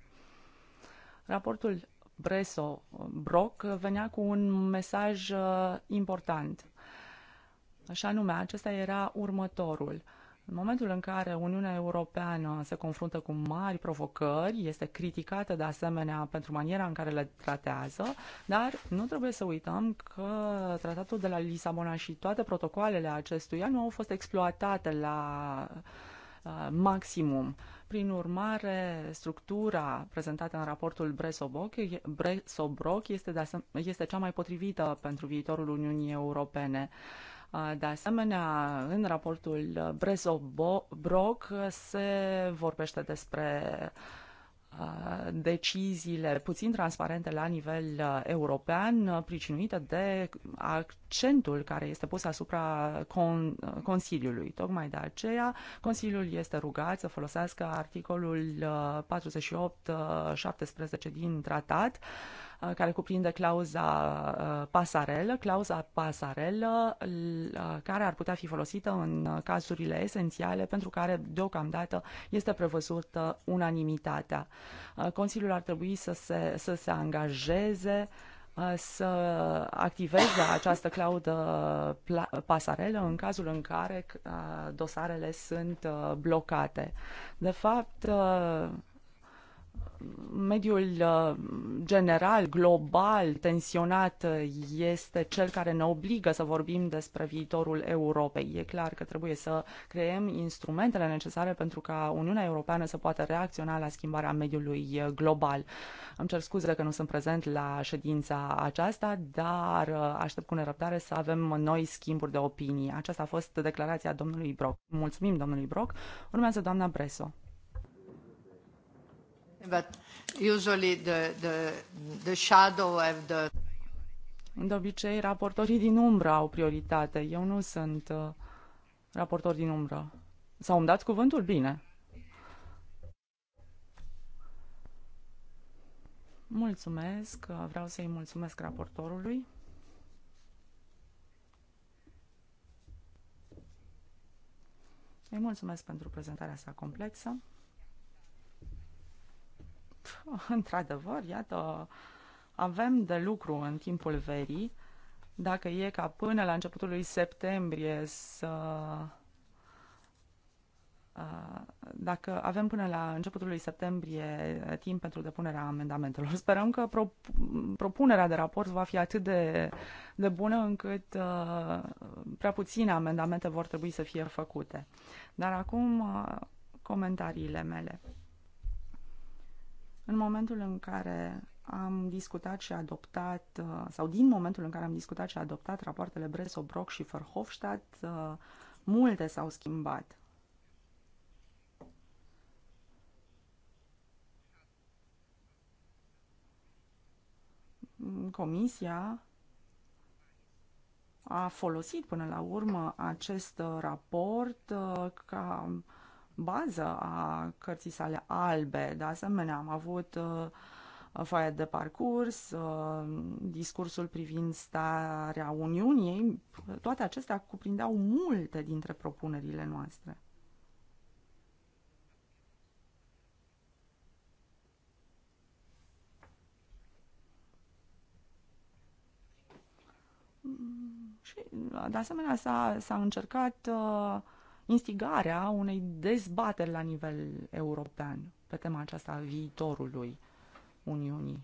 Raportul Breso Brock venea cu un mesaj uh, important. așa nume, acesta era următorul. În momentul în care Uniunea Europeană se confruntă cu mari provocări, este criticată de asemenea pentru maniera în care le tratează, dar nu trebuie să uităm că tratatul de la Lisabona și toate protocoalele acestuia nu au fost exploatate la uh, maximum. Prin urmare, structura prezentată în raportul Bresobroc este, este cea mai potrivită pentru viitorul Uniunii Europene. De asemenea, în raportul Bresobroc se vorbește despre uh, deciziile puțin transparente la nivel european, pricinuite de accentul care este pus asupra con- Consiliului. Tocmai de aceea, Consiliul este rugat să folosească articolul 48-17 din tratat Uh, care cuprinde clauza uh, pasarelă, clauza pasarelă uh, care ar putea fi folosită în cazurile esențiale pentru care deocamdată este prevăzută unanimitatea. Consiliul ar trebui să se, să se angajeze să activeze această claudă pasarelă în cazul în care dosarele sunt blocate. De fapt, mediul uh, general, global, tensionat uh, este cel care ne obligă să vorbim despre viitorul Europei. E clar că trebuie să creăm instrumentele necesare pentru ca Uniunea Europeană să poată reacționa la schimbarea mediului uh, global. Îmi cer scuze că nu sunt prezent la ședința aceasta, dar aștept cu nerăbdare să avem noi schimburi de opinii. Aceasta a fost declarația domnului Brock. Mulțumim domnului Brock. Urmează doamna Breso. De obicei, raportorii din umbră au prioritate. Eu nu sunt uh, raportor din umbră. Sau îmi dați cuvântul? Bine. Mulțumesc, vreau să-i mulțumesc raportorului. Îi mulțumesc pentru prezentarea sa complexă. *laughs* Într-adevăr, iată, avem de lucru în timpul verii. Dacă e ca până la începutul lui septembrie să dacă avem până la începutul lui septembrie timp pentru depunerea amendamentelor, *laughs* sperăm că pro, propunerea de raport va fi atât de, de bună încât uh, prea puține amendamente vor trebui să fie făcute. Dar acum uh, comentariile mele. În momentul în care am discutat și adoptat, uh, sau din momentul în care am discutat și adoptat rapoartele Breso, Brock și Verhofstadt, uh, multe s-au schimbat. Comisia a folosit până la urmă acest raport uh, ca bază a cărții sale albe. De asemenea, am avut uh, foaia de parcurs, uh, discursul privind starea Uniunii, toate acestea cuprindeau multe dintre propunerile noastre. Și, de asemenea, s-a, s-a încercat uh, instigarea unei dezbateri la nivel european pe tema aceasta a viitorului Uniunii.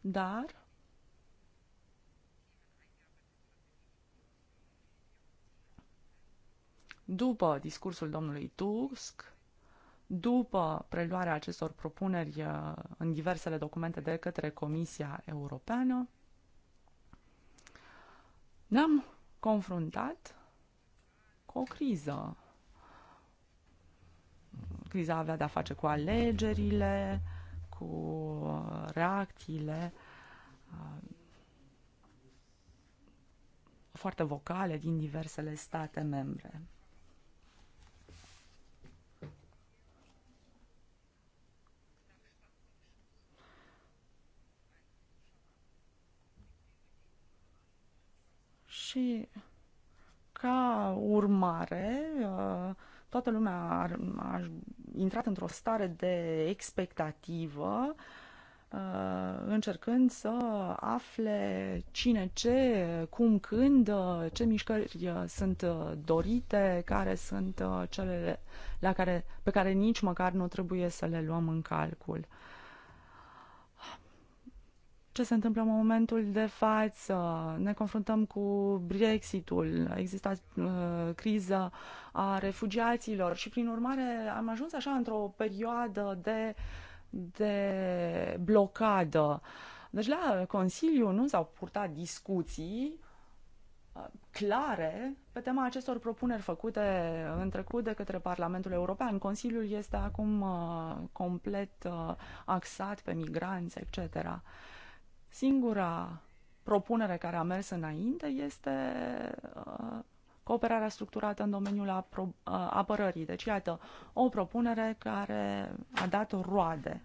Dar după discursul domnului Tusk, după preluarea acestor propuneri uh, în diversele documente de către Comisia Europeană, ne-am confruntat cu o criză. Criza avea de-a face cu alegerile, cu uh, reacțiile uh, foarte vocale din diversele state membre. Și ca urmare, uh, toată lumea a intrat într-o stare de expectativă, uh, încercând să afle cine ce, cum, când, uh, ce mișcări sunt dorite, care sunt cele la care, pe care nici măcar nu trebuie să le luăm în calcul ce se întâmplă în momentul de față. Ne confruntăm cu Brexitul, există uh, criză a refugiaților și prin urmare am ajuns așa într-o perioadă de, de blocadă. Deci la Consiliu nu s-au purtat discuții uh, clare pe tema acestor propuneri făcute în trecut de către Parlamentul European. Consiliul este acum uh, complet uh, axat pe migranți, etc. Singura propunere care a mers înainte este uh, cooperarea structurată în domeniul uh, apărării. Deci, iată, o propunere care a dat roade.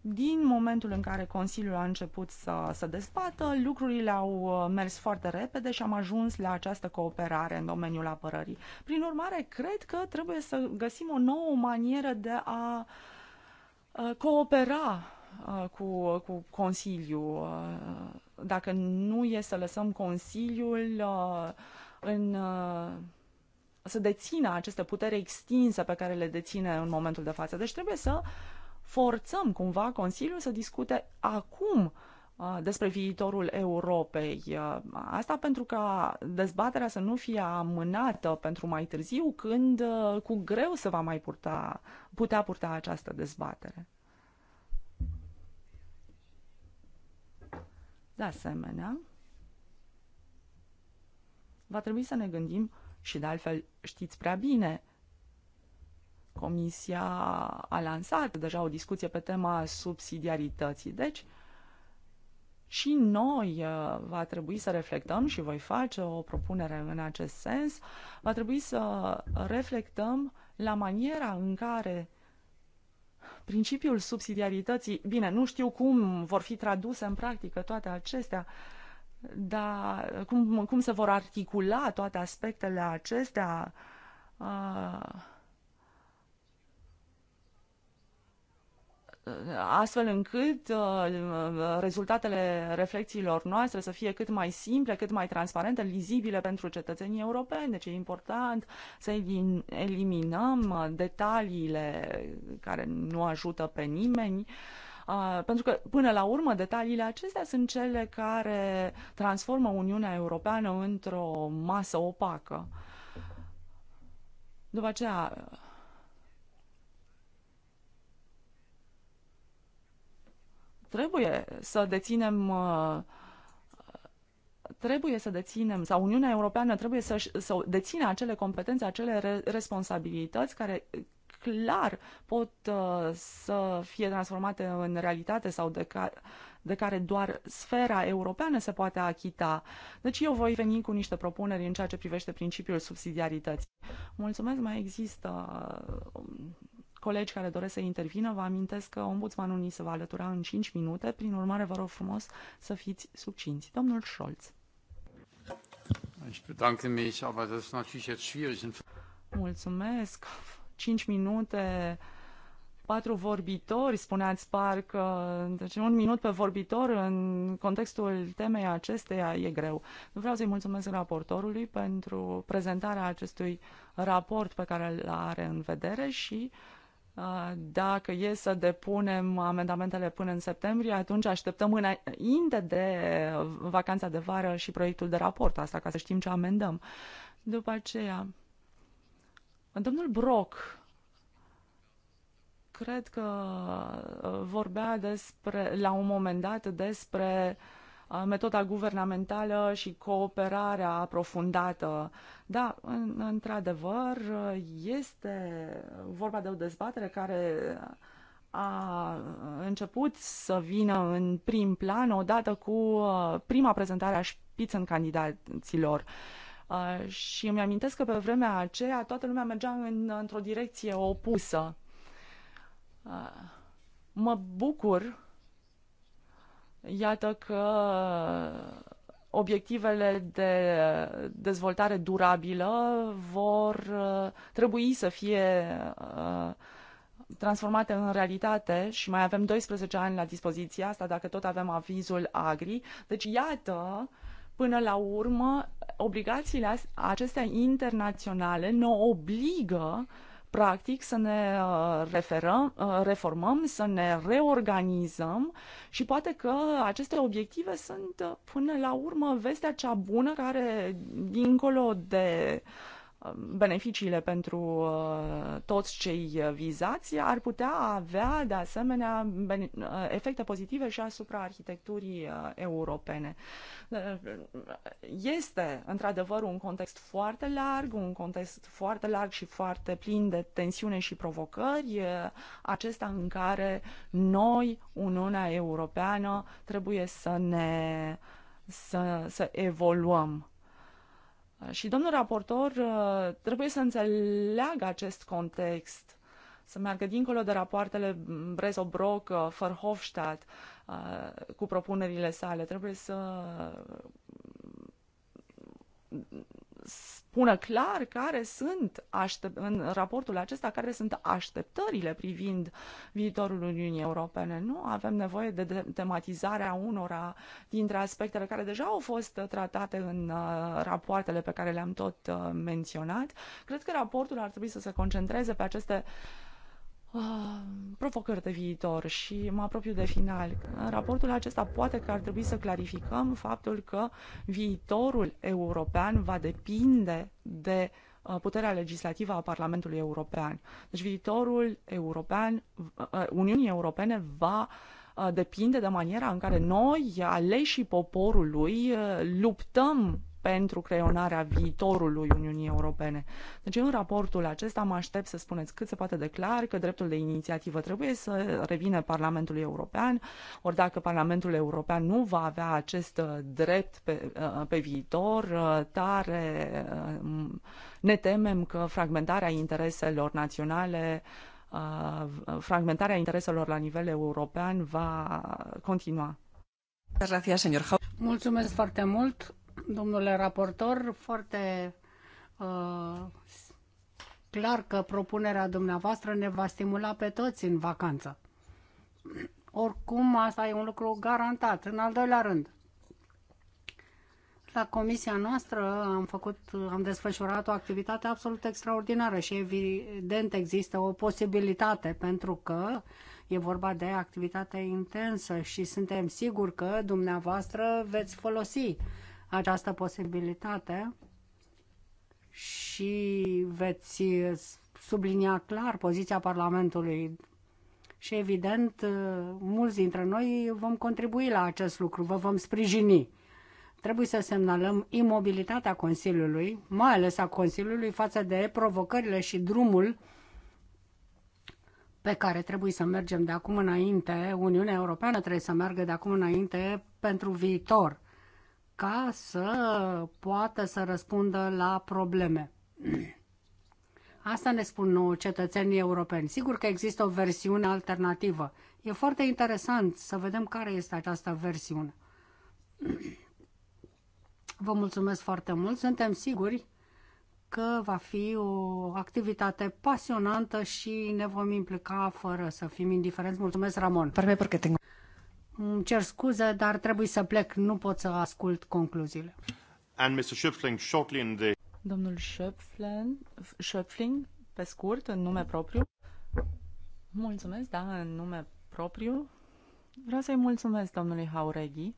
Din momentul în care Consiliul a început să, să dezbată, lucrurile au uh, mers foarte repede și am ajuns la această cooperare în domeniul apărării. Prin urmare, cred că trebuie să găsim o nouă manieră de a uh, Uh, coopera uh, cu, cu Consiliul, uh, dacă nu e să lăsăm Consiliul în să dețină aceste putere extinse pe care le deține în momentul de față. Deci trebuie să forțăm cumva Consiliul să discute acum Uh, despre viitorul Europei. Uh, asta pentru ca dezbaterea să nu fie amânată pentru mai târziu, când uh, cu greu se va mai purta, putea purta această dezbatere. De asemenea, va trebui să ne gândim și de altfel știți prea bine, Comisia a lansat deja o discuție pe tema subsidiarității. Deci, și noi uh, va trebui să reflectăm și voi face o propunere în acest sens, va trebui să reflectăm la maniera în care principiul subsidiarității, bine, nu știu cum vor fi traduse în practică toate acestea, dar cum, cum se vor articula toate aspectele acestea, uh, astfel încât uh, rezultatele reflexiilor noastre să fie cât mai simple, cât mai transparente, lizibile pentru cetățenii europeni. Deci e important să eliminăm uh, detaliile care nu ajută pe nimeni uh, pentru că, până la urmă, detaliile acestea sunt cele care transformă Uniunea Europeană într-o masă opacă. După aceea, Trebuie să deținem uh, trebuie să deținem sau Uniunea Europeană trebuie să, să deține acele competențe, acele re, responsabilități care clar pot uh, să fie transformate în realitate sau de, ca, de care doar sfera europeană se poate achita. Deci eu voi veni cu niște propuneri în ceea ce privește principiul subsidiarității. Mulțumesc, mai există uh, colegi care doresc să intervină, vă amintesc că ombudsmanul ni se va alătura în 5 minute, prin urmare vă rog frumos să fiți succinți. Domnul Scholz. Mulțumesc. 5 minute, patru vorbitori, spuneați parcă, deci un minut pe vorbitor în contextul temei acesteia e greu. Vreau să-i mulțumesc raportorului pentru prezentarea acestui raport pe care îl are în vedere și uh, dacă e să depunem amendamentele până în septembrie, atunci așteptăm înainte de vacanța de vară și proiectul de raport, asta ca să știm ce amendăm. După aceea, domnul Brock cred că vorbea despre, la un moment dat despre Uh, metoda guvernamentală și cooperarea aprofundată. Da, în, într-adevăr, este vorba de o dezbatere care a început să vină în prim plan odată cu uh, prima prezentare a în candidaților uh, și îmi amintesc că pe vremea aceea toată lumea mergea în, într-o direcție opusă. mă bucur Iată că obiectivele de dezvoltare durabilă vor uh, trebui să fie uh, transformate în realitate și mai avem 12 ani la dispoziție, asta dacă tot avem avizul agri. Deci iată, până la urmă, obligațiile acestea internaționale ne obligă uh, practic să ne uh, referăm, uh, reformăm, să ne reorganizăm și poate că aceste obiective sunt uh, până la urmă vestea cea bună care, dincolo de uh, beneficiile pentru uh, toți cei vizați, ar putea avea de asemenea uh, efecte pozitive și asupra arhitecturii uh, europene. Este într-adevăr un context foarte larg, un context foarte larg și foarte plin de tensiune și provocări, acesta în care noi, Uniunea Europeană, trebuie să ne să, să evoluăm. Și domnul raportor uh, trebuie să înțeleagă acest context, să meargă dincolo de rapoartele Brezo-Broc, uh, Verhofstadt, uh, cu propunerile sale. Trebuie să spună clar care sunt aștept, în raportul acesta care sunt așteptările privind viitorul Uniunii Europene. Nu avem nevoie de tematizarea unora dintre aspectele care deja au fost tratate în uh, rapoartele pe care le-am tot uh, menționat. Cred că raportul ar trebui să se concentreze pe aceste uh, Ah, provocări de viitor și mă apropiu de final. În raportul acesta poate că ar trebui să clarificăm faptul că viitorul european va depinde de uh, puterea legislativă a Parlamentului European. Deci viitorul european, uh, uh, Uniunii Europene va depinde de maniera în care noi, aleșii poporului, luptăm pentru creionarea viitorului Uniunii Europene. Deci în raportul acesta mă aștept să spuneți cât se poate de clar că dreptul de inițiativă trebuie să revină Parlamentului European, ori dacă Parlamentul European nu va avea acest uh, drept pe, uh, pe viitor, uh, tare ne temem că fragmentarea intereselor naționale fragmentarea intereselor la nivel european va continua. Mulțumesc foarte mult. Domnule raportor, foarte uh, clar că propunerea dumneavoastră ne va stimula pe toți în vacanță. Oricum, asta e un lucru garantat. În al doilea rând, la comisia noastră am, făcut, am desfășurat o activitate absolut extraordinară și evident există o posibilitate pentru că e vorba de activitate intensă și suntem siguri că dumneavoastră veți folosi această posibilitate și veți sublinia clar poziția Parlamentului. Și evident, mulți dintre noi vom contribui la acest lucru, vă vom sprijini. Trebuie să semnalăm imobilitatea Consiliului, mai ales a Consiliului, față de provocările și drumul pe care trebuie să mergem de acum înainte, Uniunea Europeană trebuie să meargă de acum înainte pentru viitor ca să poată să răspundă la probleme. *clears throat* Asta ne spun nou cetățenii europeni. Sigur că există o versiune alternativă. E foarte interesant să vedem care este această versiune. *clears throat* Vă mulțumesc foarte mult. Suntem siguri că va fi o activitate pasionantă și ne vom implica fără să fim indiferenți. Mulțumesc, Ramon. Perme, porque tengo... Îmi cer scuze, dar trebuie să plec, nu pot să ascult concluziile. And Mr. Schöpfling, shortly in the... Domnul Schöpfling, Schöpfling, pe scurt, în nume propriu. Mulțumesc, da, în nume propriu. Vreau să-i mulțumesc domnului Haureghi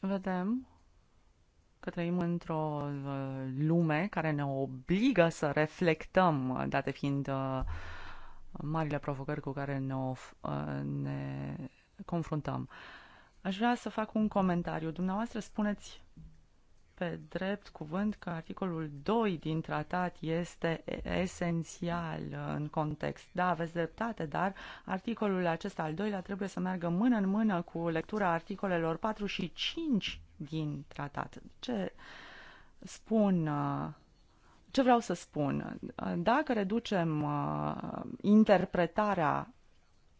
vedem că trăim într-o uh, lume care ne obligă să reflectăm, uh, date fiind uh, marile provocări cu care ne, ne confruntăm. Aș vrea să fac un comentariu. Dumneavoastră spuneți pe drept cuvânt că articolul 2 din tratat este esențial în context. Da, aveți dreptate, dar articolul acesta al doilea trebuie să meargă mână în mână cu lectura articolelor 4 și 5 din tratat. Ce spun uh, ce vreau să spun? Dacă reducem uh, interpretarea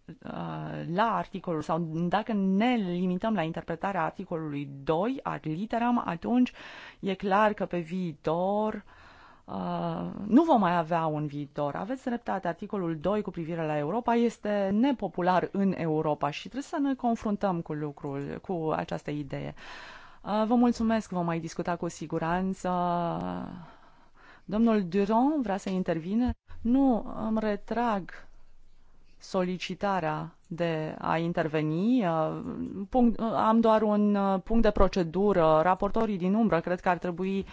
uh, la articolul sau dacă ne limităm la interpretarea articolului 2 ad literam, atunci e clar că pe viitor Uh, nu vom mai avea un viitor. Aveți dreptate, articolul 2 cu privire la Europa este nepopular în Europa și trebuie să ne confruntăm cu lucrul, cu această idee. Uh, Uh, vă mulțumesc, vom mai discuta cu siguranță. Domnul Durand vrea să intervine? Nu, îmi retrag solicitarea de a interveni. Uh, punct, uh, am doar un punct de procedură. Raportorii din umbră cred că ar trebui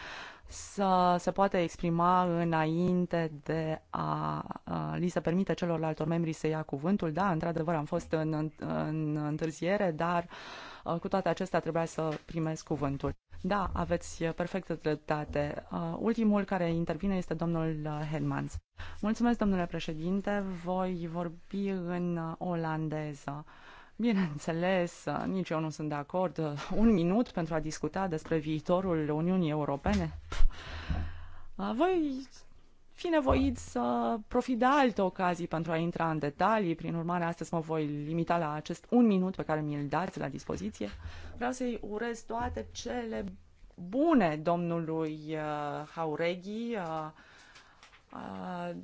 să se poată exprima înainte de a, a li se permite celorlaltor membri să ia cuvântul. Da, într-adevăr am fost în, în, în întârziere, dar uh, Uh, cu toate acestea trebuia să primesc cuvântul. Da, aveți perfectă dreptate. Uh, ultimul care intervine este domnul uh, Helmans. Mulțumesc, domnule președinte. Voi vorbi în olandeză. Bineînțeles, nici eu nu sunt de acord. Un minut pentru a discuta despre viitorul Uniunii Europene? Voi fi nevoit să profit de alte ocazii pentru a intra în detalii. Prin urmare, astăzi mă voi limita la acest un minut pe care mi-l dați la dispoziție. Vreau să-i urez toate cele bune domnului uh, Haureghi. Uh, uh,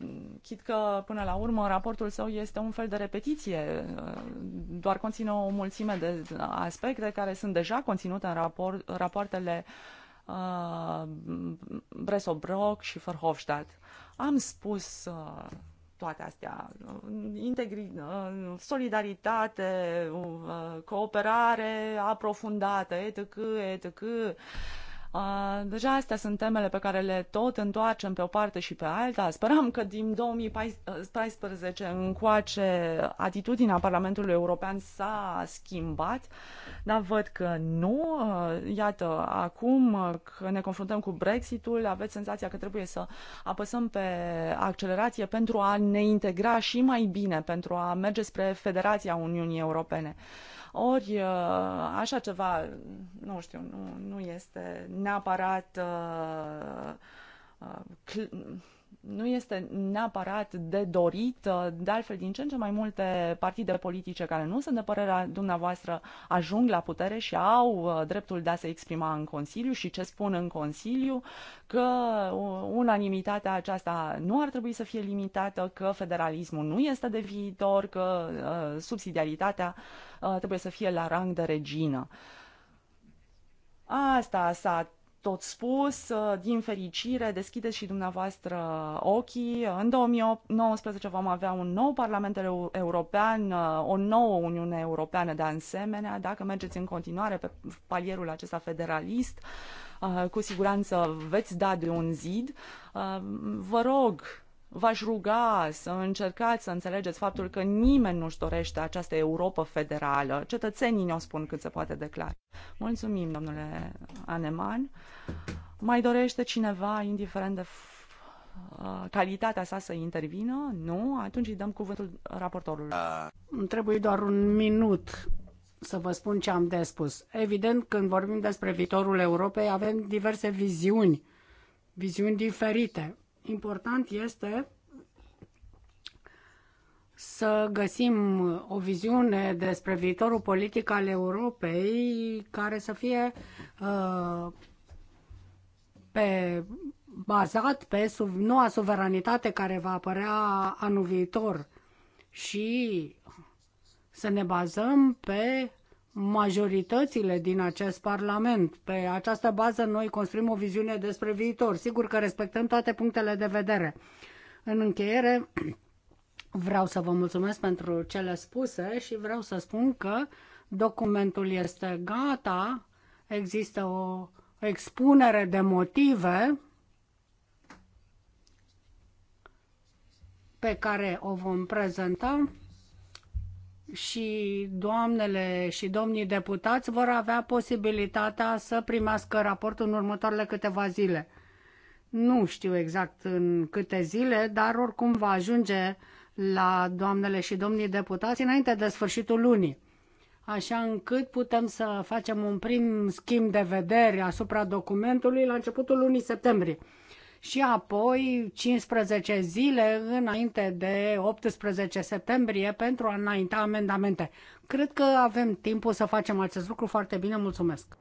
chit că, până la urmă, raportul său este un fel de repetiție, uh, doar conține o mulțime de aspecte care sunt deja conținute în rapor- rapoartele uh, Uh, Bresobroc și Verhofstadt. Am spus uh, toate astea. Integri, uh, solidaritate, cooperare aprofundată, etc., etc., Deja astea sunt temele pe care le tot întoarcem pe o parte și pe alta. Sperăm că din 2014 încoace atitudinea Parlamentului European s-a schimbat, dar văd că nu. Iată, acum că ne confruntăm cu Brexitul, aveți senzația că trebuie să apăsăm pe accelerație pentru a ne integra și mai bine, pentru a merge spre Federația Uniunii Europene. Ori uh, așa ceva, nu știu, nu, nu este neapărat uh, uh nu este neapărat de dorit. De altfel, din ce în ce mai multe partide politice care nu sunt de părerea dumneavoastră ajung la putere și au uh, dreptul de a se exprima în Consiliu și ce spun în Consiliu, că uh, unanimitatea aceasta nu ar trebui să fie limitată, că federalismul nu este de viitor, că uh, subsidiaritatea trebuie să fie la rang de regină. Asta s-a tot spus, ă, din fericire, deschideți și dumneavoastră ochii. În 2019 vom avea un nou Parlament European, ă, o nouă Uniune Europeană de asemenea. Dacă mergeți în continuare pe palierul acesta federalist, ă, cu siguranță veți da de un zid. Vă rog, V-aș ruga să încercați să înțelegeți faptul că nimeni nu-și dorește această Europa federală. Cetățenii ne-o spun cât se poate declar. Mulțumim, domnule Aneman. Mai dorește cineva, indiferent de uh, calitatea sa să intervină? Nu? Atunci îi dăm cuvântul raportorului. Uh, îmi trebuie doar un minut să vă spun ce am de spus. Evident, când vorbim despre viitorul Europei, avem diverse viziuni, viziuni diferite important este să găsim o viziune despre viitorul politic al Europei care să fie uh, pe, bazat pe sub, noua suveranitate care va apărea anul viitor și să ne bazăm pe majoritățile din acest Parlament. Pe această bază noi construim o viziune despre viitor. Sigur că respectăm toate punctele de vedere. În încheiere, vreau să vă mulțumesc pentru cele spuse și vreau să spun că documentul este gata, există o expunere de motive pe care o vom prezenta și doamnele și domnii deputați vor avea posibilitatea să primească raportul în următoarele câteva zile. Nu știu exact în câte zile, dar oricum va ajunge la doamnele și domnii deputați înainte de sfârșitul lunii, așa încât putem să facem un prim schimb de vedere asupra documentului la începutul lunii septembrie și apoi 15 zile înainte de 18 septembrie pentru a înainta amendamente. Cred că avem timpul să facem acest lucru foarte bine. Mulțumesc!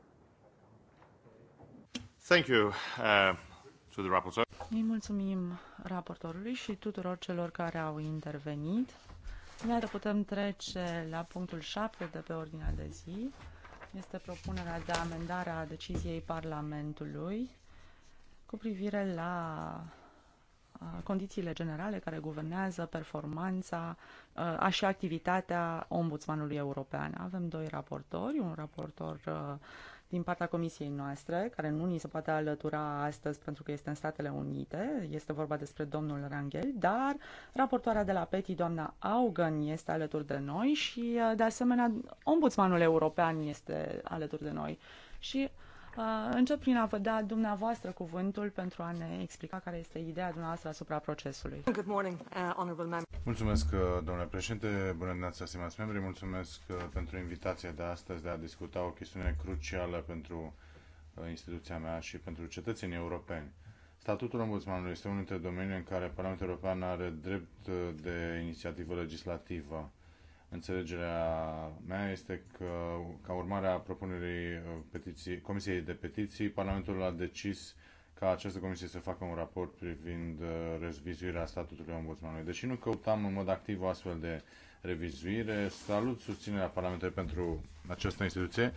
Thank you, uh, to the rapporteur. Îi mulțumim raportorului și tuturor celor care au intervenit. Iată, putem trece la punctul 7 de pe ordinea de zi. Este propunerea de amendare a deciziei Parlamentului cu privire la condițiile generale care guvernează performanța a și activitatea ombudsmanului european. Avem doi raportori, un raportor din partea comisiei noastre, care nu ni se poate alătura astăzi pentru că este în Statele Unite, este vorba despre domnul Rangel, dar raportoarea de la PETI, doamna Augen, este alături de noi și, de asemenea, ombudsmanul european este alături de noi. Și Uh, încep prin a vă da dumneavoastră cuvântul pentru a ne explica care este ideea dumneavoastră asupra procesului. Good morning, uh, Mulțumesc, uh, domnule președinte, bună dimineața, stimați membri, mulțumesc uh, pentru invitația de astăzi de a discuta o chestiune crucială pentru instituția mea și pentru cetățenii europeni. Statutul ombudsmanului este unul dintre domeniile în care Parlamentul European are drept de inițiativă legislativă Înțelegerea mea este că, ca urmare a propunerii uh, petiții, Comisiei de Petiții, Parlamentul a decis ca această comisie să facă un raport privind uh, revizuirea statutului ombudsmanului. Deși nu căutam în mod activ o astfel de revizuire, salut susținerea Parlamentului pentru această instituție,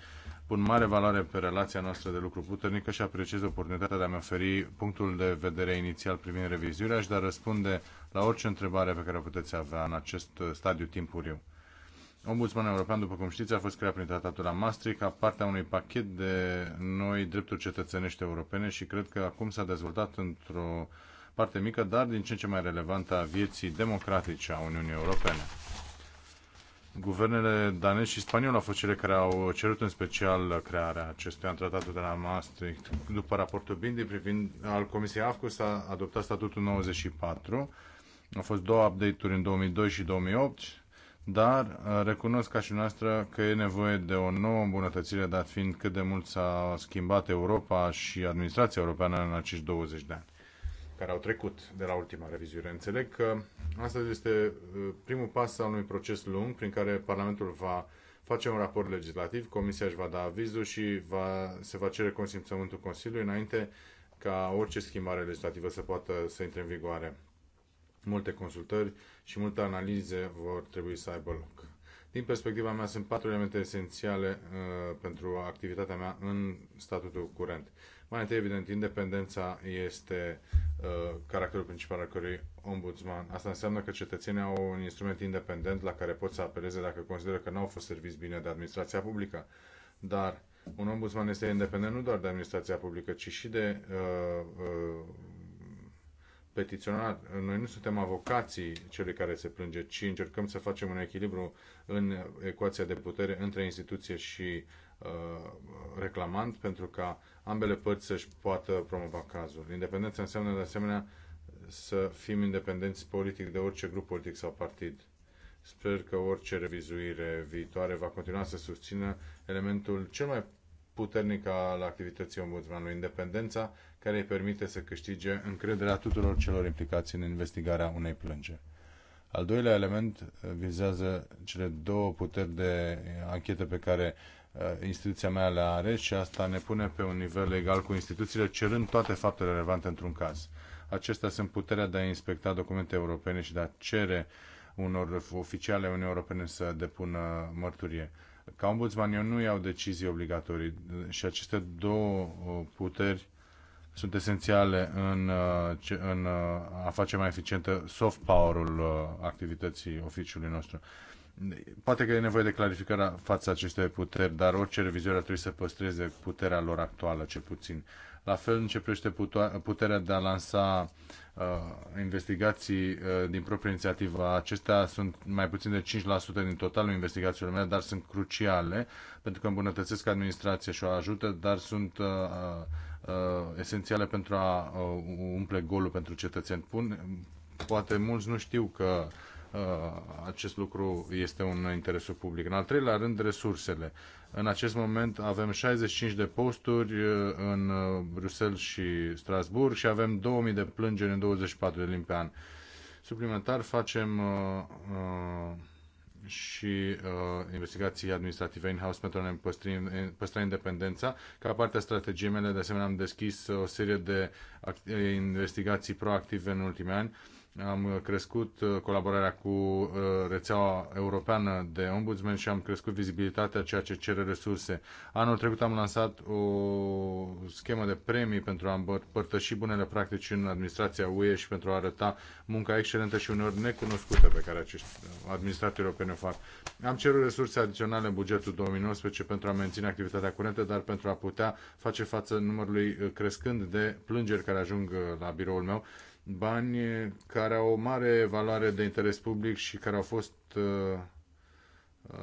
pun mare valoare pe relația noastră de lucru puternică și apreciez oportunitatea de a-mi oferi punctul de vedere inițial privind revizuirea și de a răspunde la orice întrebare pe care o puteți avea în acest uh, stadiu timpuriu. Ombudsmanul European, după cum știți, a fost creat prin tratatul la Maastricht ca parte a unui pachet de noi drepturi cetățenești europene și cred că acum s-a dezvoltat într-o parte mică, dar din ce în ce mai relevantă a vieții democratice a Uniunii Europene. Guvernele danez și spaniol au fost cele care au cerut în special crearea acestui în tratatul de la Maastricht. După raportul Bindi privind al Comisiei AFCU s-a adoptat statutul 94. Au fost două update-uri în 2002 și 2008 dar uh, recunosc ca și noastră că e nevoie de o nouă îmbunătățire, dat fiind cât de mult s-a schimbat Europa și administrația europeană în acești 20 de ani care au trecut de la ultima revizuire. Înțeleg că astăzi este uh, primul pas al unui proces lung prin care Parlamentul va face un raport legislativ, Comisia își va da avizul și va, se va cere consimțământul Consiliului înainte ca orice schimbare legislativă să poată să intre în vigoare. Multe consultări și multe analize vor trebui să aibă loc. Din perspectiva mea, sunt patru elemente esențiale uh, pentru activitatea mea în statutul curent. Mai întâi, evident, independența este uh, caracterul principal al cărui ombudsman. Asta înseamnă că cetățenii au un instrument independent la care pot să apeleze dacă consideră că nu au fost serviți bine de administrația publică. Dar un ombudsman este independent nu doar de administrația publică, ci și de uh, uh, petiționar, noi nu suntem avocații celui care se plânge, ci încercăm să facem un echilibru în ecuația de putere între instituție și uh, reclamant pentru ca ambele părți să-și poată promova cazul. Independența înseamnă de asemenea să fim independenți politic de orice grup politic sau partid. Sper că orice revizuire viitoare va continua să susțină elementul cel mai puternică al activității ombudsmanului, independența care îi permite să câștige încrederea tuturor celor implicați în investigarea unei plângeri. Al doilea element uh, vizează cele două puteri de uh, anchetă pe care uh, instituția mea le are și asta ne pune pe un nivel legal cu instituțiile, cerând toate faptele relevante într-un caz. Acestea sunt puterea de a inspecta documente europene și de a cere unor oficiale Uniunii Europene să depună mărturie. Ca ombudsman eu nu iau decizii obligatorii și aceste două uh, puteri sunt esențiale în, uh, în uh, a face mai eficientă soft power-ul activității oficiului nostru. Poate că e nevoie de clarificare față aceste puteri, dar orice revizuire ar trebui să păstreze puterea lor actuală, cel puțin. La fel începește puterea de a lansa Uh, investigații uh, din proprie inițiativă. Acestea sunt mai puțin de 5% din totalul investigațiilor mele, dar sunt cruciale pentru că îmbunătățesc administrația și o ajută, dar sunt uh, esențiale pentru a umple golul pentru cetățeni. Pun, poate mulți nu știu că Uh, acest lucru este un interes public. În al treilea rând, resursele. În acest moment avem 65 de posturi uh, în uh, Bruxelles și Strasburg și avem 2000 de plângeri în 24 de limbi pe an. Suplimentar facem uh, uh, și uh, investigații administrative in-house pentru a ne păstri, păstra independența. Ca parte a strategiei mele, de asemenea, am deschis o serie de investigații proactive în ultimii ani uh, am uh, crescut uh, colaborarea cu uh, rețeaua europeană de ombudsman și am crescut vizibilitatea, ceea ce cere resurse. Anul trecut am lansat o schemă de premii pentru a împărtăși bunele practici în administrația UE și pentru a arăta munca excelentă și uneori necunoscută pe care acești administratori europeni o fac. Am cerut resurse adiționale în bugetul 2019 pentru a menține activitatea curentă, dar pentru a putea face față numărului crescând de plângeri care ajung la biroul meu bani care au o mare valoare de interes public și care au fost uh, Uh,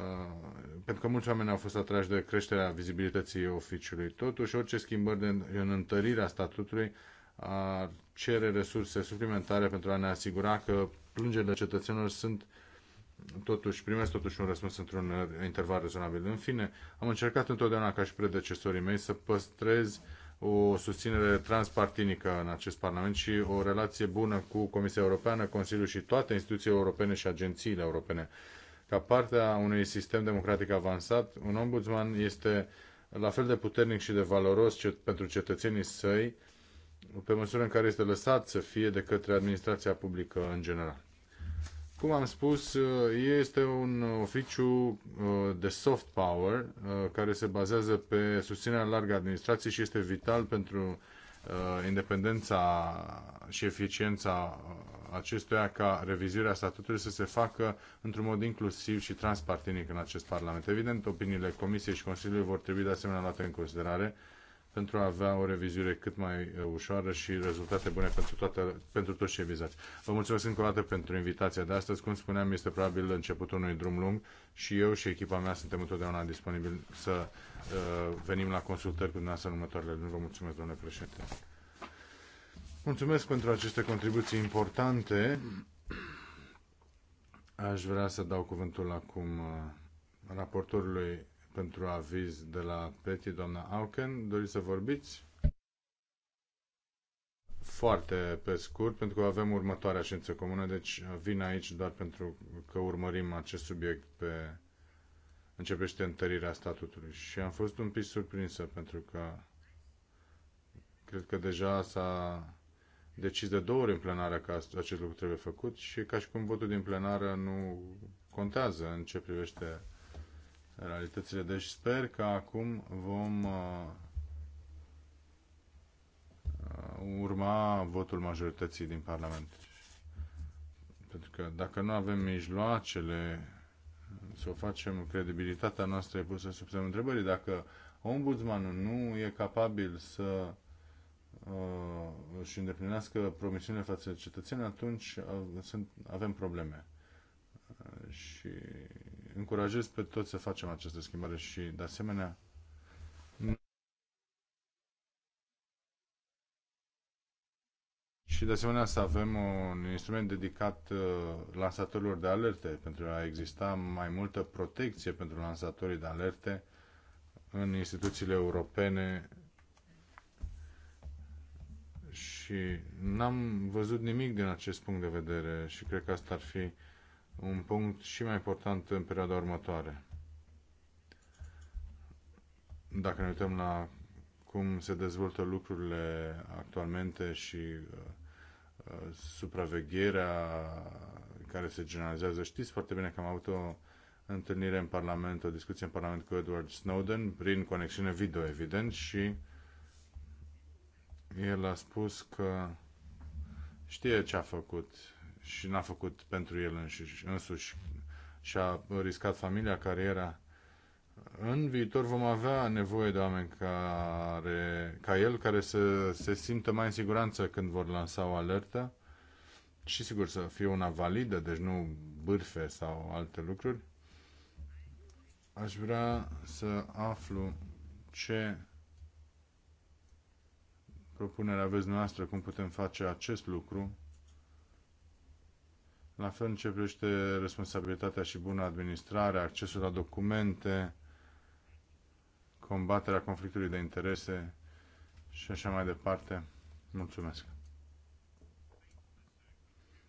pentru că mulți oameni au fost atrași de creșterea vizibilității oficiului. Totuși, orice schimbări de, în întărirea statutului ar cere resurse suplimentare pentru a ne asigura că plângerile cetățenilor sunt totuși, primesc totuși un răspuns într-un interval rezonabil. În fine, am încercat întotdeauna, ca și predecesorii mei, să păstrez o susținere transpartinică în acest Parlament și o relație bună cu Comisia Europeană, Consiliul și toate instituțiile europene și agențiile europene. Ca parte a unui sistem democratic avansat, un ombudsman este la fel de puternic și de valoros pentru cetățenii săi, pe măsură în care este lăsat să fie de către administrația publică în general. Cum am spus, uh, este un oficiu uh, de soft power uh, care se bazează pe susținerea largă a administrației și este vital pentru independența și eficiența acestuia ca revizuirea statutului să se facă într-un mod inclusiv și transpartinic în acest Parlament. Evident, opiniile Comisiei și Consiliului vor trebui de asemenea luate în considerare pentru a avea o revizuire cât mai ușoară și rezultate bune pentru, toate, pentru toți cei vizați. Vă mulțumesc încă o dată pentru invitația de astăzi. Cum spuneam, este probabil începutul unui drum lung și eu și echipa mea suntem întotdeauna disponibili să uh, venim la consultări cu dumneavoastră în următoarele luni. Vă mulțumesc, domnule președinte. Mulțumesc pentru aceste contribuții importante. Aș vrea să dau cuvântul acum raportorului pentru aviz de la Peti, doamna Auken. Doriți să vorbiți? Foarte pe scurt, pentru că avem următoarea ședință comună, deci vin aici doar pentru că urmărim acest subiect pe începește întărirea statutului. Și am fost un pic surprinsă pentru că cred că deja s-a decis de două ori în plenară că acest lucru trebuie făcut și ca și cum votul din plenară nu contează în ce privește realitățile. Deci sper că acum vom uh, uh, urma votul majorității din Parlament. Pentru că dacă nu avem mijloacele să o facem, credibilitatea noastră e pusă sub semnul întrebării. Dacă ombudsmanul nu e capabil să uh, își îndeplinească promisiunile față de cetățeni, atunci uh, sunt, avem probleme. Uh, și încurajez pe toți să facem această schimbare și, de asemenea, Și de asemenea să avem un instrument dedicat uh, lansatorilor de alerte pentru a exista mai multă protecție pentru lansatorii de alerte în instituțiile europene și n-am văzut nimic din acest punct de vedere și cred că asta ar fi un punct și mai important în perioada următoare. Dacă ne uităm la cum se dezvoltă lucrurile actualmente și uh, uh, supravegherea care se generalizează. Știți foarte bine că am avut o întâlnire în Parlament, o discuție în Parlament cu Edward Snowden, prin conexiune video, evident, și el a spus că știe ce a făcut și n-a făcut pentru el însuși, însuși și a riscat familia, cariera. În viitor vom avea nevoie de oameni care, ca el care să se simtă mai în siguranță când vor lansa o alertă și sigur să fie una validă, deci nu bârfe sau alte lucruri. Aș vrea să aflu ce propunere aveți noastră, cum putem face acest lucru la fel în ce privește responsabilitatea și bună administrare, accesul la documente, combaterea conflictului de interese și așa mai departe. Mulțumesc!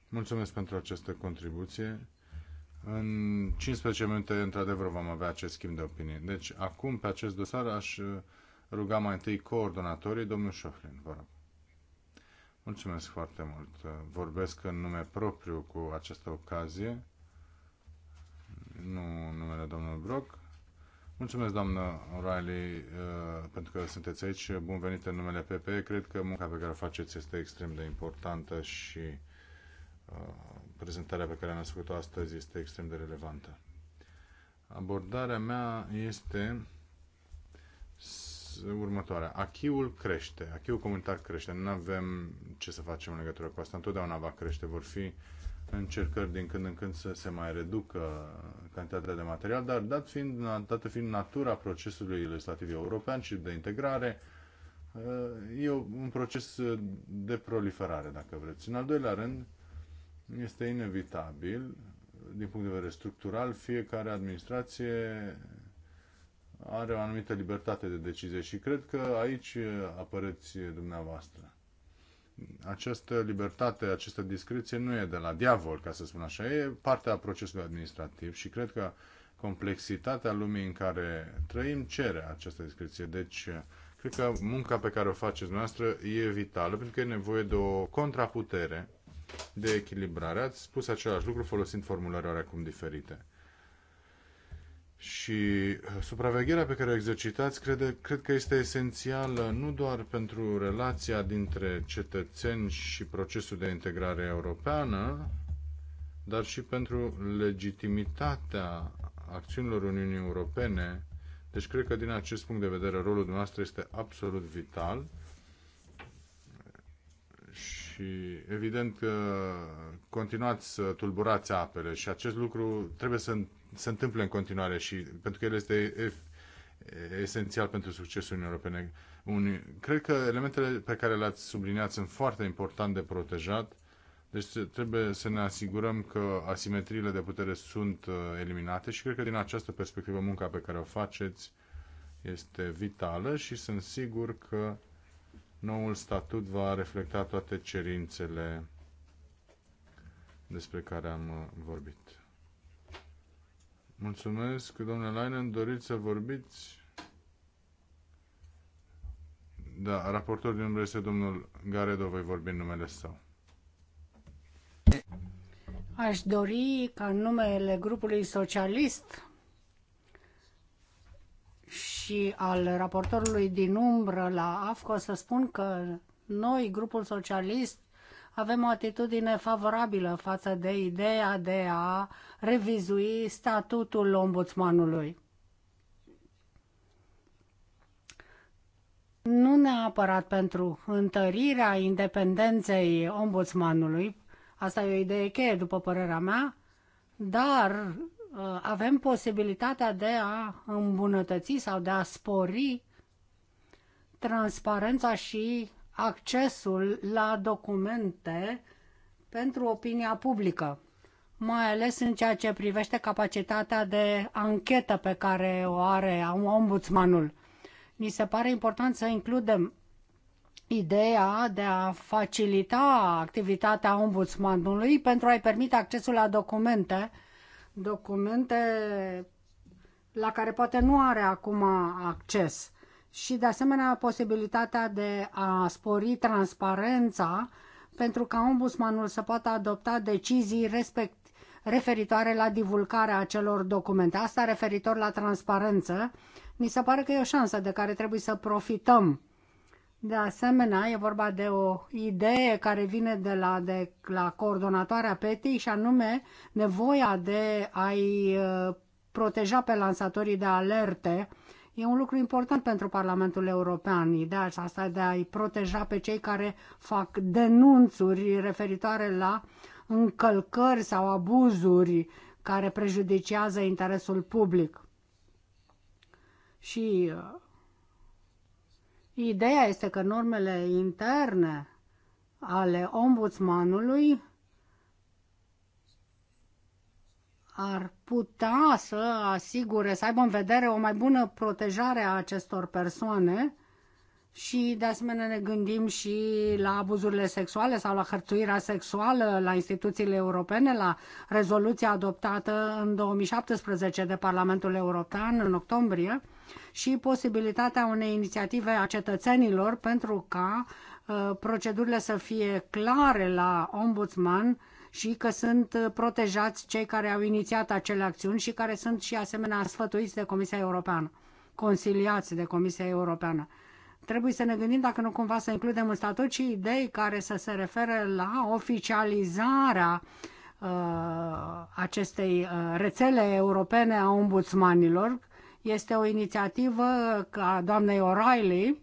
Mulțumesc pentru această contribuție. În 15 minute, într-adevăr, vom avea acest schimb de opinie. Deci, acum, pe acest dosar, aș uh, ruga mai întâi coordonatorii, domnul Șoflin, vă rog. Mulțumesc foarte mult. Vorbesc în nume propriu cu această ocazie, nu în numele domnului Brock. Mulțumesc, doamnă O'Reilly, uh, pentru că sunteți aici. Bun venit în numele PP. Cred că munca pe care o faceți este extrem de importantă și uh, prezentarea pe care am făcut-o astăzi este extrem de relevantă. Abordarea mea este următoarea. Achiul crește, achiul comunitar crește. Nu avem ce să facem în legătură cu asta. Întotdeauna va crește. Vor fi încercări din când în când să se mai reducă cantitatea de material, dar dat fiind, dată fiind natura procesului legislativ european și de integrare, ă, e un proces de proliferare, dacă vreți. În al doilea rând, este inevitabil, din punct de vedere structural, fiecare administrație are o anumită libertate de decizie și cred că aici apăreți dumneavoastră. Această libertate, această discreție nu e de la diavol, ca să spun așa, e partea a procesului administrativ și cred că complexitatea lumii în care trăim cere această discreție. Deci, cred că munca pe care o faceți noastră e vitală, pentru că e nevoie de o contraputere, de echilibrare. Ați spus același lucru folosind formulări oarecum diferite. Și uh, supravegherea pe care o exercitați crede, cred că este esențială nu doar pentru relația dintre cetățeni și procesul de integrare europeană, dar și pentru legitimitatea acțiunilor Uniunii Europene. Deci cred că din acest punct de vedere rolul dumneavoastră este absolut vital și evident că continuați să tulburați apele și acest lucru trebuie să se întâmple în continuare și pentru că el este esențial pentru succesul Uniunii Europene. Unii, cred că elementele pe care le-ați subliniat sunt foarte important de protejat, deci trebuie să ne asigurăm că asimetriile de putere sunt uh, eliminate și cred că din această perspectivă munca pe care o faceți este vitală și sunt sigur că noul statut va reflecta toate cerințele despre care am uh, vorbit. Mulțumesc, domnule Leinen. Doriți să vorbiți? Da, raportorul din este domnul Garedo, voi vorbi în numele său. Aș dori ca în numele grupului socialist și al raportorului din umbră la AFCO să spun că noi, grupul socialist, avem o atitudine favorabilă față de ideea de a revizui statutul ombudsmanului. Nu neapărat pentru întărirea independenței ombudsmanului, asta e o idee cheie după părerea mea, dar uh, avem posibilitatea de a îmbunătăți sau de a spori transparența și accesul la documente pentru opinia publică, mai ales în ceea ce privește capacitatea de anchetă pe care o are ombudsmanul. Ni se pare important să includem ideea de a facilita activitatea ombudsmanului pentru a-i permite accesul la documente, documente la care poate nu are acum acces și, de asemenea, posibilitatea de a spori transparența pentru ca ombudsmanul să poată adopta decizii respect referitoare la divulgarea acelor documente. Asta referitor la transparență, mi se pare că e o șansă de care trebuie să profităm. De asemenea, e vorba de o idee care vine de la, de la coordonatoarea PETI și anume nevoia de a-i uh, proteja pe lansatorii de alerte E un lucru important pentru Parlamentul European, ideea asta de a-i proteja pe cei care fac denunțuri referitoare la încălcări sau abuzuri care prejudiciază interesul public. Și uh, ideea este că normele interne ale ombudsmanului ar putea să asigure, să aibă în vedere o mai bună protejare a acestor persoane și de asemenea ne gândim și la abuzurile sexuale sau la hărțuirea sexuală la instituțiile europene, la rezoluția adoptată în 2017 de Parlamentul European în octombrie și posibilitatea unei inițiative a cetățenilor pentru ca uh, procedurile să fie clare la ombudsman și că sunt uh, protejați cei care au inițiat acele acțiuni și care sunt și asemenea sfătuiți de Comisia Europeană, consiliați de Comisia Europeană. Trebuie să ne gândim dacă nu cumva să includem în statut și idei care să se refere la oficializarea uh, acestei uh, rețele europene a ombudsmanilor. Este o inițiativă a doamnei O'Reilly,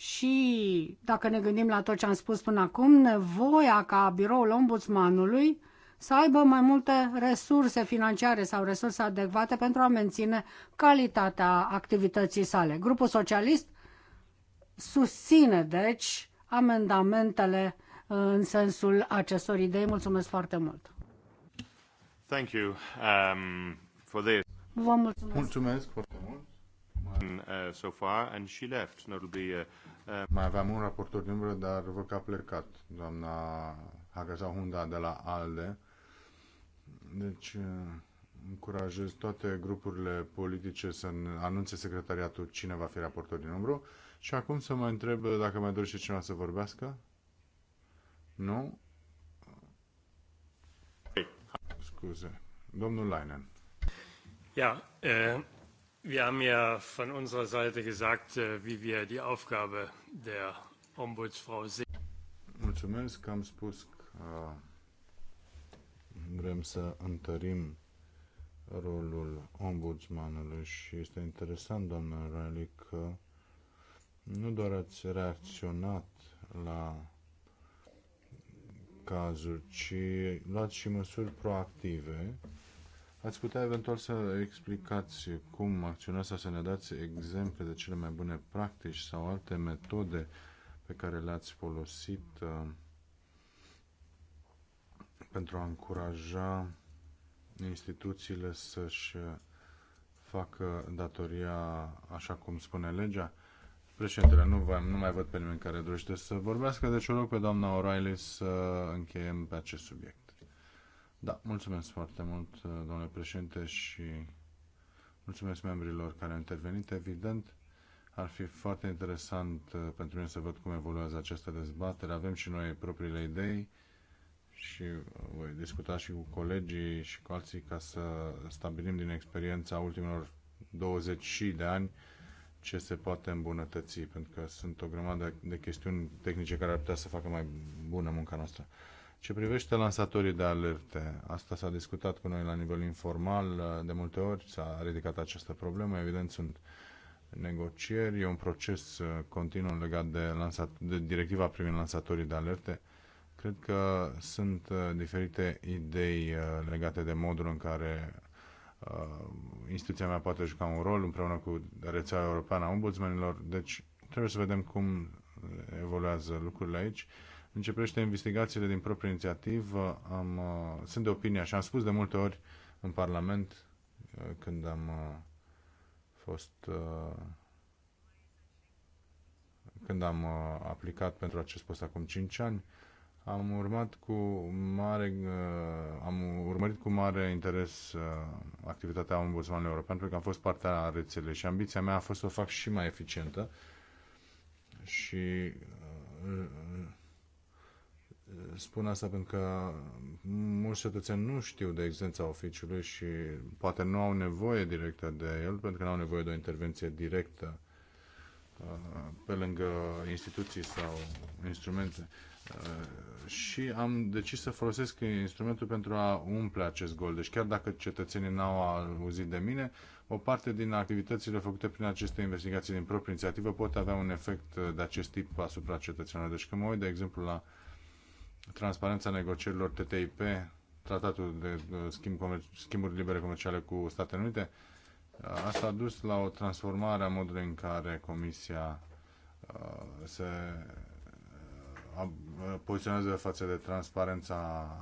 și, dacă ne gândim la tot ce am spus până acum, nevoia ca biroul ombudsmanului să aibă mai multe resurse financiare sau resurse adecvate pentru a menține calitatea activității sale. Grupul Socialist susține, deci, amendamentele uh, în sensul acestor idei. Mulțumesc foarte mult! Thank you, um, for this. Vă mulțumesc. mulțumesc foarte mult! Uh, so far and she left, uh, uh... Mai aveam un raportor din dar văd că a plecat doamna Hagaza Hunda de la ALDE. Deci uh, încurajez toate grupurile politice să anunțe secretariatul cine va fi raportor din umbru. Și acum să mă întreb dacă mai dorește cineva să vorbească. Nu? Scuze. Domnul Leinen. Ja, uh... Wir haben ja von unserer Seite gesagt, äh, wie wir die Aufgabe der Ombudsfrau sehen. Mulțumesc am spus că vrem să întărim rolul ombudsmanului și este interesant, doamna Riley, că nu doar ați reacționat la cazuri, ci luați și măsuri proactive Ați putea eventual să explicați cum acționați sau să ne dați exemple de cele mai bune practici sau alte metode pe care le-ați folosit uh, pentru a încuraja instituțiile să-și facă datoria așa cum spune legea? Președintele, nu, vă, nu mai văd pe nimeni care dorește să vorbească, deci o rog pe doamna O'Reilly să încheiem pe acest subiect. Da, mulțumesc foarte mult, uh, domnule președinte, și mulțumesc membrilor care au intervenit. Evident, ar fi foarte interesant uh, pentru mine să văd cum evoluează această dezbatere. Avem și noi propriile idei și uh, voi discuta și cu colegii și cu alții ca să stabilim din experiența ultimilor 20 și de ani ce se poate îmbunătăți, pentru că sunt o grămadă de chestiuni tehnice care ar putea să facă mai bună munca noastră. Ce privește lansatorii de alerte, asta s-a discutat cu noi la nivel informal, de multe ori s-a ridicat această problemă, evident sunt negocieri, e un proces uh, continuu legat de, lansat, de directiva privind lansatorii de alerte. Cred că sunt uh, diferite idei uh, legate de modul în care instituția mea poate juca un rol împreună cu rețeaua europeană a ombudsmanilor, deci trebuie să vedem cum evoluează lucrurile aici. Începește investigațiile din proprie inițiativă. Am, uh, sunt de opinie și am spus de multe ori în Parlament uh, când am uh, fost când am aplicat pentru acest post acum 5 ani, am urmat cu mare, am urmărit cu mare interes activitatea Ombudsmanului European, pentru că am fost partea a rețelei și ambiția mea a fost să o fac și mai eficientă și Spun asta pentru că mulți cetățeni nu știu de existența oficiului și poate nu au nevoie directă de el, pentru că nu au nevoie de o intervenție directă uh, pe lângă instituții sau instrumente. Uh, și am decis să folosesc instrumentul pentru a umple acest gol. Deci chiar dacă cetățenii n-au auzit de mine, o parte din activitățile făcute prin aceste investigații din proprie inițiativă pot avea un efect de acest tip asupra cetățenilor. Deci când mă uit, de exemplu, la transparența negocierilor TTIP, Tratatul de uh, schimb, Schimburi Libere Comerciale cu Statele Unite, uh, asta a dus la o transformare a modului în care Comisia uh, se poziționează față de transparența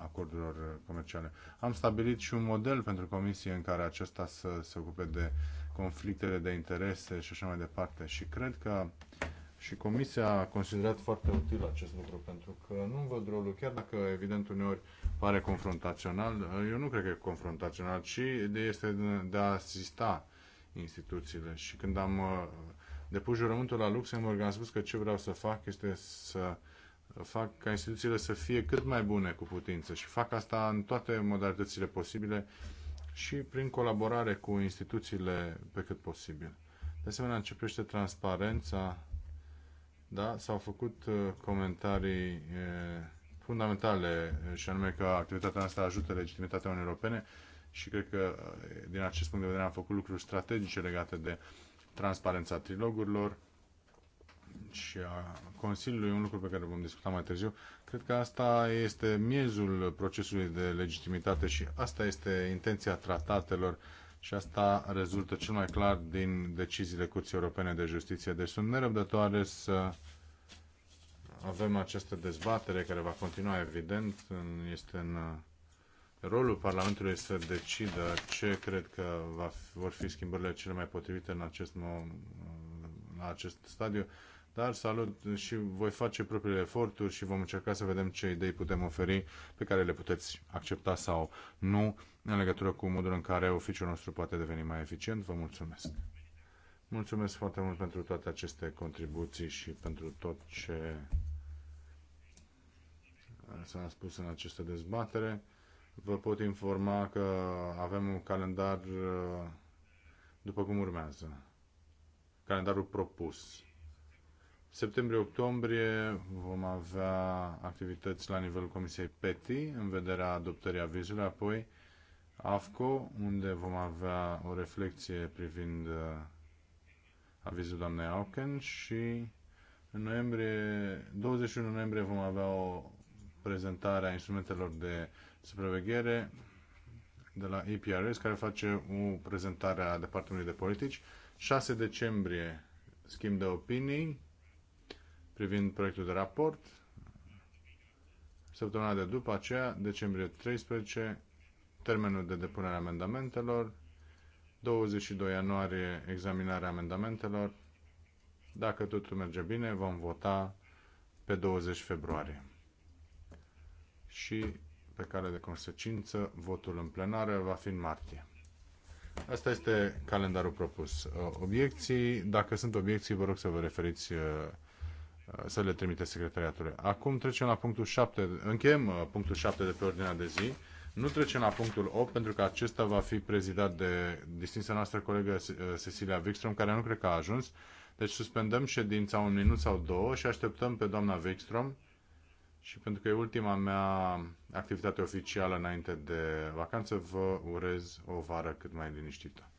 acordurilor comerciale. Am stabilit și un model pentru comisie în care acesta să se ocupe de conflictele de interese și așa mai departe și cred că și Comisia a considerat foarte util acest lucru, pentru că nu văd rolul, chiar dacă evident uneori pare confrontațional, eu nu cred că e confrontațional, ci ideea este de a asista instituțiile. Și când am uh, depus jurământul la Luxemburg, am spus că ce vreau să fac este să fac ca instituțiile să fie cât mai bune cu putință și fac asta în toate modalitățile posibile și prin colaborare cu instituțiile pe cât posibil. De asemenea, începește transparența da, s-au făcut uh, comentarii fundamentale și anume că activitatea noastră ajută legitimitatea Uniunii Europene și cred că din acest punct de vedere am făcut lucruri strategice legate de transparența trilogurilor și a Consiliului, un lucru pe care vom discuta mai târziu. Cred că asta este miezul procesului de legitimitate și asta este intenția tratatelor și asta rezultă cel mai clar din deciziile Curții Europene de Justiție. Deci sunt nerăbdătoare să avem această dezbatere care va continua, evident, este în uh, rolul Parlamentului să decidă ce cred că va, vor fi schimbările cele mai potrivite în acest, nou, la acest stadiu, dar salut și voi face propriile eforturi și vom încerca să vedem ce idei putem oferi pe care le puteți accepta sau nu în legătură cu modul în care oficiul nostru poate deveni mai eficient. Vă mulțumesc! Mulțumesc foarte mult pentru toate aceste contribuții și pentru tot ce s-a spus în această dezbatere. Vă pot informa că avem un calendar după cum urmează. Calendarul propus. Septembrie-octombrie vom avea activități la nivelul Comisiei PETI în vederea adoptării avizului, apoi AFCO, unde vom avea o reflexie privind uh, avizul doamnei Auken și în noiembrie, 21 noiembrie vom avea o prezentare a instrumentelor de supraveghere de la EPRS, care face o prezentare a Departamentului de Politici. 6 decembrie, schimb de opinii privind proiectul de raport. Săptămâna de după aceea, decembrie 13, termenul de depunere a amendamentelor, 22 ianuarie examinarea amendamentelor. Dacă totul merge bine, vom vota pe 20 februarie. Și pe care de consecință votul în plenară va fi în martie. Asta este calendarul propus. Uh, obiecții, dacă sunt obiecții, vă rog să vă referiți uh, uh, să le trimite secretariatului. Acum trecem la punctul 7. Încheiem punctul 7 de pe ordinea de zi. Nu trecem la punctul 8, pentru că acesta va fi prezidat de distinsa noastră colegă uh, Cecilia Wikström, care nu cred că a ajuns. Deci suspendăm ședința un minut sau două și așteptăm pe doamna Wikström și pentru că e ultima mea activitate oficială înainte de vacanță, vă urez o vară cât mai liniștită.